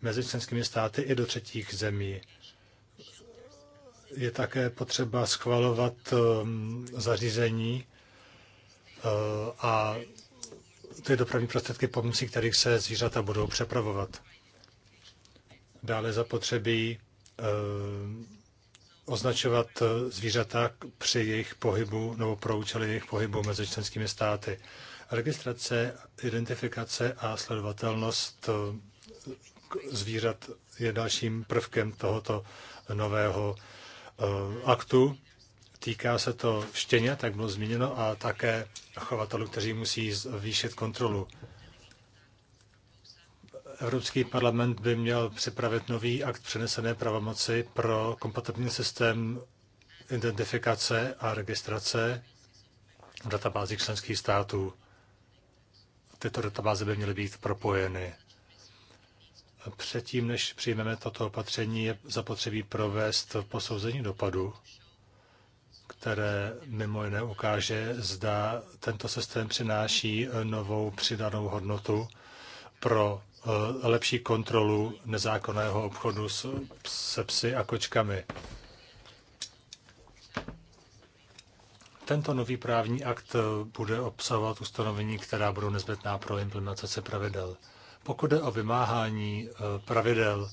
mezi členskými státy i do třetích zemí. Je také potřeba schvalovat zařízení, Eh, a ty dopravní prostředky, pomocí kterých se zvířata budou přepravovat. Dále zapotřebí eh, označovat eh, zvířata při jejich pohybu nebo pro účely jejich pohybu mezi členskými státy. Registrace, identifikace a sledovatelnost zvířat je dalším prvkem tohoto nového aktu. Týká se to štěně, tak bylo zmíněno, a také chovatelů, kteří musí zvýšit kontrolu. Evropský parlament by měl připravit nový akt přenesené pravomoci pro kompatibilní systém identifikace a registrace v databázích členských států. Tyto databáze by měly být propojeny. Předtím, než přijmeme toto opatření, je zapotřebí provést posouzení dopadu které mimo jiné ukáže, zda tento systém přináší eh, novou přidanou hodnotu pro eh, lepší kontrolu nezákonného obchodu se psy a kočkami. Tento nový právní akt eh, bude obsahovat ustanovení, která budou nezbytná pro implementaci pravidel. Pokud jde o vymáhání pravidel,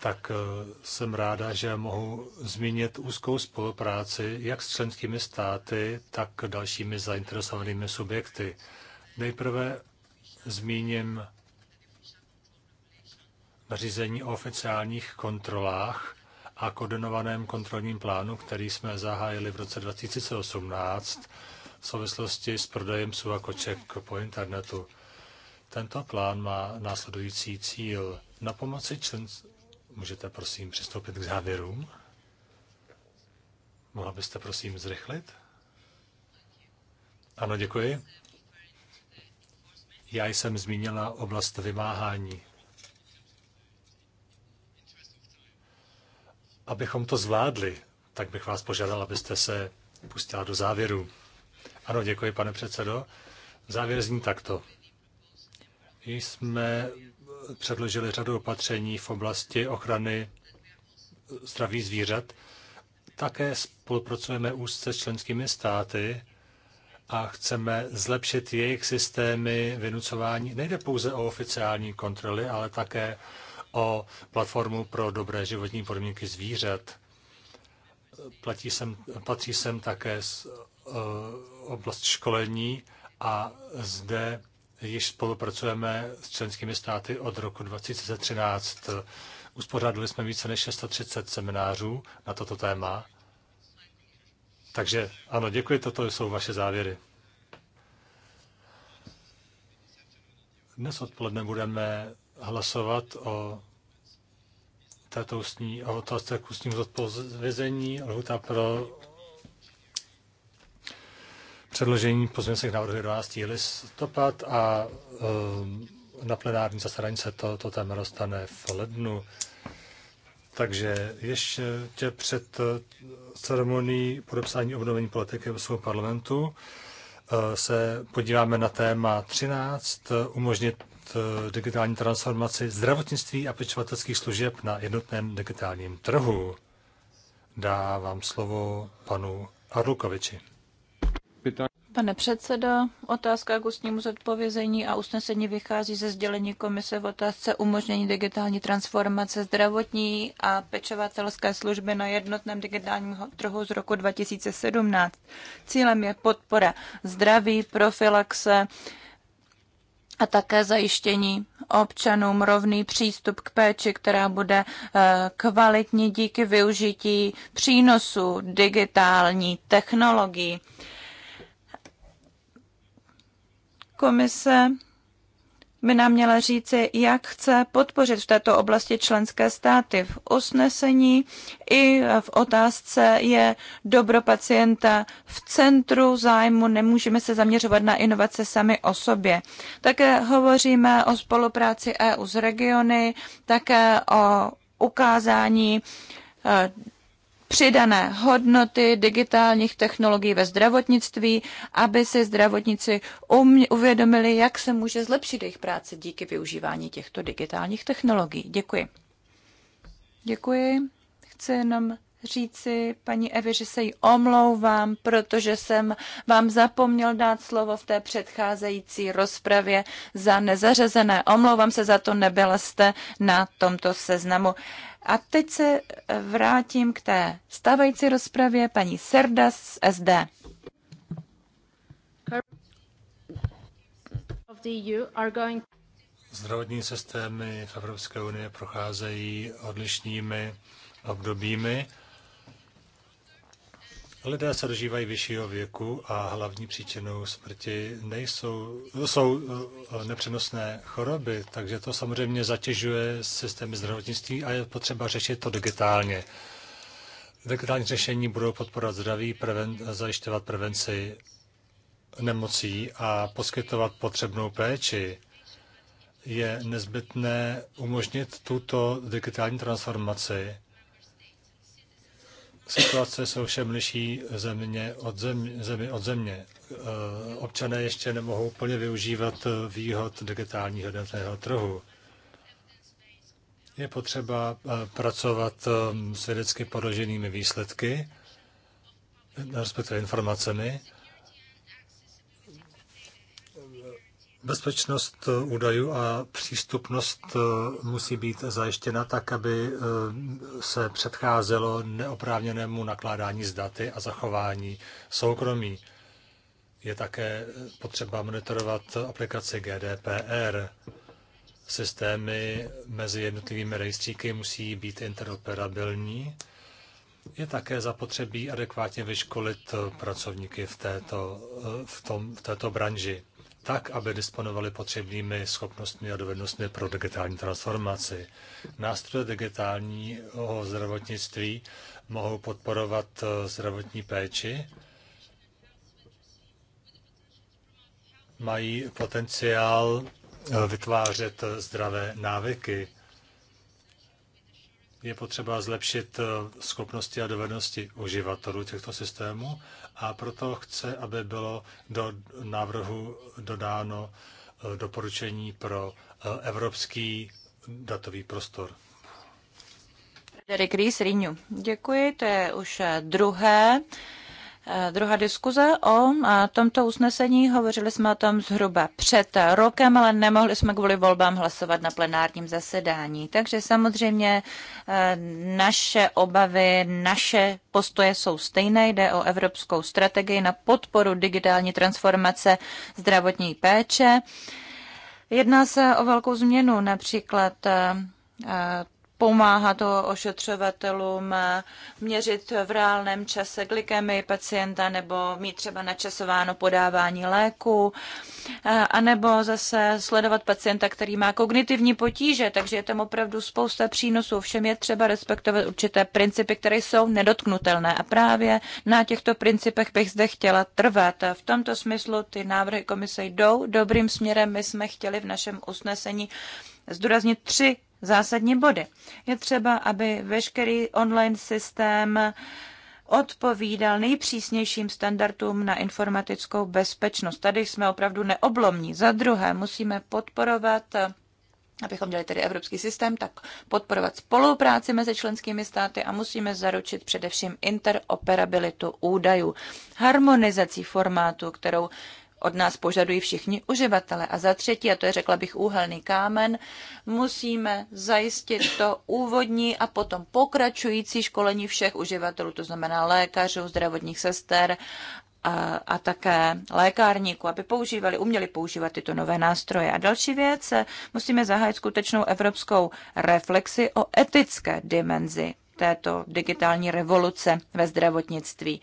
tak eh, jsem ráda, že mohu zmínit úzkou spolupráci jak s členskými státy, tak dalšími zainteresovanými subjekty. Nejprve zmíním nařízení o oficiálních kontrolách a koordinovaném kontrolním plánu, který jsme zahájili v roce 2018 v souvislosti s prodejem suvakoček po internetu. Tento plán má následující cíl. Na pomoci členským Můžete prosím přistoupit k závěrům? Mohla byste prosím zrychlit? Ano, děkuji. Já jsem zmínila oblast vymáhání. Abychom to zvládli, tak bych vás požádal, abyste se pustila do závěru. Ano, děkuji, pane předsedo. Závěr zní takto. Jsme předložili řadu opatření v oblasti ochrany zdraví zvířat. Také spolupracujeme úzce s členskými státy a chceme zlepšit jejich systémy vynucování. Nejde pouze o oficiální kontroly, ale také o platformu pro dobré životní podmínky zvířat. Platí sem, patří sem také z, eh, oblast školení a zde již spolupracujeme s členskými státy od roku 2013. Uspořádali jsme více než 630 seminářů na toto téma. Takže ano, děkuji, toto jsou vaše závěry. Dnes odpoledne budeme hlasovat o této ústní, o otázce k ústnímu zodpovězení. Lhuta pro Předložení pozměňovacích návrhů 12. listopad a ehm, na plenární zasedání se to, to téma dostane v lednu. Takže ještě tě před eh, ceremonií podepsání obnovení politiky Evropského parlamentu eh, se podíváme na téma 13, eh, umožnit digitální transformaci zdravotnictví a pečovatelských služeb na jednotném digitálním trhu. Dávám slovo panu Arlukoviči. Pane předsedo, otázka k ústnímu zodpovězení a usnesení vychází ze sdělení komise v otázce umožnění digitální transformace zdravotní a pečovatelské služby na jednotném digitálním trhu z roku 2017. Cílem je podpora zdraví, profilaxe a také zajištění občanům rovný přístup k péči, která bude eh, kvalitní díky využití přínosu digitální technologií. Komise by nám měla říci, jak chce podpořit v této oblasti členské státy v usnesení i v otázce je dobro pacienta v centru zájmu. Nemůžeme se zaměřovat na inovace sami o sobě. Také hovoříme o spolupráci EU s regiony, také o ukázání přidané hodnoty digitálních technologií ve zdravotnictví, aby si zdravotníci uvědomili, jak se může zlepšit jejich práce díky využívání těchto digitálních technologií. Děkuji. Děkuji. Chci jenom říci paní Evi, že se jí omlouvám, protože jsem vám zapomněl dát slovo v té předcházející rozpravě za nezařazené. Omlouvám se za to, nebyla jste na tomto seznamu. A teď se vrátím k té stávající rozpravě paní Serdas z SD. Zdravotní systémy v Evropské unii procházejí odlišnými obdobími Lidé se dožívají vyššího věku a hlavní příčinou smrti nejsou, jsou eh, nepřenosné choroby, takže to samozřejmě zatěžuje systémy zdravotnictví a je potřeba řešit to digitálně. Digitální řešení budou podporovat zdraví, preven, zajišťovat prevenci nemocí a poskytovat potřebnou péči. Je nezbytné umožnit tuto digitální transformaci Situace se ovšem liší země od země, zemi od země. Eh, občané ještě nemohou plně využívat eh, výhod digitálního jednotného trhu. Je potřeba eh, pracovat vědecky podloženými výsledky, respektive informacemi, Bezpečnost eh, údajů a přístupnost eh, musí být zajištěna tak, aby eh, se předcházelo neoprávněnému nakládání s daty a zachování soukromí. Je také potřeba monitorovat aplikaci GDPR. Systémy mezi jednotlivými rejstříky musí být interoperabilní. Je také zapotřebí adekvátně vyškolit pracovníky v této, v tom, v této branži tak, aby disponovali potřebnými schopnostmi a dovednostmi pro digitální transformaci. Nástroje digitálního zdravotnictví mohou podporovat eh, zdravotní péči, mají potenciál eh, vytvářet eh, zdravé návyky je potřeba zlepšit eh, schopnosti a dovednosti uživatelů těchto systémů a proto chce, aby bylo do návrhu dodáno eh, doporučení pro eh, evropský datový prostor. Derek Ries, Děkuji, to je už druhé Eh, druhá diskuze o eh, tomto usnesení. Hovořili jsme o tom zhruba před rokem, ale nemohli jsme kvůli volbám hlasovat na plenárním zasedání. Takže samozřejmě eh, naše obavy, naše postoje jsou stejné. Jde o evropskou strategii na podporu digitální transformace zdravotní péče. Jedná se o velkou změnu, například pomáhá to ošetřovatelům eh, měřit v reálném čase glikemi pacienta nebo mít třeba načasováno podávání léku, eh, anebo zase sledovat pacienta, který má kognitivní potíže, takže je tam opravdu spousta přínosů. Všem je třeba respektovat určité principy, které jsou nedotknutelné a právě na těchto principech bych zde chtěla trvat. V tomto smyslu ty návrhy komise jdou dobrým směrem. My jsme chtěli v našem usnesení zdůraznit tři zásadní body. Je třeba, aby veškerý online systém odpovídal nejpřísnějším standardům na informatickou bezpečnost. Tady jsme opravdu neoblomní. Za druhé, musíme podporovat abychom měli tedy evropský systém, tak podporovat spolupráci mezi členskými státy a musíme zaručit především interoperabilitu údajů, harmonizací formátu, kterou od nás požadují všichni uživatelé A za třetí, a to je řekla bych úhelný kámen, musíme zajistit to úvodní a potom pokračující školení všech uživatelů, to znamená lékařů, zdravotních sester a, a také lékárníků, aby používali, uměli používat tyto nové nástroje. A další věc, musíme zahájit skutečnou evropskou reflexi o etické dimenzi této digitální revoluce ve zdravotnictví.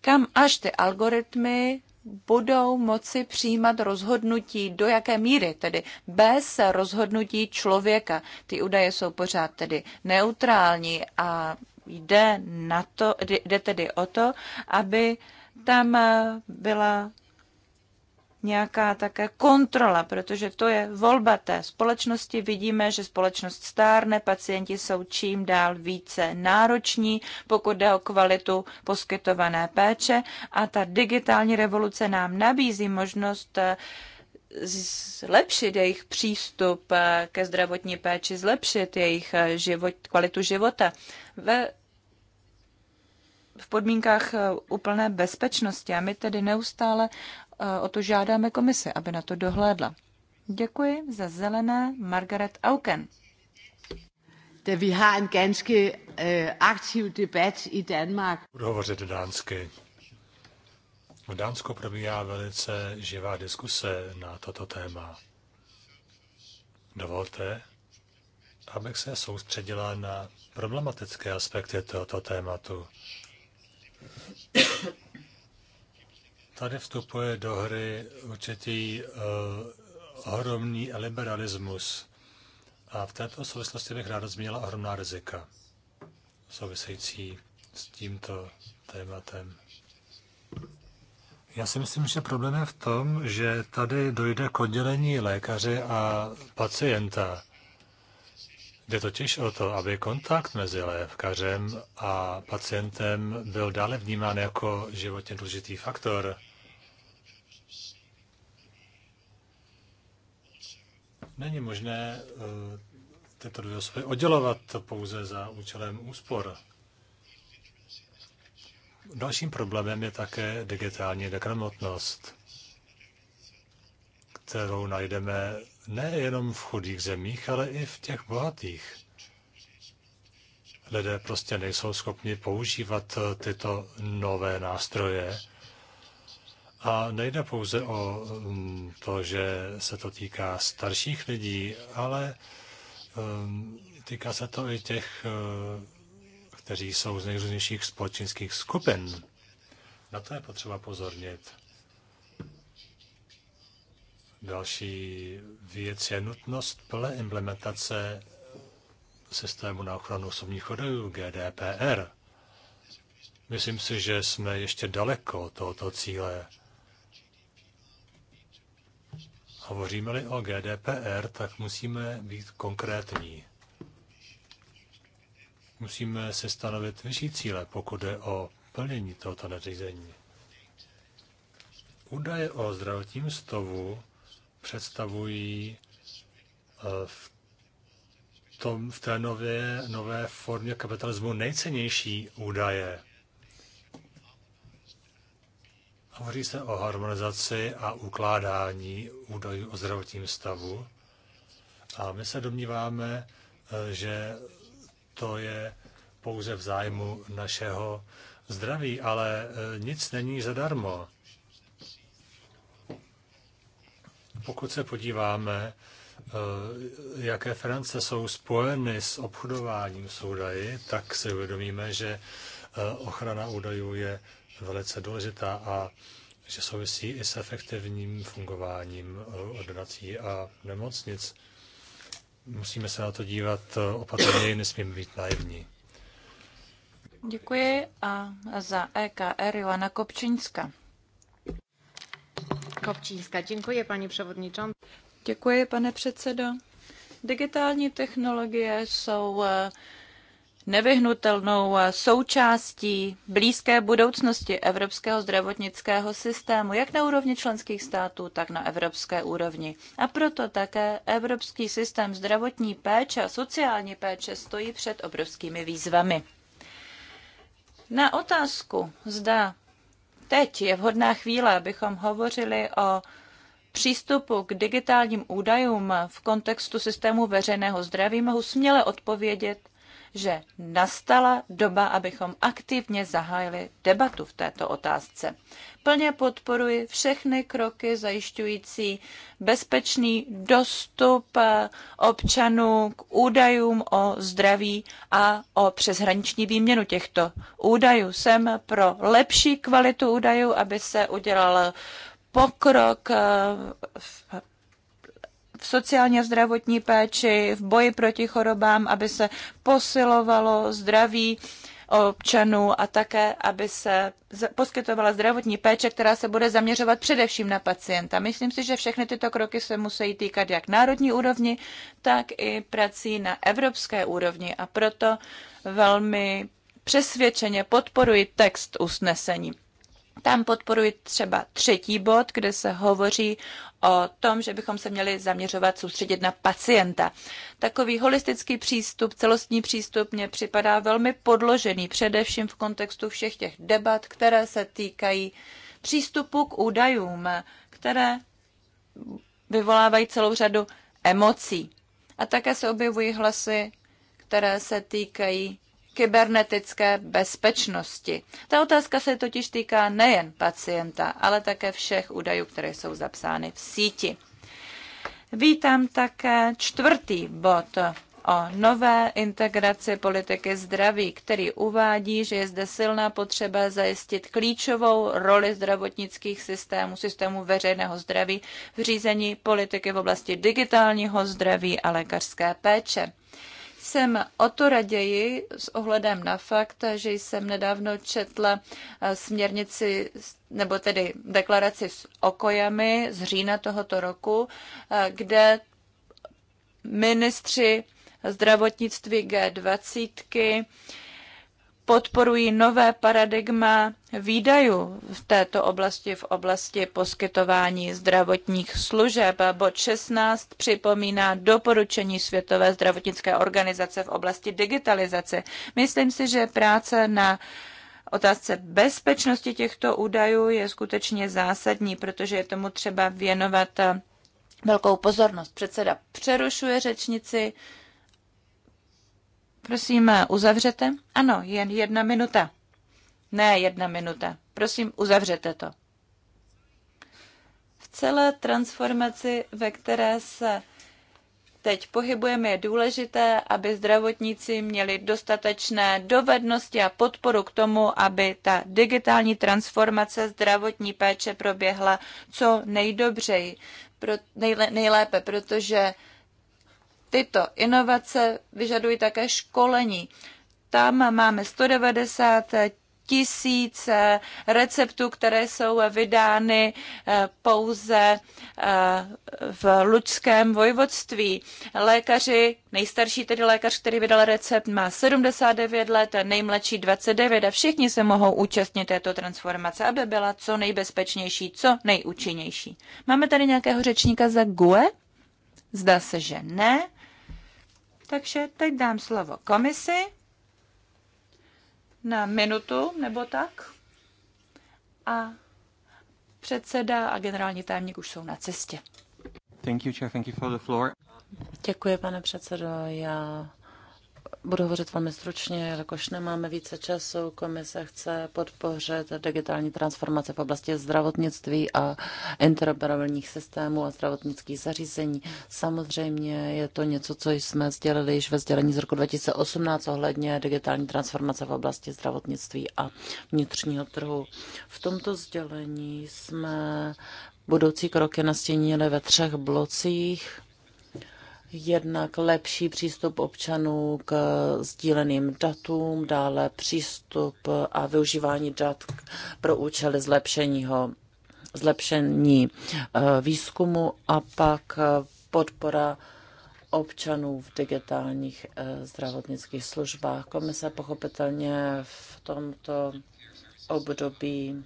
Kam až ty algoritmy budou moci přijímat rozhodnutí, do jaké míry, tedy bez rozhodnutí člověka. Ty údaje jsou pořád tedy neutrální a jde, na to, jde tedy o to, aby tam byla nějaká také kontrola, protože to je volba té společnosti. Vidíme, že společnost stárne, pacienti jsou čím dál více nároční, pokud jde o kvalitu poskytované péče a ta digitální revoluce nám nabízí možnost eh, zlepšit jejich přístup eh, ke zdravotní péči, zlepšit jejich eh, život, kvalitu života. Ve v podmínkách úplné bezpečnosti. A my tedy neustále o to žádáme komise, aby na to dohlédla. Děkuji za zelené Margaret Auken. Da vi har en ganske uh, aktiv debat i Danmark. Budu hovořit dánsky. V Dánsku probíhá velice živá diskuse na toto téma. Dovolte, abych se soustředila na problematické aspekty tohoto tématu. Tady vstupuje do hry určitý uh, ohromný liberalismus. A v této souvislosti bych ráda zmínila ohromná rizika související s tímto tématem. Já si myslím, že problém je v tom, že tady dojde k oddělení lékaře a pacienta. Jde totiž o to, aby kontakt mezi lékařem a pacientem byl dále vnímán jako životně důležitý faktor. Není možné eh, tyto dvě osoby oddělovat pouze za účelem úspor. Dalším problémem je také digitální negramotnost, kterou najdeme nejenom v chudých zemích, ale i v těch bohatých. Lidé prostě nejsou schopni používat eh, tyto nové nástroje. A nejde pouze o mm, to, že se to týká starších lidí, ale mm, týká se to i těch, eh, kteří jsou z nejrůznějších společenských skupin. Na to je potřeba pozornit. Další věc je nutnost plné implementace systému na ochranu osobních údajů GDPR. Myslím si, že jsme ještě daleko tohoto cíle. Hovoříme-li o GDPR, tak musíme být konkrétní. Musíme se stanovit vyšší cíle, pokud je o plnění tohoto nařízení. Údaje o zdravotním stovu představují eh, v, tom, v té nové, nové formě kapitalismu nejcennější údaje. Hovoří se o harmonizaci a ukládání údajů o zdravotním stavu. A my se domníváme, eh, že to je pouze v zájmu našeho zdraví, ale eh, nic není zadarmo. pokud se podíváme, eh, jaké finance jsou spojeny s obchodováním s údaji, tak si uvědomíme, že eh, ochrana údajů je velice důležitá a že souvisí i s efektivním fungováním eh, ordinací a nemocnic. Musíme se na to dívat opatrně, nesmíme být naivní. Děkuji a za EKR Joana Kopčiňska pane předsedo. Digitální technologie jsou eh, nevyhnutelnou eh, součástí blízké budoucnosti evropského zdravotnického systému, jak na úrovni členských států, tak na evropské úrovni. A proto také evropský systém zdravotní péče a sociální péče stojí před obrovskými výzvami. Na otázku, zda teď je vhodná chvíle, abychom hovořili o přístupu k digitálním údajům v kontextu systému veřejného zdraví, mohu směle odpovědět že nastala doba, abychom aktivně zahájili debatu v této otázce. Plně podporuji všechny kroky zajišťující bezpečný dostup eh, občanů k údajům o zdraví a o přeshraniční výměnu těchto údajů. Jsem pro lepší kvalitu údajů, aby se udělal pokrok eh, v v sociálně zdravotní péči, v boji proti chorobám, aby se posilovalo zdraví občanů a také, aby se poskytovala zdravotní péče, která se bude zaměřovat především na pacienta. Myslím si, že všechny tyto kroky se musí týkat jak národní úrovni, tak i prací na evropské úrovni a proto velmi přesvědčeně podporuji text usnesení. Tam podporuji třeba třetí bod, kde se hovoří o tom, že bychom se měli zaměřovat, soustředit na pacienta. Takový holistický přístup, celostní přístup mě připadá velmi podložený, především v kontextu všech těch debat, které se týkají přístupu k údajům, které vyvolávají celou řadu emocí. A také se objevují hlasy, které se týkají kybernetické bezpečnosti. Ta otázka se totiž týká nejen pacienta, ale také všech údajů, které jsou zapsány v síti. Vítám také čtvrtý bod o nové integraci politiky zdraví, který uvádí, že je zde silná potřeba zajistit klíčovou roli zdravotnických systémů, systému veřejného zdraví v řízení politiky v oblasti digitálního zdraví a lékařské péče. Jsem o to raději s ohledem na fakt, že jsem nedávno četla eh, směrnici, nebo tedy deklaraci s okojami z října tohoto roku, eh, kde ministři zdravotnictví G20 podporují nové paradigma výdajů v této oblasti, v oblasti poskytování zdravotních služeb. Bod 16 připomíná doporučení Světové zdravotnické organizace v oblasti digitalizace. Myslím si, že práce na otázce bezpečnosti těchto údajů je skutečně zásadní, protože je tomu třeba věnovat velkou pozornost. Předseda přerušuje řečnici. Prosím, eh, uzavřete? Ano, jen jedna minuta. Ne, jedna minuta. Prosím, uzavřete to. V celé transformaci, ve které se teď pohybujeme, je důležité, aby zdravotníci měli dostatečné dovednosti a podporu k tomu, aby ta digitální transformace zdravotní péče proběhla co nejdobřeji, pro, nejlépe, protože Tyto inovace vyžadují také školení. Tam máme 190 tisíc receptů, které jsou vydány eh, pouze eh, v Lučském vojvodství. Lékaři, nejstarší tedy lékař, který vydal recept, má 79 let, nejmladší 29 a všichni se mohou účastnit této transformace, aby byla co nejbezpečnější, co nejúčinnější. Máme tady nějakého řečníka za GUE? Zdá se, že ne. Takže teď dám slovo komisi na minutu nebo tak. A předseda a generální tajemník už jsou na cestě. Thank you, Chair. Thank you for the floor. Děkuji, pane předsedo. Já Budu hovořit velmi stručně, jakož nemáme více času. Komise chce podpořit digitální transformace v oblasti zdravotnictví a interoperabilních systémů a zdravotnických zařízení. Samozřejmě je to něco, co jsme sdělili již ve sdělení z roku 2018 ohledně digitální transformace v oblasti zdravotnictví a vnitřního trhu. V tomto sdělení jsme budoucí kroky nastínili ve třech blocích jednak lepší přístup občanů k sdíleným datům, dále přístup a využívání dat pro účely zlepšeního, zlepšení eh, výzkumu a pak eh, podpora občanů v digitálních eh, zdravotnických službách. Komise pochopitelně v tomto období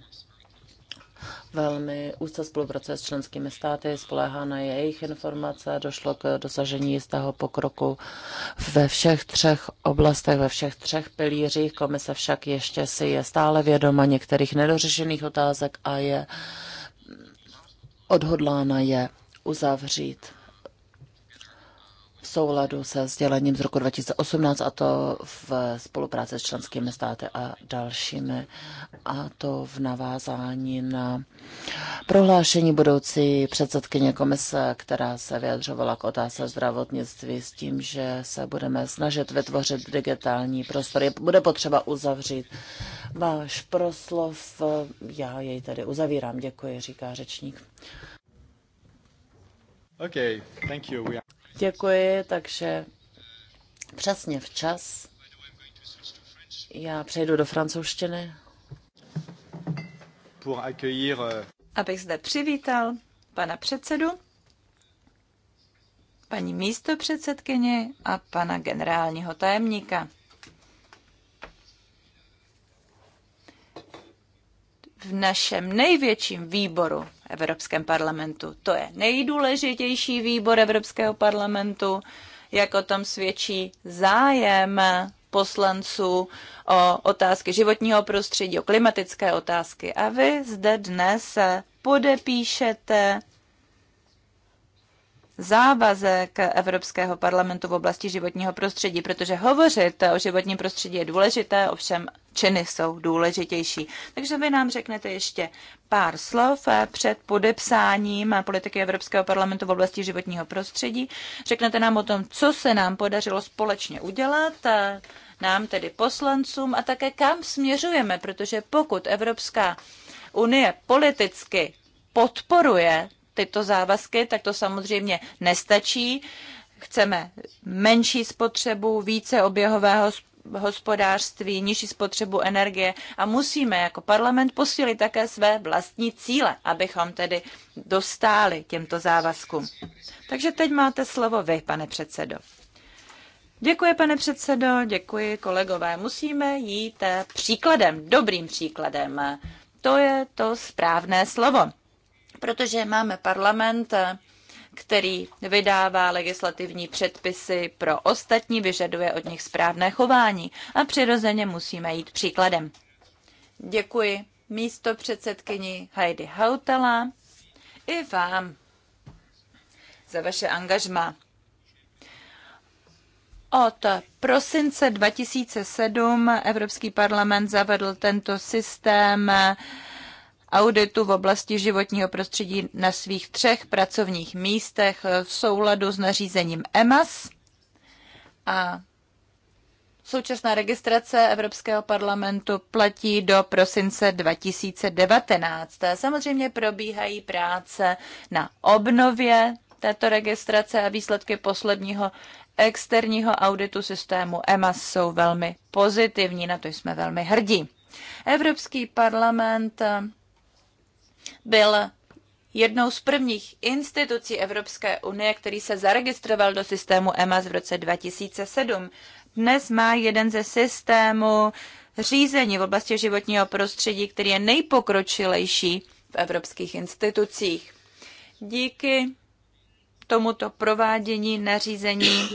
velmi úzce spolupracuje s členskými státy, spoléhá na jejich informace, došlo k dosažení jistého pokroku ve všech třech oblastech, ve všech třech pilířích. Komise však ještě si je stále vědoma některých nedořešených otázek a je odhodlána je uzavřít souladu se sdělením z roku 2018 a to v spolupráci s členskými státy a dalšími a to v navázání na prohlášení budoucí předsedkyně komise, která se vyjadřovala k otázce zdravotnictví s tím, že se budeme snažit vytvořit digitální prostor. Bude potřeba uzavřít váš proslov. Já jej tedy uzavírám. Děkuji, říká řečník. Okay, thank you. We are... Děkuji, takže přesně včas. Já přejdu do francouzštiny. Euh, Abych zde přivítal pana předsedu, paní místo předsedkyně a pana generálního tajemníka. V našem největším výboru Evropském parlamentu. To je nejdůležitější výbor Evropského parlamentu, jak o tom svědčí zájem poslanců o otázky životního prostředí, o klimatické otázky. A vy zde dnes podepíšete závazek Evropského parlamentu v oblasti životního prostředí, protože hovořit o životním prostředí je důležité, ovšem činy jsou důležitější. Takže vy nám řeknete ještě pár slov před podepsáním politiky Evropského parlamentu v oblasti životního prostředí. Řeknete nám o tom, co se nám podařilo společně udělat nám tedy poslancům a také kam směřujeme, protože pokud Evropská unie politicky podporuje tyto závazky, tak to samozřejmě nestačí. Chceme menší spotřebu, více oběhového hospodářství, nižší spotřebu energie a musíme jako parlament posílit také své vlastní cíle, abychom tedy dostáli těmto závazkům. Takže teď máte slovo vy, pane předsedo. Děkuji, pane předsedo, děkuji, kolegové. Musíme jít eh, příkladem, dobrým příkladem. To je to správné slovo protože máme parlament, který vydává legislativní předpisy pro ostatní, vyžaduje od nich správné chování a přirozeně musíme jít příkladem. Děkuji místo předsedkyni Heidi Hautala i vám za vaše angažma. Od prosince 2007 Evropský parlament zavedl tento systém auditu v oblasti životního prostředí na svých třech pracovních místech v souladu s nařízením EMAS. A současná registrace Evropského parlamentu platí do prosince 2019. Samozřejmě probíhají práce na obnově této registrace a výsledky posledního externího auditu systému EMAS jsou velmi pozitivní, na to jsme velmi hrdí. Evropský parlament byl jednou z prvních institucí Evropské unie, který se zaregistroval do systému EMAS v roce 2007. Dnes má jeden ze systémů řízení v oblasti životního prostředí, který je nejpokročilejší v evropských institucích. Díky tomuto provádění nařízení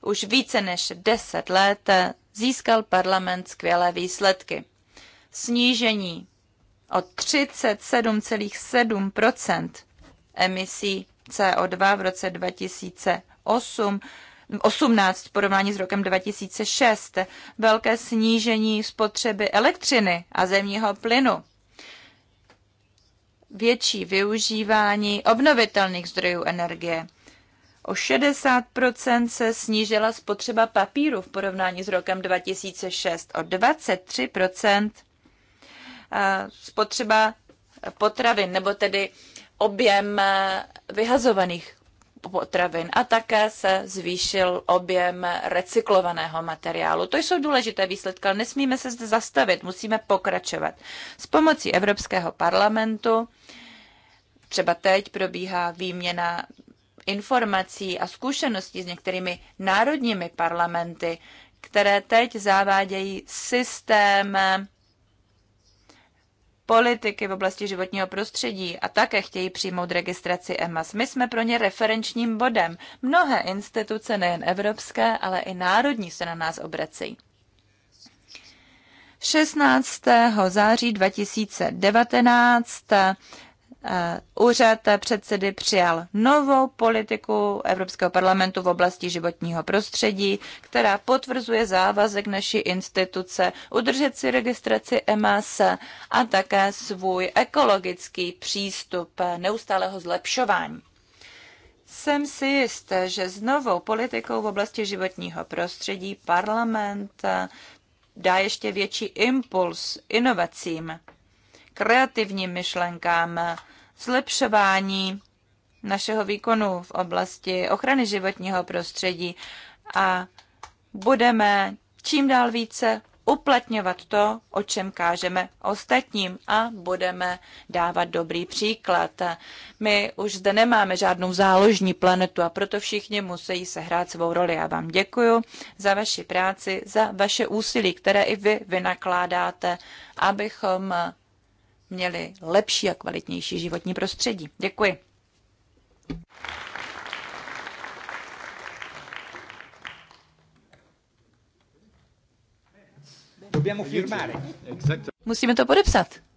už více než 10 let získal parlament skvělé výsledky. Snížení o 37,7 emisí CO2 v roce 2008 18 v porovnání s rokem 2006, velké snížení spotřeby elektřiny a zemního plynu, větší využívání obnovitelných zdrojů energie. O 60 se snížila spotřeba papíru v porovnání s rokem 2006, o 23 spotřeba potravin, nebo tedy objem eh, vyhazovaných potravin a také se zvýšil objem recyklovaného materiálu. To jsou důležité výsledky, ale nesmíme se zde zastavit, musíme pokračovat. S pomocí Evropského parlamentu třeba teď probíhá výměna informací a zkušeností s některými národními parlamenty, které teď zavádějí systém eh, politiky v oblasti životního prostředí a také chtějí přijmout registraci EMAS. My jsme pro ně referenčním bodem. Mnohé instituce, nejen evropské, ale i národní, se na nás obracejí. 16. září 2019 Eh, úřad předsedy přijal novou politiku Evropského parlamentu v oblasti životního prostředí, která potvrzuje závazek naší instituce udržet si registraci EMAS a také svůj ekologický přístup neustálého zlepšování. Jsem si jist, že s novou politikou v oblasti životního prostředí parlament eh, dá ještě větší impuls inovacím, kreativním myšlenkám, zlepšování našeho výkonu v oblasti ochrany životního prostředí a budeme čím dál více uplatňovat to, o čem kážeme ostatním a budeme dávat dobrý příklad. My už zde nemáme žádnou záložní planetu a proto všichni musí sehrát svou roli. Já vám děkuji za vaši práci, za vaše úsilí, které i vy vynakládáte, abychom měli lepší a kvalitnější životní prostředí. Děkuji. Musíme to podepsat.